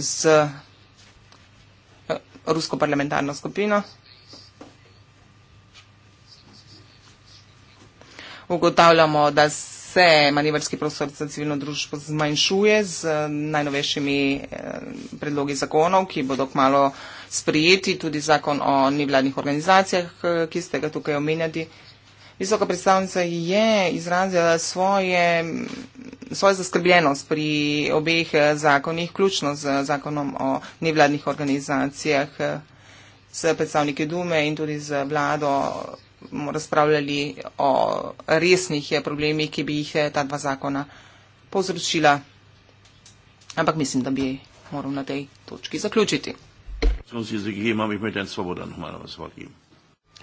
z rusko parlamentarno skupino. Ugotavljamo, da se manevrski prostor za civilno družbo zmanjšuje z najnovejšimi predlogi zakonov, ki bodo kmalo sprijeti, tudi zakon o nevladnih organizacijah, eh, ki ste ga tukaj omenjali. Visoka predstavnica je izrazila svoje, svojo zaskrbljenost pri obeh eh, zakonih, ključno z zakonom o nevladnih organizacijah, eh, s predstavniki Dume in tudi z vlado razpravljali o resnih problemih, ki bi jih ta dva zakona povzročila. Ampak mislim, da bi moral na tej točki zaključiti možnost, ki sie gegeben haben, ich möchte Herrn Svoboda nochmal das Wort geben.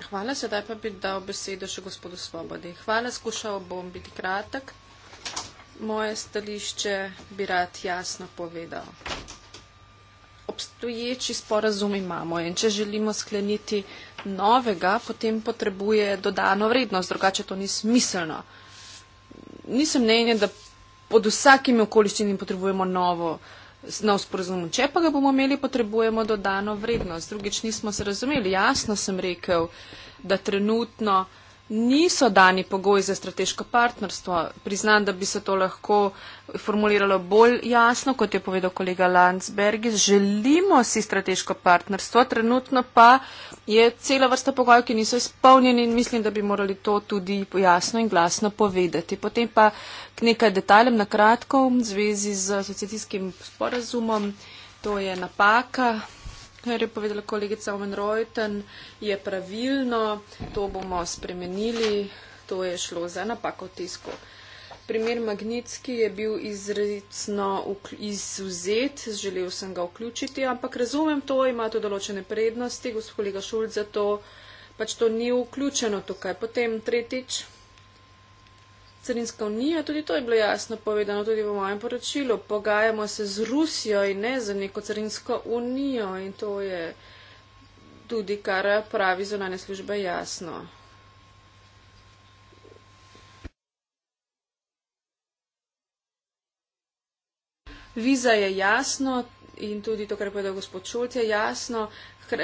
Hvala, sedaj pa bi dal besedo še gospodu Svobodi. Hvala, skušal bom biti kratek. Moje stališče bi rad jasno povedal. Obstoječi sporazum imamo in če želimo skleniti novega, potem potrebuje dodano vrednost, drugače to ni smiselno. Nisem mnenja, da pod vsakimi okoliščinami potrebujemo novo nov sporozum. Če pa ga bomo imeli, potrebujemo dodano vrednost. Drugič nismo se razumeli. Jasno sem rekel, da trenutno niso dani pogoji za strateško partnerstvo. Priznam, da bi se to lahko formuliralo bolj jasno, kot je povedal kolega Landsberg. Želimo si strateško partnerstvo, trenutno pa je cela vrsta pogojev, ki niso izpolnjeni in mislim, da bi morali to tudi jasno in glasno povedati. Potem pa k nekaj detaljem na kratko v zvezi z asociacijskim sporazumom. To je napaka, kar je povedala kolegica Omenrojten, je pravilno, to bomo spremenili, to je šlo za napako tisku. Primer Magnitski je bil izredno izuzet, želel sem ga vključiti, ampak razumem to, ima to določene prednosti, gospod kolega Šulc, zato pač to ni vključeno tukaj. Potem tretjič. Carinska unija, tudi to je bilo jasno povedano, tudi v mojem poročilu, pogajamo se z Rusijo in ne z neko carinsko unijo in to je tudi, kar pravi zunanje službe jasno. Viza je jasno in tudi to, kar je povedal gospod Šulc, je jasno.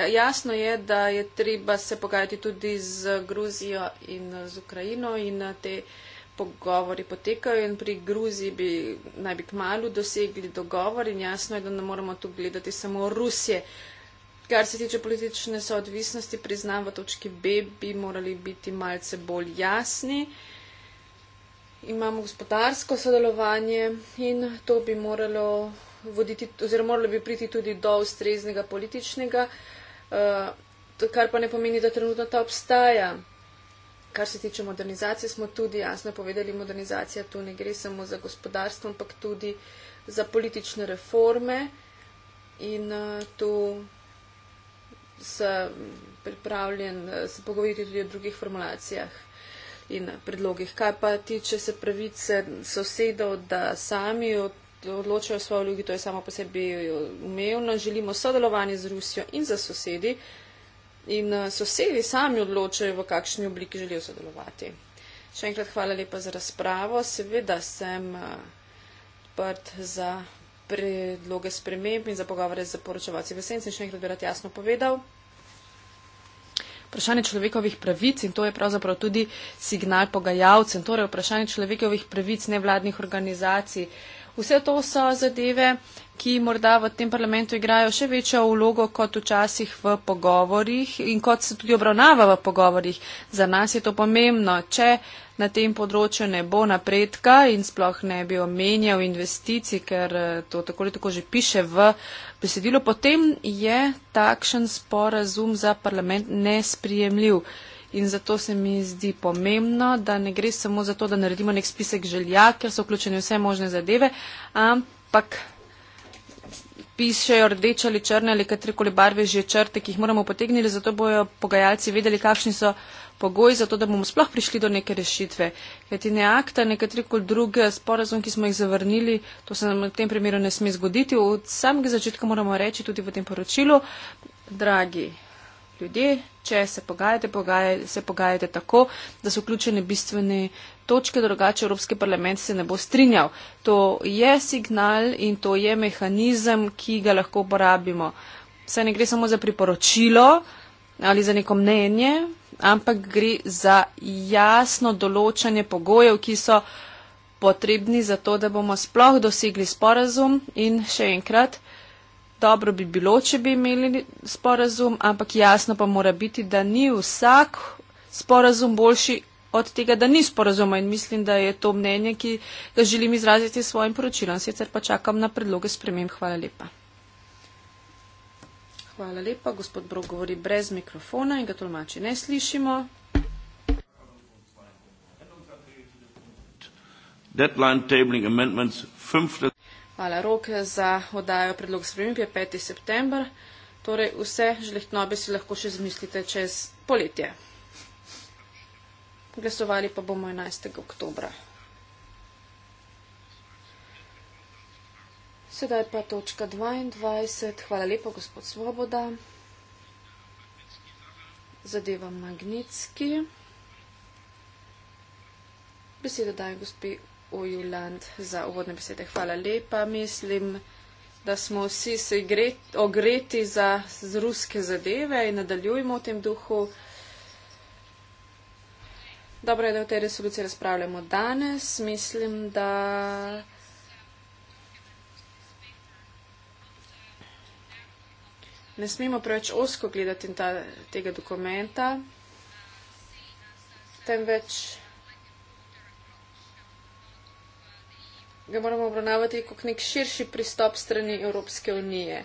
Jasno je, da je treba se pogajati tudi z Gruzijo in z Ukrajino in te pogovori potekajo in pri Gruziji bi naj bi k malu dosegli dogovor in jasno je, da ne moremo tu gledati samo Rusije. Kar se tiče politične soodvisnosti, priznam v točki B, bi morali biti malce bolj jasni. Imamo gospodarsko sodelovanje in to bi moralo voditi, oziroma moralo bi priti tudi do ustreznega političnega, eh, kar pa ne pomeni, da trenutno ta obstaja kar se tiče modernizacije, smo tudi jasno povedali, modernizacija tu ne gre samo za gospodarstvo, ampak tudi za politične reforme in eh, tu se pripravljen eh, se pogovoriti tudi o drugih formulacijah in predlogih. Kaj pa tiče se pravice sosedov, da sami odločajo svojo ljudi, to je samo po sebi eh, umevno. Želimo sodelovanje z Rusijo in za sosedi, in eh, sosedi sami odločajo, v kakšni obliki želijo sodelovati. Še enkrat hvala lepa za razpravo. Seveda sem odprt eh, za predloge sprememb in za pogovore z poročevalci. Vesel sem še enkrat, da bi rad jasno povedal. Vprašanje človekovih pravic in to je pravzaprav tudi signal pogajalcem, torej vprašanje človekovih pravic nevladnih organizacij. Vse to so zadeve, ki morda v tem parlamentu igrajo še večjo vlogo kot včasih v pogovorjih in kot se tudi obravnava v pogovorjih. Za nas je to pomembno. Če na tem področju ne bo napredka in sploh ne bi omenjal investicij, ker eh, to tako ali tako že piše v besedilu, potem je takšen sporazum za parlament nesprijemljiv. In zato se mi zdi pomembno, da ne gre samo za to, da naredimo nek spisek želja, ker so vključene vse možne zadeve, ampak pišejo rdeče ali črne ali katerikoli barve že črte, ki jih moramo potegniti, zato bojo pogajalci vedeli, kakšni so pogoji za to, da bomo sploh prišli do neke rešitve. Kajti ne akta, nekaterikoli druge sporazum, ki smo jih zavrnili, to se nam v tem primeru ne sme zgoditi. Od samega začetka moramo reči tudi v tem poročilu, dragi ljudje, če se pogajate, pogajate, se pogajate tako, da so vključene bistvene točke, drugače Evropski parlament se ne bo strinjal. To je signal in to je mehanizem, ki ga lahko uporabimo. Saj ne gre samo za priporočilo ali za neko mnenje, ampak gre za jasno določanje pogojev, ki so potrebni za to, da bomo sploh dosegli sporazum in še enkrat. Dobro bi bilo, če bi imeli sporazum, ampak jasno pa mora biti, da ni vsak sporazum boljši od tega, da ni sporazuma in mislim, da je to mnenje, ki ga želim izraziti s svojim poročilom. Sicer pa čakam na predloge spremem. Hvala lepa. Hvala lepa. Gospod Brog govori brez mikrofona in ga tolmači ne slišimo. Deadline tabling amendments 5. Hvala, Rok, za oddajo predlog spremembe 5. september. Torej, vse žlehtnobe si lahko še zmislite čez poletje. Glasovali pa bomo 11. oktober. Sedaj pa točka 22. Hvala lepa, gospod Svoboda. Zadeva magnetski. Beseda daje gospod. Ujuland za uvodne besede. Hvala lepa. Mislim, da smo vsi se ogreti za ruske zadeve in nadaljujmo v tem duhu. Dobro je, da o tej resoluciji razpravljamo danes. Mislim, da. Ne smemo preveč osko gledati ta, tega dokumenta, temveč. ga moramo obravnavati kot nek širši pristop strani Evropske unije.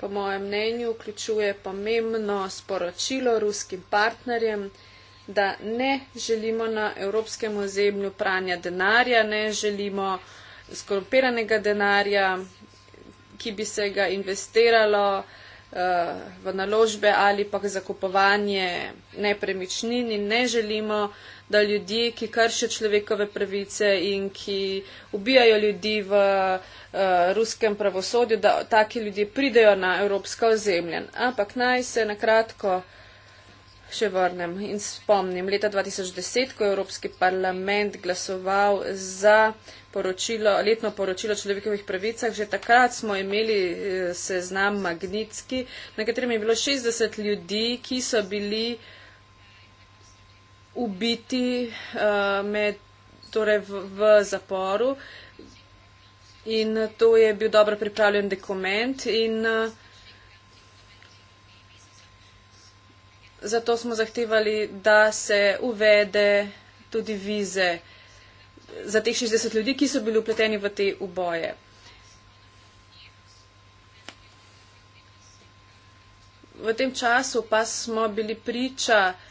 Po mojem mnenju vključuje pomembno sporočilo ruskim partnerjem, da ne želimo na evropskem ozemlju pranja denarja, ne želimo skorumpiranega denarja, ki bi se ga investiralo uh, v naložbe ali pa zakupovanje nepremičnin in ne želimo uh, da ljudje, ki kršijo človekove pravice in ki ubijajo ljudi v uh, ruskem pravosodju, da taki ljudje pridejo na evropsko ozemlje. Ampak naj se na kratko še vrnem in spomnim. Leta 2010, ko je Evropski parlament glasoval za poročilo, letno poročilo o človekovih pravicah, že takrat smo imeli eh, seznam magnitski, na katerem je bilo 60 ljudi, ki so bili ubiti uh, eh, med, torej v, v zaporu. In to je bil dobro pripravljen dokument in uh, zato smo zahtevali, da se uvede tudi vize za teh 60 ljudi, ki so bili upleteni v te uboje. V tem času pa smo bili priča uh,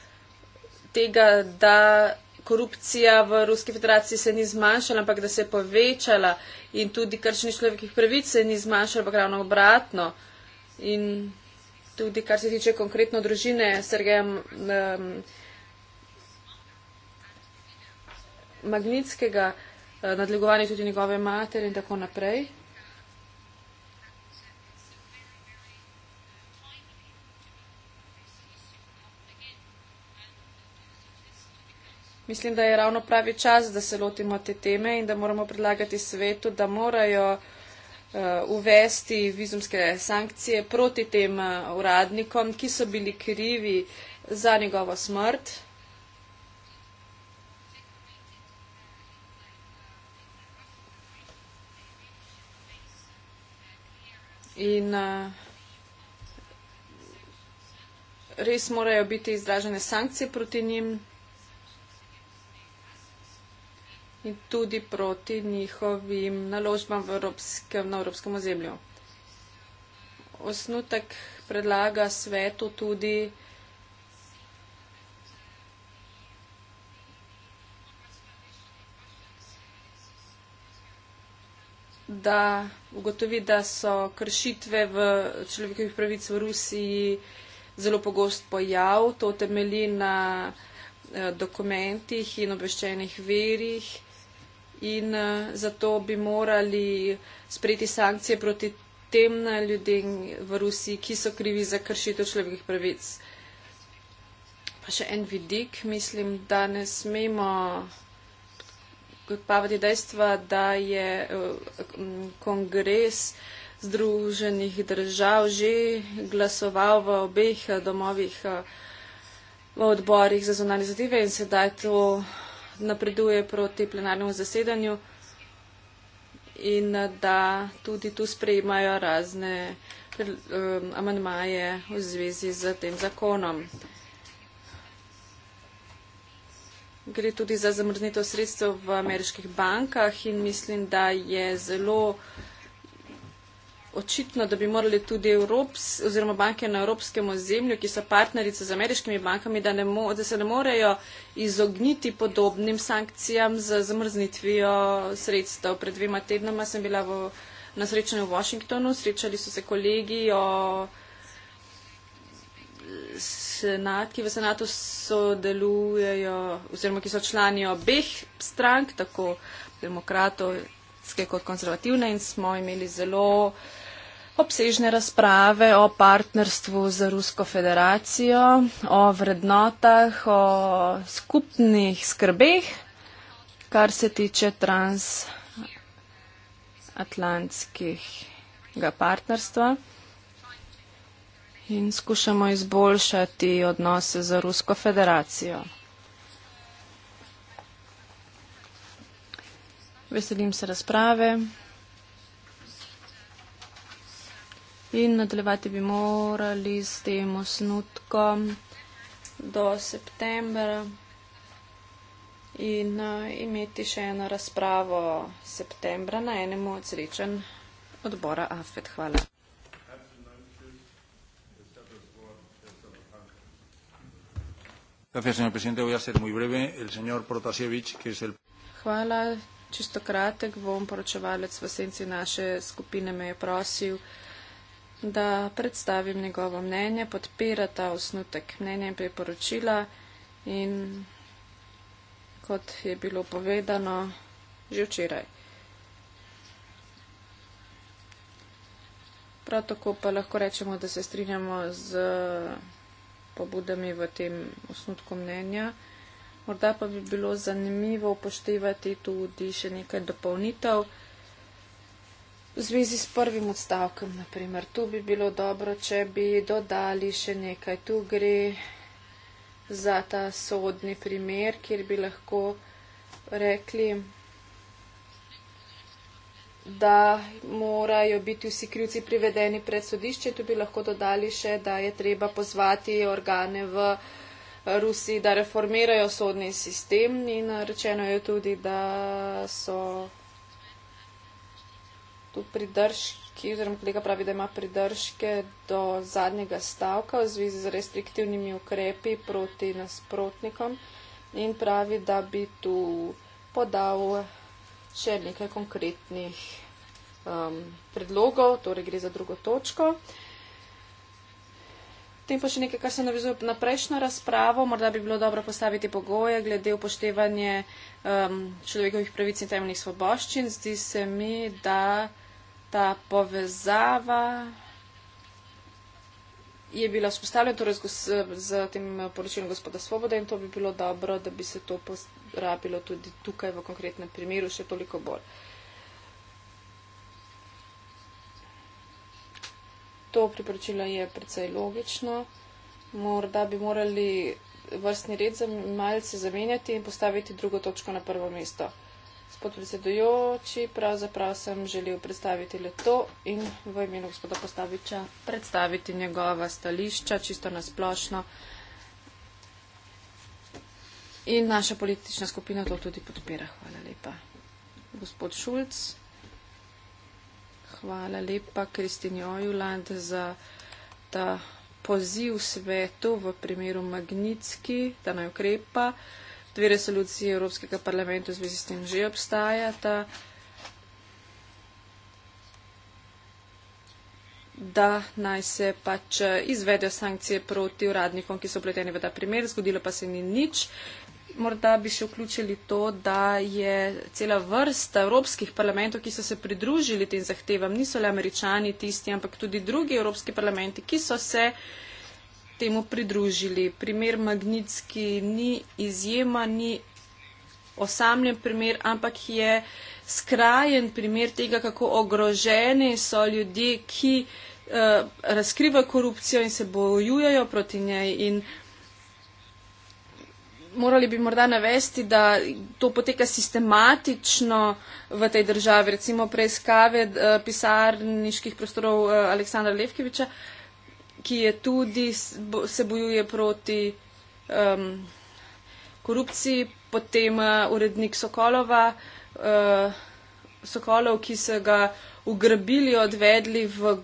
tega, da korupcija v Ruski federaciji se ni zmanjšala, ampak da se je povečala in tudi kršni človekih pravic se ni zmanjšala, ampak ravno obratno. In tudi, kar se tiče konkretno družine Sergeja um, Magnitskega, eh, nadlegovanje tudi njegove matere in tako naprej. Mislim, da je ravno pravi čas, da se lotimo te teme in da moramo predlagati svetu, da morajo uh, uvesti vizumske sankcije proti tem uh, uradnikom, ki so bili krivi za njegovo smrt. In uh, res morajo biti izražene sankcije proti njim. in tudi proti njihovim naložbam v evropskem, na evropskem ozemlju. Osnutek predlaga svetu tudi da ugotovi, da so kršitve v človekovih pravic v Rusiji zelo pogost pojav. To temelji na eh, dokumentih in obveščenih verjih in uh, zato bi morali sprejeti sankcije proti tem eh, ljudem v Rusiji, ki so krivi za kršitev človekovih pravic. Pa še en vidik, mislim, da ne smemo odpavati dejstva, da je uh, kongres Združenih držav že glasoval v obeh domovih, uh, v odborih za zunanje zadeve in sedaj to. Uh, napreduje proti plenarnemu zasedanju in eh, da tudi tu sprejemajo razne eh, amandmaje v zvezi z tem zakonom. Gre tudi za zamrznitev sredstev v ameriških bankah in mislim, da je zelo očitno, da bi morali tudi Evrops, oziroma banke na evropskem ozemlju, ki so partnerice z ameriškimi bankami, da, ne mo, da se ne morejo izogniti podobnim sankcijam z zamrznitvijo sredstev. Pred dvema tednoma sem bila v, na srečanju v Washingtonu, srečali so se kolegi o senat, ki v senatu sodelujejo, oziroma ki so člani obeh strank, tako demokratov kot konzervativne in smo imeli zelo uh, obsežne razprave o partnerstvu z Rusko federacijo, o vrednotah, o skupnih skrbeh, kar se tiče transatlantskega partnerstva. In skušamo izboljšati odnose z Rusko federacijo. Veselim se razprave. In nadaljevati bi morali s tem osnutkom do septembra in uh, imeti še eno razpravo septembra na enem od srečen odbora AFET. Hvala. Hvala. Čisto kratek bom poročevalec v senci naše skupine me je prosil da predstavim njegovo mnenje, podpira ta osnutek mnenja in priporočila in kot je bilo povedano že včeraj. Prav tako pa lahko rečemo, da se strinjamo z pobudami v tem osnutku mnenja. Morda pa bi bilo zanimivo upoštevati tudi še nekaj dopolnitev v zvezi s prvim odstavkom, naprimer, tu bi bilo dobro, če bi dodali še nekaj. Tu gre za ta sodni primer, kjer bi lahko rekli, da morajo biti vsi krivci privedeni pred sodišče. Tu bi lahko dodali še, da je treba pozvati organe v. Rusi, da reformirajo sodni sistem in rečeno je tudi, da so pridržki, oziroma kolega pravi, da ima pridržke do zadnjega stavka v zvezi z restriktivnimi ukrepi proti nasprotnikom in pravi, da bi tu podal še nekaj konkretnih um, predlogov, torej gre za drugo točko. Potem pa še nekaj, kar se navizuje na prejšnjo razpravo. Morda bi bilo dobro postaviti pogoje glede upoštevanje um, človekovih pravic in temeljnih svoboščin. Zdi se mi, da ta povezava je bila vzpostavljena torej z, z tem poročilom gospoda Svobode in to bi bilo dobro, da bi se to porabilo tudi tukaj v konkretnem primeru še toliko bolj. To priporočilo je precej logično. Morda bi morali vrstni red malce zamenjati in postaviti drugo točko na prvo mesto. Gospod predsedujoči, pravzaprav sem želel predstaviti le to in v imenu gospoda Postaviča predstaviti njegova stališča čisto nasplošno. In naša politična skupina to tudi podpira. Hvala lepa. Gospod Šulc, hvala lepa Kristini Ojuland za ta poziv svetu v primeru Magnitski, da naj ukrepa dve resoluciji Evropskega parlamenta v zvezi s tem že obstajata. da naj se pač izvedejo sankcije proti uradnikom, ki so pleteni v ta primer. Zgodilo pa se ni nič. Morda bi še vključili to, da je cela vrsta evropskih parlamentov, ki so se pridružili tem zahtevam, niso le američani tisti, ampak tudi drugi evropski parlamenti, ki so se uh, temu pridružili. Primer magnitski ni izjema, ni osamljen primer, ampak je skrajen primer tega, kako ogroženi so ljudje, ki uh, eh, razkriva korupcijo in se bojujejo proti njej. In morali bi morda navesti, da to poteka sistematično v tej državi, recimo preiskave uh, pisarniških prostorov uh, Aleksandra Levkeviča. Uh, ki je tudi se bojuje proti um, korupciji, potem uh, urednik Sokolova, uh, Sokolov, ki so ga ugrabili, odvedli v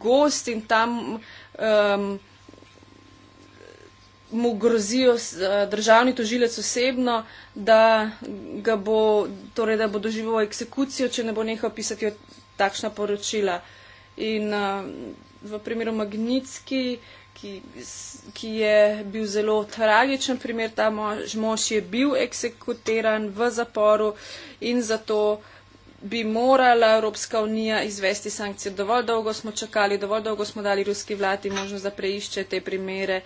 gost in tam um, mu grozijo uh, državni tožilec osebno, da ga bo, torej, da bo doživel eksekucijo, če ne bo nehal pisati takšna poročila. In, uh, v primeru Magnitski, ki, ki je bil zelo tragičen primer, ta mož, mož je bil eksekutiran v zaporu in zato bi morala Evropska unija izvesti sankcije. Dovolj dolgo smo čakali, dovolj dolgo smo dali ruski vladi možnost, da preišče te primere.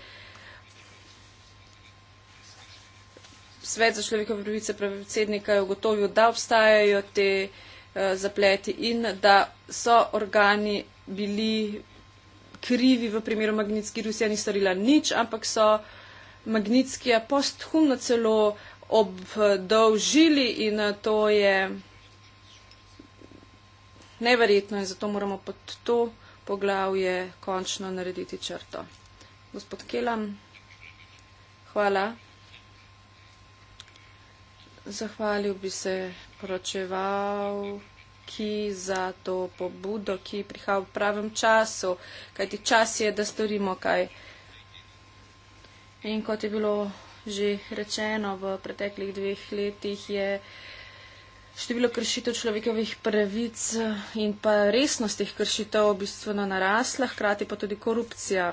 Svet za človekove pravice predsednika je ugotovil, da obstajajo te uh, zapleti in da so organi bili krivi v primeru Magnitski Rusija ni storila nič, ampak so Magnitskija posthumno celo obdolžili in eh, to je neverjetno in zato moramo pod to poglavje končno narediti črto. Gospod Kelam, hvala. Zahvalil bi se poročeval ki za to pobudo, ki prihaja v pravem času, kajti čas je, da storimo kaj. In kot je bilo že rečeno v preteklih dveh letih, je število kršitev človekovih pravic eh, in pa resnost teh kršitev bistveno narasla, hkrati pa tudi korupcija.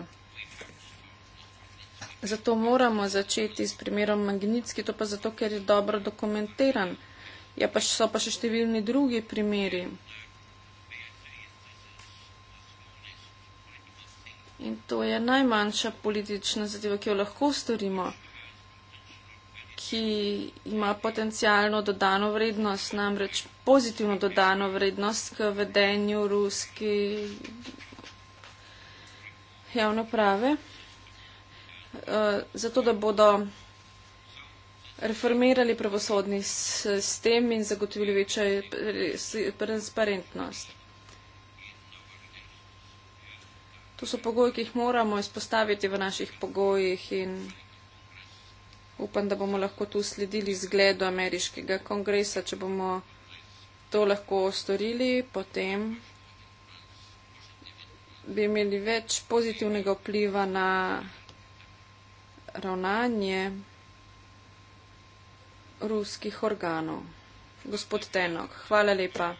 Zato moramo začeti s primerom Magnitski, to pa zato, ker je dobro dokumentiran. Ja, pa so pa še številni drugi primeri. In to je najmanjša politična zadeva, ki jo lahko storimo, ki ima potencijalno dodano vrednost, namreč pozitivno dodano vrednost k vedenju ruske javnoprave, eh, zato da bodo reformirali pravosodni sistem in zagotovili večjo transparentnost. To so pogoji, ki jih moramo izpostaviti v naših pogojih in upam, da bomo lahko tu sledili zgledu ameriškega kongresa. Če bomo to lahko storili, potem bi imeli več pozitivnega vpliva na ravnanje ruskih organov. Gospod Tenok, hvala lepa.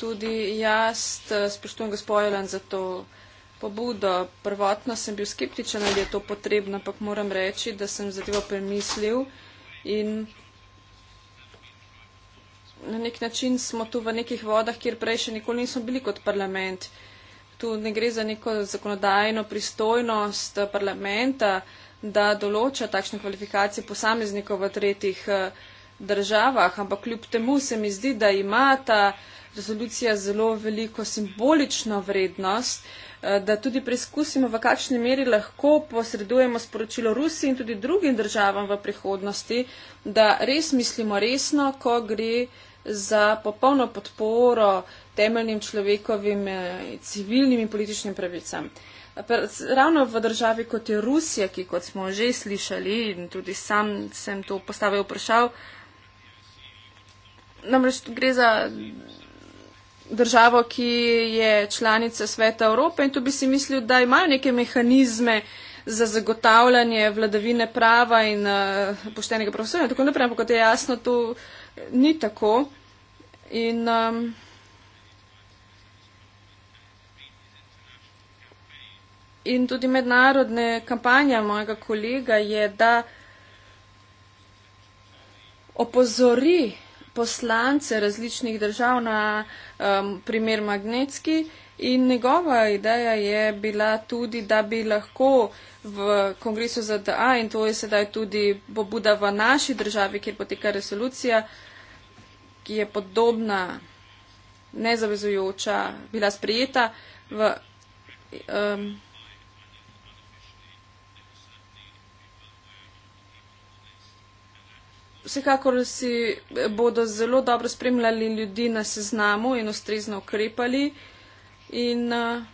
Tudi jaz eh, spoštujem gospodjelen za to pobudo. Prvotno sem bil skeptičen, ali je to potrebno, ampak moram reči, da sem zadevo premislil in na nek način smo tu v nekih vodah, kjer prej še nikoli nismo bili kot parlament. Tu ne gre za neko zakonodajno pristojnost eh, parlamenta, da določa takšne kvalifikacije posameznikov v tretjih eh, državah, ampak kljub temu se mi zdi, da ima ta rezolucija zelo veliko simbolično vrednost, eh, da tudi preizkusimo, v kakšni meri lahko posredujemo sporočilo Rusiji in tudi drugim državam v prihodnosti, da res mislimo resno, ko gre za popolno podporo temeljnim človekovim eh, civilnim in političnim pravicam. Ravno v državi kot je Rusija, ki kot smo že slišali in tudi sam sem to postavil vprašal, namreč gre za državo, ki je članica Sveta Evrope in tu bi si mislil, da imajo neke mehanizme za zagotavljanje vladavine prava in uh, poštenega pravosodja. Tako naprej, ampak kot je jasno, to ni tako. In, um, in tudi mednarodne kampanje mojega kolega je, da opozori poslance različnih držav na um, primer Magnetski in njegova ideja je bila tudi, da bi lahko v kongresu ZDA in to je sedaj tudi pobuda v naši državi, kjer poteka resolucija, ki je podobna, nezavezujoča, bila sprijeta v. Um, Vsekakor si bodo zelo dobro spremljali ljudi na seznamu in ustrezno ukrepali. In, uh,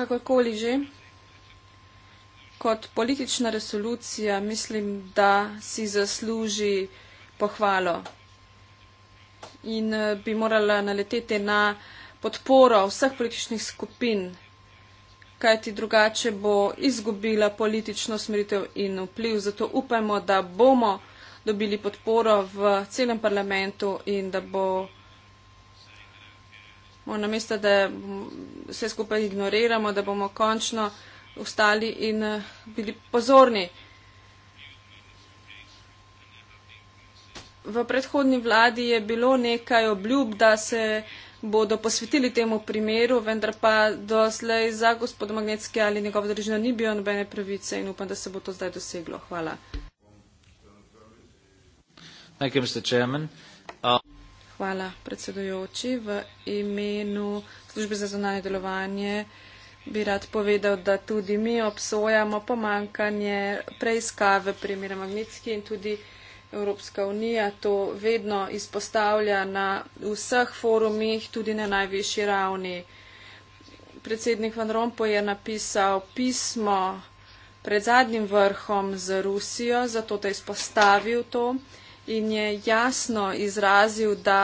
kakorkoli že, kot politična resolucija mislim, da si zasluži pohvalo in uh, bi morala naleteti na podporo vseh političnih skupin kajti drugače bo izgubila politično smeritev in vpliv. Zato upajmo, da bomo dobili podporo v celem parlamentu in da bo. Na mesto, da vse skupaj ignoriramo, da bomo končno ustali in bili pozorni. V predhodni vladi je bilo nekaj obljub, da se bodo posvetili temu primeru, vendar pa doslej za gospod Magnetski ali njegovo družino ni bilo nobene pravice in upam, da se bo to zdaj doseglo. Hvala. Uh, Hvala, predsedujoči. V imenu službe za zonanje delovanje bi rad povedal, da tudi mi obsojamo pomankanje preiskave primera Magnitski in tudi Evropska unija to vedno izpostavlja na vseh forumih, tudi na najvišji ravni. Predsednik Van Rompuy je napisal pismo pred zadnjim vrhom z Rusijo, zato da je izpostavil to in je jasno izrazil, da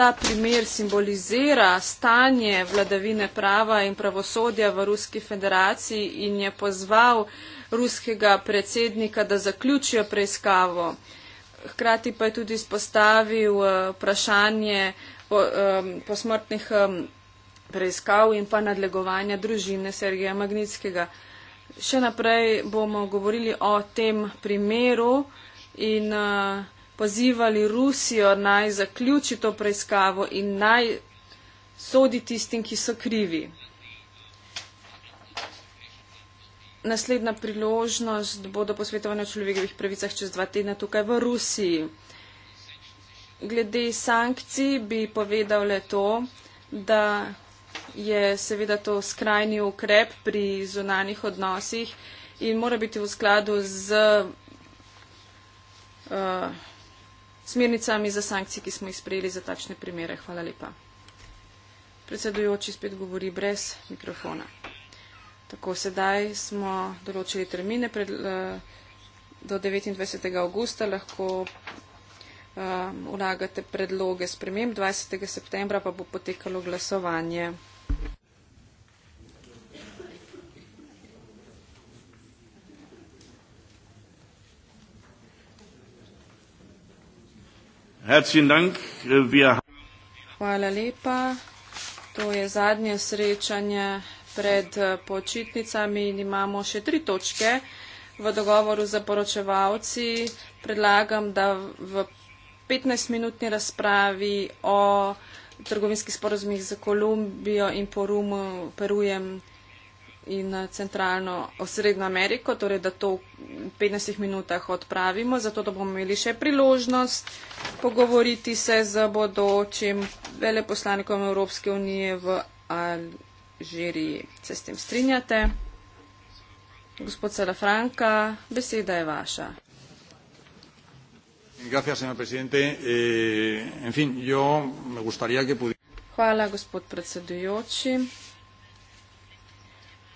ta primer simbolizira stanje vladavine prava in pravosodja v Ruski federaciji in je pozval ruskega predsednika, da zaključijo preiskavo hkrati pa je tudi izpostavil eh, vprašanje po, um, posmrtnih um, preiskav in pa nadlegovanja družine Sergeja Magnitskega. Še naprej bomo govorili o tem primeru in uh, pozivali Rusijo naj zaključi to preiskavo in naj sodi tistim, ki so krivi. naslednja priložnost bodo posvetovane o človekovih pravicah čez dva tedna tukaj v Rusiji. Glede sankcij bi povedal le to, da je seveda to skrajni ukrep pri zunanih odnosih in mora biti v skladu z uh, smernicami za sankcije, ki smo jih sprejeli za takšne primere. Hvala lepa. Predsedujoči spet govori brez mikrofona. Tako sedaj smo določili termine pred, eh, do 29. augusta, lahko um, vlagate predloge sprememb, 20. septembra pa bo potekalo glasovanje. Hvala lepa. To je zadnje srečanje pred eh, počitnicami in imamo še tri točke. V dogovoru za poročevalci predlagam, da v 15-minutni razpravi o trgovinskih sporozumih za Kolumbijo in Porumu, Perujem in eh, centralno osrednjo Ameriko, torej da to v 15 minutah odpravimo, zato da bomo imeli še priložnost pogovoriti se z bodočim veleposlanikom Evropske unije v Al žiri se s tem strinjate. Gospod Salafranka, beseda je vaša. Eh, Hvala, gospod predsedujoči.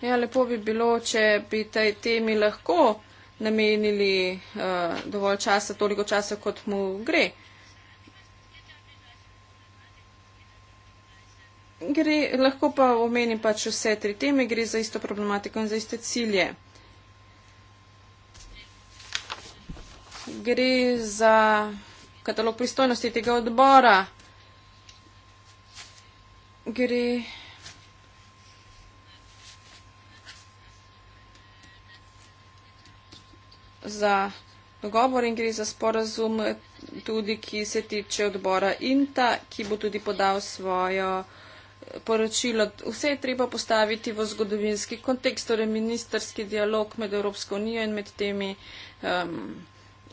Ja, lepo bi bilo, če bi tej temi lahko namenili uh, dovolj časa, toliko časa, kot mu gre. Uh, gre, lahko pa omenim pač vse tri teme, gre za isto problematiko in za iste cilje. Gre za katalog pristojnosti tega odbora. Gre za dogovor in gre za sporazum tudi, ki se tiče odbora INTA, ki bo tudi podal svojo uh, poročilo. Vse je treba postaviti v zgodovinski kontekst, torej ministerski dialog med Evropsko unijo in med temi um,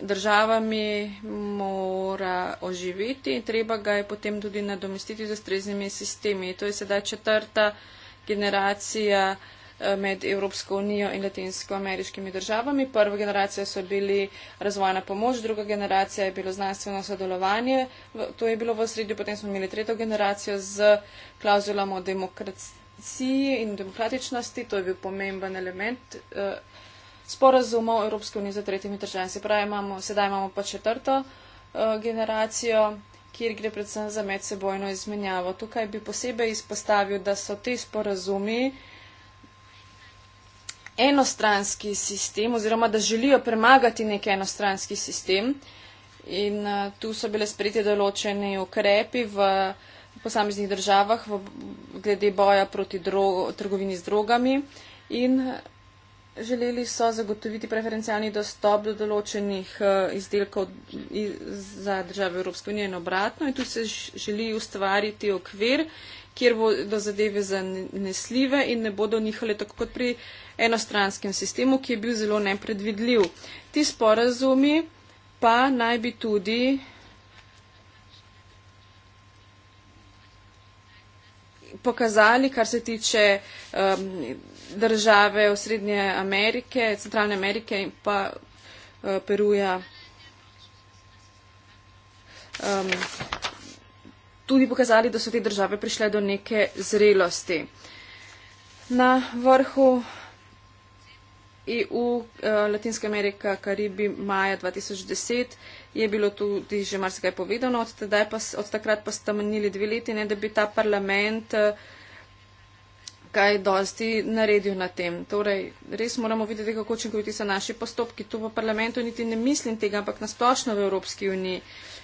državami mora oživiti in treba ga je potem tudi nadomestiti z ustreznimi sistemi. To je sedaj četrta generacija uh, med Evropsko unijo in latinskoameriškimi državami. Prva generacija so bili razvojna pomoč, druga generacija je bilo znanstveno sodelovanje, to je bilo v sredju, potem smo imeli tretjo generacijo z klauzulom o demokraciji in demokratičnosti, to je bil pomemben element uh, sporazumov Evropske unije z tretjimi državami. Se pravi, imamo, sedaj imamo pa četrto uh, generacijo kjer gre predvsem za medsebojno izmenjavo. Tukaj bi posebej izpostavil, da so te sporazumi uh, enostranski sistem oziroma da želijo premagati nek enostranski sistem. In uh, tu so bile sprejete določene ukrepi v posameznih državah v, glede boja proti drogo, trgovini z drogami in eh, želeli so zagotoviti preferencialni dostop do določenih uh, izdelkov iz, za države Evropske unije in obratno. In tu se želi ustvariti okvir, kjer bodo zadeve zanesljive in ne bodo nihale tako kot pri uh, enostranskem sistemu, ki je bil zelo nepredvidljiv. Ti sporazumi pa naj bi tudi. Pokazali, kar se tiče um, države v Srednje Amerike, Centralne Amerike in pa uh, Peruja. Um, tudi pokazali, da so te države prišle do neke zrelosti. Na vrhu EU, eh, Latinska Amerika, Karibi, maja 2010 je bilo tudi že marsikaj povedano, od, pa, od takrat pa ste menili dve leti, ne da bi ta parlament eh, kaj dosti naredil na tem. Torej, res moramo videti, kako učinkoviti so naši postopki. Tu v parlamentu niti ne mislim tega, ampak nasplošno v Evropski uniji.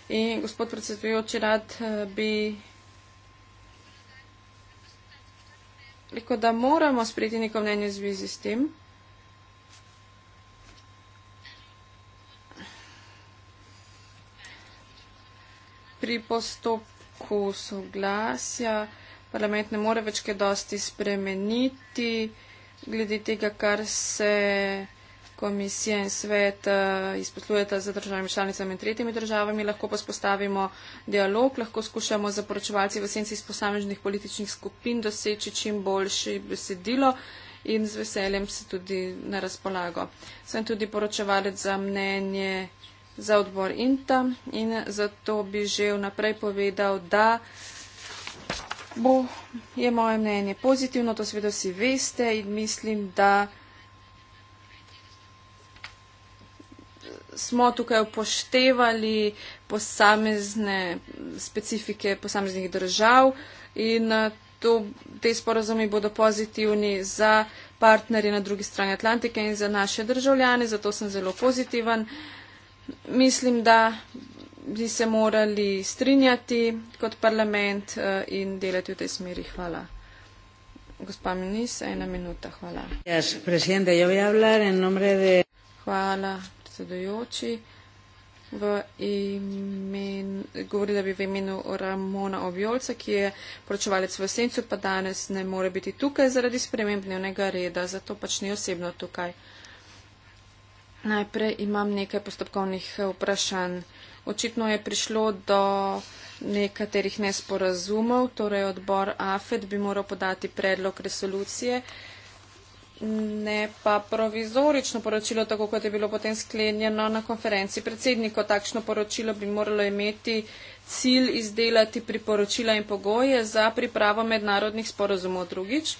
In gospod predsedujoči, rad eh, bi rekel, da moramo sprejeti neko mnenje v zvezi s tem. pri postopku soglasja parlament ne more več kaj dosti spremeniti glede tega, kar se komisije in svet eh, izposlujeta za državami članicami in tretjimi državami. Lahko pa spostavimo dialog, lahko skušamo za poročevalci v senci iz posameznih političnih skupin doseči čim boljše besedilo in z veseljem se tudi na razpolago. Sem tudi poročevalec za mnenje za odbor INTA in zato bi že vnaprej povedal, da bo, je moje mnenje pozitivno, to seveda vsi veste in mislim, da smo tukaj upoštevali posamezne specifike posameznih držav in to, te sporazumi bodo pozitivni za partnerje na drugi strani Atlantike in za naše državljane, zato sem zelo pozitiven. Uh, mislim, da bi se morali strinjati kot parlament eh, in delati v tej smeri. Hvala. Gospa Minis, ena minuta. Hvala. Hvala, predsedujoči. V imen, govori, da bi v imenu Ramona Objolca, ki je poročevalec v Sencu, pa danes ne more biti tukaj zaradi spremembnega reda, zato pač ni osebno tukaj. Najprej imam nekaj postopkovnih eh, vprašanj. Očitno je prišlo do nekaterih nesporazumov, torej odbor AFED bi moral podati predlog resolucije, ne pa provizorično poročilo, tako kot je bilo potem sklenjeno na konferenci predsednikov. Takšno poročilo bi moralo imeti cilj izdelati priporočila in pogoje za pripravo mednarodnih sporazumov drugič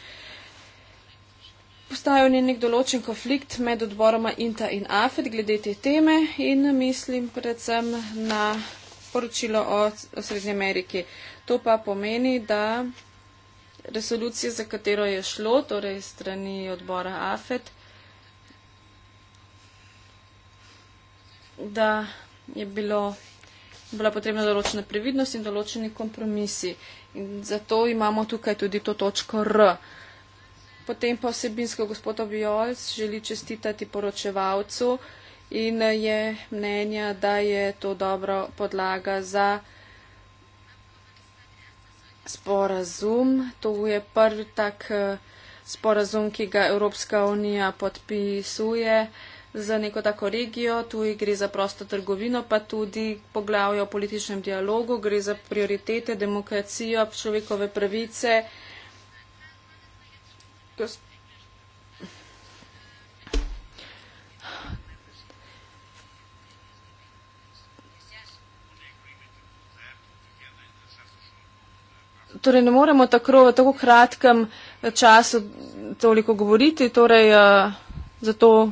postajal je nek določen konflikt med odboroma INTA in AFED glede te teme in mislim predvsem na poročilo o, o Srednji Ameriki. To pa pomeni, da resolucija, za katero je šlo, torej strani odbora AFED, da je bilo, bila potrebna določena previdnost in določeni kompromisi. In zato imamo tukaj tudi to točko R. Potem pa vsebinsko gospod Obijolc želi čestitati poročevalcu in je mnenja, da je to dobro podlaga za sporazum. To je prvi tak eh, sporazum, ki ga Evropska unija podpisuje za neko tako regijo. Tu gre za prosto trgovino, pa tudi poglavje o političnem dialogu. Gre za prioritete, demokracijo, človekove pravice. Because Torej, ne moremo tako v tako kratkem času toliko govoriti, torej, eh, zato,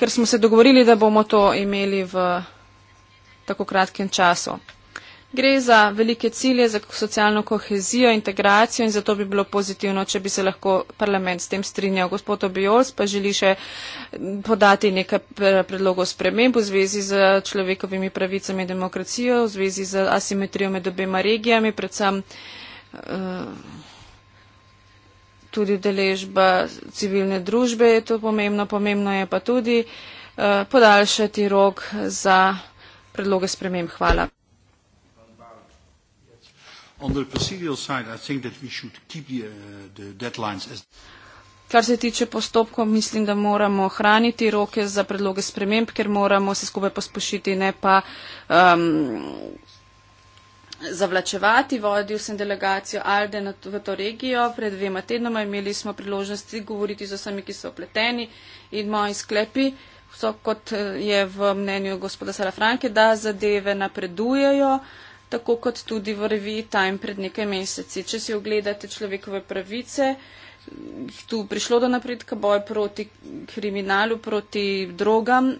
ker smo se dogovorili, da bomo to imeli v tako kratkem času. Gre za velike cilje, za socialno kohezijo, integracijo in zato bi bilo pozitivno, če bi se lahko parlament s tem strinjal. Gospod Obiols pa želi še podati nekaj predlogov sprememb v zvezi z človekovimi pravicami in demokracijo, v zvezi z asimetrijo med obema regijami, predvsem eh, tudi deležba civilne družbe je to pomembno, pomembno je pa tudi eh, podaljšati rok za predloge sprememb. Hvala. On the procedural side, I think that we should keep the, uh, the deadlines as. Kar se tiče postopkov, mislim, da moramo hraniti roke za predloge sprememb, ker moramo se skupaj pospošiti, ne pa um, zavlačevati. Vodil sem delegacijo Alde na, v to regijo. Pred dvema tednoma imeli smo priložnosti govoriti z vsemi, ki so opleteni in moji sklepi so, kot eh, je v mnenju gospoda Sara Franke, da zadeve napredujejo tako kot tudi v reviji Time pred nekaj meseci. Če si ogledate človekove pravice, jih tu prišlo do napredka boja proti kriminalu, proti drogam,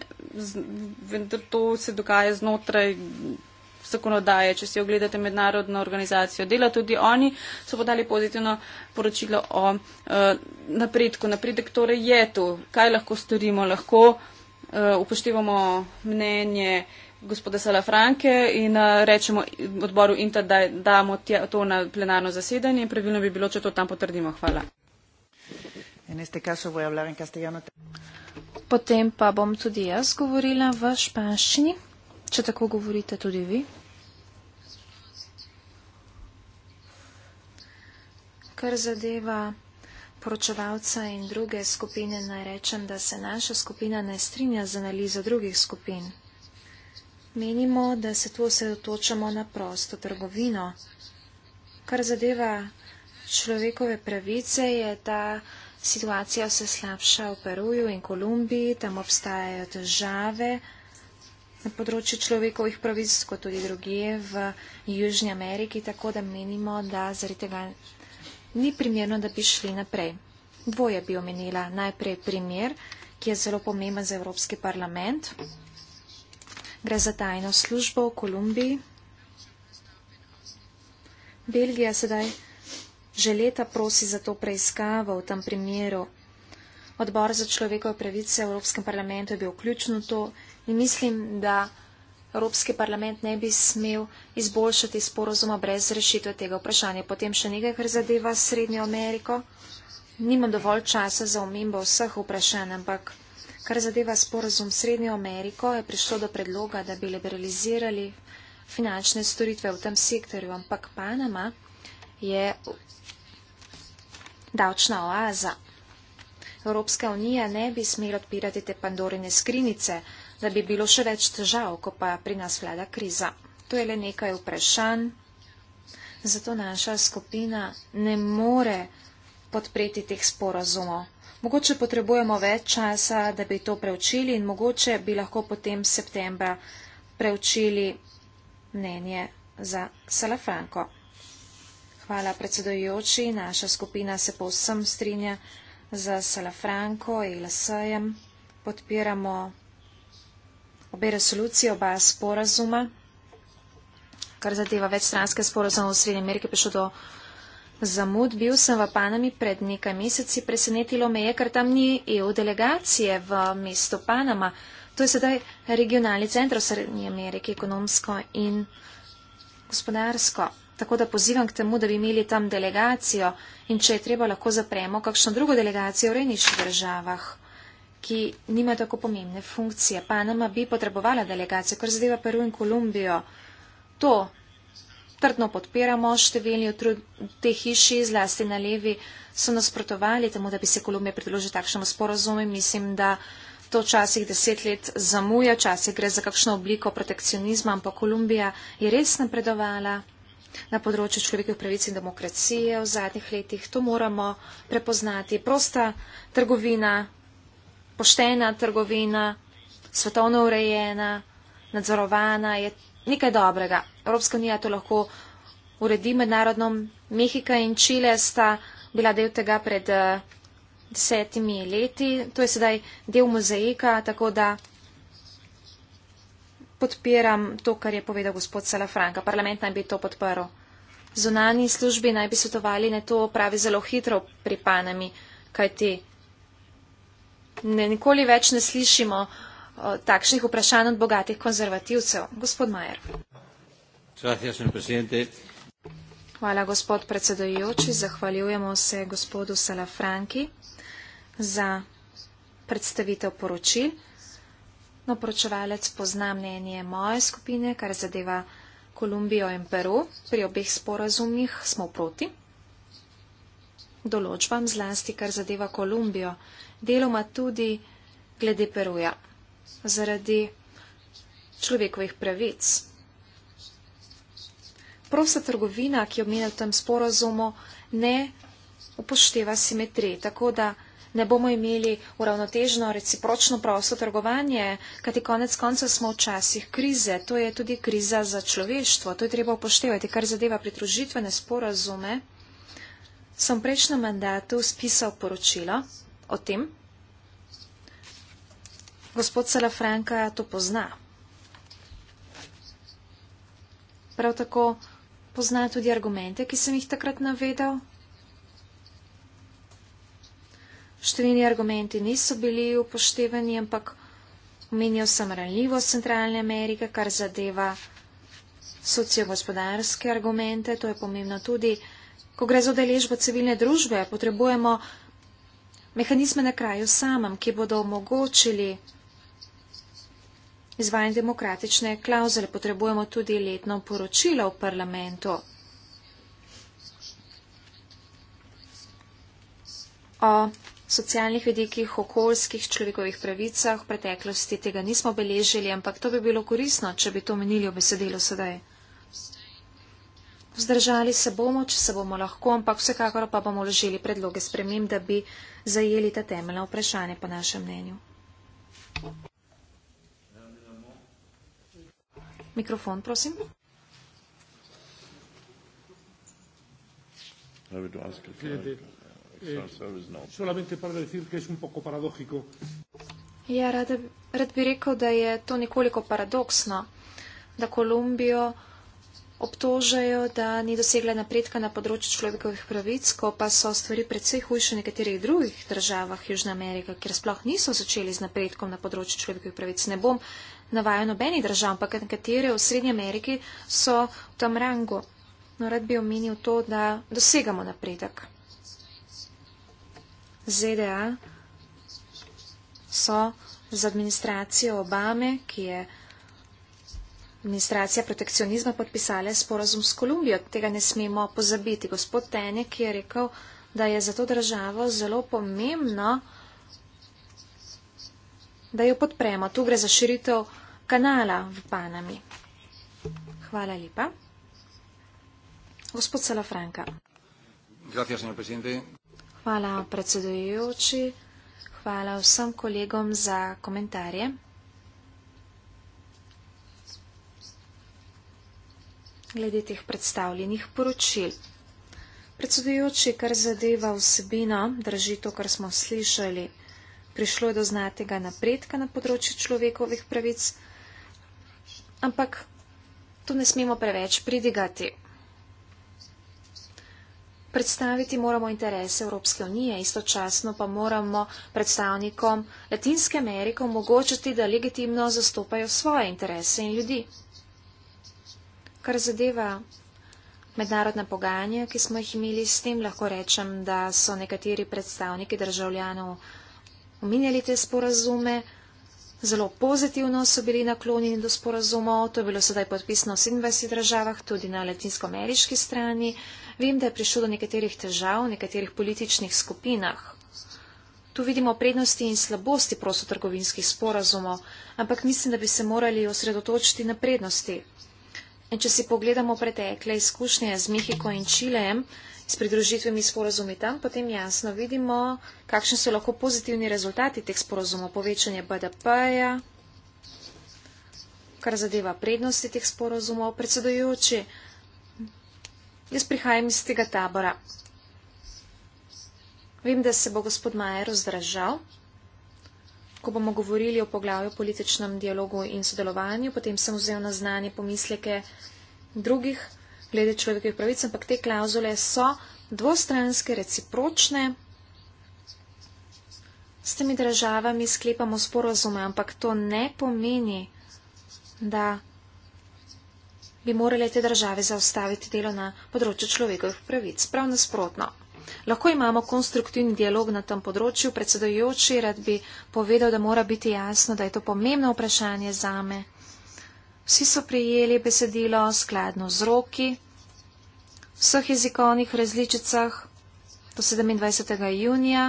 vendar to se dogaja znotraj zakonodaje. Če si ogledate mednarodno organizacijo dela, tudi oni so podali pozitivno poročilo o uh, napredku. Napredek torej je tu. Kaj lahko storimo? Lahko uh, upoštevamo mnenje gospoda Salafranke in eh, rečemo odboru Inter, da damo to na plenarno zasedanje in pravilno bi bilo, če to tam potrdimo. Hvala. Potem pa bom tudi jaz govorila v španščini, če tako govorite tudi vi. Kar zadeva poročevalca in druge skupine, naj rečem, da se naša skupina ne strinja z analizo drugih skupin menimo, da se tu osredotočamo na prosto trgovino. Kar zadeva človekove pravice, je ta situacija vse slabša v Peruju in Kolumbiji, tam obstajajo težave na področju človekovih pravic, kot tudi druge v Južnji Ameriki, tako da menimo, da zaradi tega ni primerno, da bi šli naprej. Dvoje bi omenila. Najprej primer, ki je zelo pomemben za Evropski parlament. Uh -huh. Gre za tajno službo v Kolumbiji. Belgija sedaj že leta prosi za to preiskavo v tem primeru. Odbor za človekove pravice v Evropskem parlamentu je bil vključen v to in mislim, da Evropski parlament ne bi smel izboljšati sporozuma brez rešitve tega vprašanja. Potem še nekaj, kar zadeva Srednjo Ameriko. Nimam dovolj časa za omembo vseh vprašanj, ampak. Kar zadeva sporozum Srednjo Ameriko, je prišlo do predloga, da bi liberalizirali finančne storitve v tem sektorju, ampak Panama je davčna oaza. Evropska unija ne bi smela odpirati te pandorine skrinice, da bi bilo še več težav, ko pa pri nas vlada kriza. To je le nekaj vprašanj, zato naša skupina ne more podpreti teh sporozumov. Mogoče potrebujemo več časa, da bi to preučili in mogoče bi lahko potem septembra preučili mnenje za Salafranko. Hvala predsedojoči, naša skupina se povsem strinja za Salafranko in e LSE-jem. Podpiramo obe resolucije, oba sporazuma. Kar zadeva večstranske sporozume v Srednji Ameriki, prišlo do zamud. Bil sem v Panami pred nekaj meseci, presenetilo me je, ker tam ni EU delegacije v mestu Panama. To je sedaj regionalni center v Srednji Ameriki, ekonomsko in gospodarsko. Tako da pozivam k temu, da bi imeli tam delegacijo in če je treba, lahko zapremo kakšno drugo delegacijo v rejniških državah, ki nima tako pomembne funkcije. Panama bi potrebovala delegacijo, kar zadeva Peru in Kolumbijo. To trdno podpiramo, številni v tej hiši, zlasti na levi, so nasprotovali temu, da bi se Kolumbija pridružila takšnemu sporozumu. Mislim, da to včasih deset let zamuja, včasih gre za kakšno obliko protekcionizma, ampak Kolumbija je res napredovala na področju človekovih pravic in demokracije v zadnjih letih. To moramo prepoznati. Prosta trgovina, poštena trgovina, svetovno urejena, nadzorovana je nekaj dobrega. Evropska unija to lahko uredi mednarodno. Mehika in Čile sta bila del tega pred eh, desetimi leti. To je sedaj del mozaika, tako da podpiram to, kar je povedal gospod Salafranka. Parlament naj bi to podprl. Zunani službi naj bi svetovali, ne to pravi zelo hitro pri panami, kaj ti. Ne, nikoli več ne slišimo uh, takšnih vprašanj od bogatih konzervativcev. Gospod Majer. Gracias, Hvala, gospod predsedujoči. Zahvaljujemo se gospodu Salafranki za predstavitev poročil. No, poročevalec pozna mnenje moje skupine, kar zadeva Kolumbijo in Peru. Pri obeh sporazumih smo proti. Določbam zlasti, kar zadeva Kolumbijo. Deloma tudi glede Peruja zaradi človekovih pravic. Prosta trgovina, ki je omenjena v tem sporozumu, ne upošteva simetrije, tako da ne bomo imeli uravnotežno recipročno prosto trgovanje, kajti konec konca smo v časih krize, to je tudi kriza za človeštvo, to je treba upoštevati, kar zadeva pritružitvene sporozume. Sem v prejšnjem mandatu spisal poročilo o tem. Gospod Salafranka to pozna. Prav tako pozna tudi argumente, ki sem jih takrat navedel. Številni argumenti niso bili upoštevani, ampak omenjal sem ranljivost Centralne Amerike, kar zadeva sociogospodarske argumente, to je pomembno tudi, ko gre za udeležbo civilne družbe, potrebujemo mehanizme na kraju samem, ki bodo omogočili izvajanje demokratične klauzule, potrebujemo tudi letno poročilo v parlamentu. O socialnih vidikih, okoljskih, človekovih pravicah v preteklosti tega nismo beležili, ampak to bi bilo korisno, če bi to menili v besedilo sedaj. Vzdržali se bomo, če se bomo lahko, ampak vsekakor pa bomo vložili predloge spremem, da bi zajeli ta temeljna vprašanja po našem mnenju. Mikrofon, prosim. Uh, eh, ja, rad, rad bi rekel, da je to nekoliko paradoksno, da Kolumbijo obtožajo, da ni dosegla napredka na področju človekovih pravic, ko pa so stvari predvsej hujše v nekaterih drugih državah Južne Amerike, kjer sploh niso začeli z napredkom na področju človekovih pravic. Ne bom navajajo nobeni držav, ampak nekatere v Srednji Ameriki so v tem rangu. No, rad bi omenil to, da dosegamo napredek. ZDA so z administracijo Obame, ki je administracija protekcionizma podpisala sporazum s Kolumbijo. Tega ne smemo pozabiti. Gospod Tenek je rekel, da je za to državo zelo pomembno, da jo podpremo. Tu gre za širitev kanala v Panami. Hvala lepa. Gospod Salafranka. Gracias, Hvala predsedujoči. Hvala vsem kolegom za komentarje. Glede teh predstavljenih poročil. Predsedujoči, kar zadeva vsebino, drži to, kar smo slišali prišlo je do znatega napredka na področju človekovih pravic, ampak tu ne smemo preveč pridigati. Predstaviti moramo interese Evropske unije, istočasno pa moramo predstavnikom Latinske Amerike omogočiti, da legitimno zastopajo svoje interese in ljudi. Kar zadeva mednarodne pogajanja, ki smo jih imeli, s tem lahko rečem, da so nekateri predstavniki državljanov omenjali te sporazume, zelo pozitivno so bili naklonjeni do sporazumov, to je bilo sedaj podpisano v 27 državah, tudi na latinsko-ameriški strani. Vem, da je prišlo do nekaterih težav v nekaterih političnih skupinah. Tu vidimo prednosti in slabosti prostotrgovinskih sporazumov, ampak mislim, da bi se morali osredotočiti na prednosti. In če si pogledamo pretekle izkušnje z Mehiko in Čilejem, s pridružitvimi sporazumi tam, potem jasno vidimo, kakšni so lahko pozitivni rezultati teh sporazumov. Povečanje BDP-ja, kar zadeva prednosti teh sporazumov. Predsedujoči, jaz prihajam iz tega tabora. Vem, da se bo gospod Majer razdražal, ko bomo govorili o poglavju o političnem dialogu in sodelovanju, potem sem vzel na znanje pomisleke drugih glede človekovih pravic, ampak te klauzule so dvostranske, recipročne. S temi državami sklepamo sporozume, ampak to ne pomeni, da bi morale te države zaustaviti delo na področju človekovih pravic. Prav nasprotno. Lahko imamo konstruktivni dialog na tem področju. Predsedojoči rad bi povedal, da mora biti jasno, da je to pomembno vprašanje za me. Vsi so prijeli besedilo skladno z roki, v vseh jezikovnih različicah do 27. junija.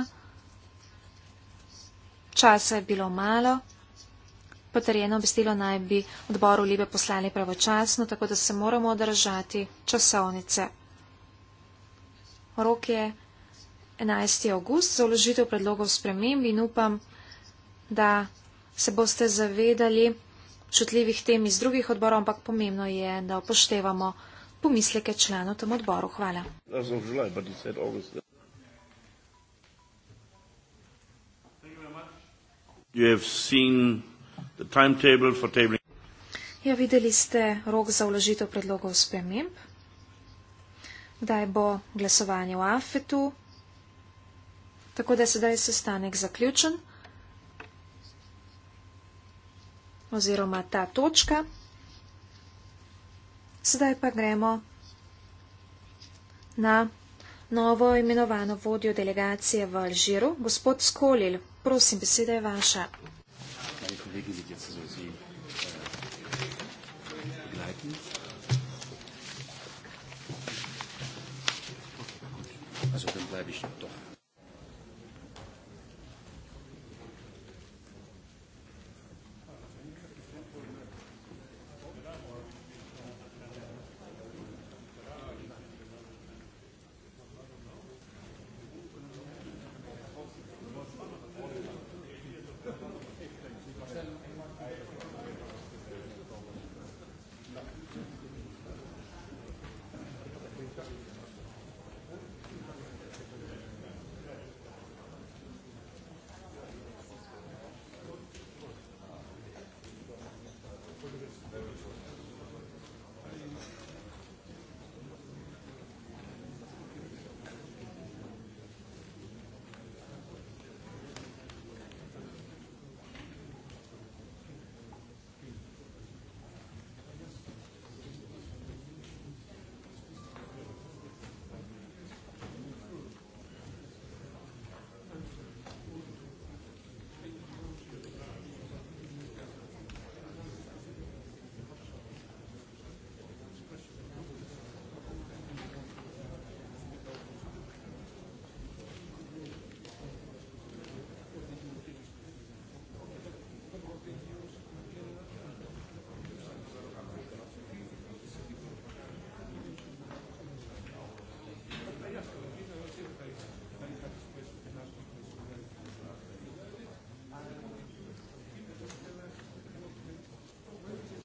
Časa je bilo malo, potrjeno besedilo naj bi odboru Libe poslali pravočasno, tako da se moramo održati časovnice. Rok je 11. august za uložitev predlogov spremembi in upam, da se boste zavedali, čutljivih tem iz drugih odborov, ampak pomembno je, da upoštevamo pomisleke članov tem odboru. Hvala. Ja, videli ste rok za uložitev predlogov spremenb. Kdaj bo glasovanje v AFET-u? Tako da je sedaj sestanek zaključen. oziroma ta točka. Sedaj pa gremo na novo imenovano vodjo delegacije v Alžiru. Gospod Skolil, prosim, beseda je vaša. Also dann bleibe ich doch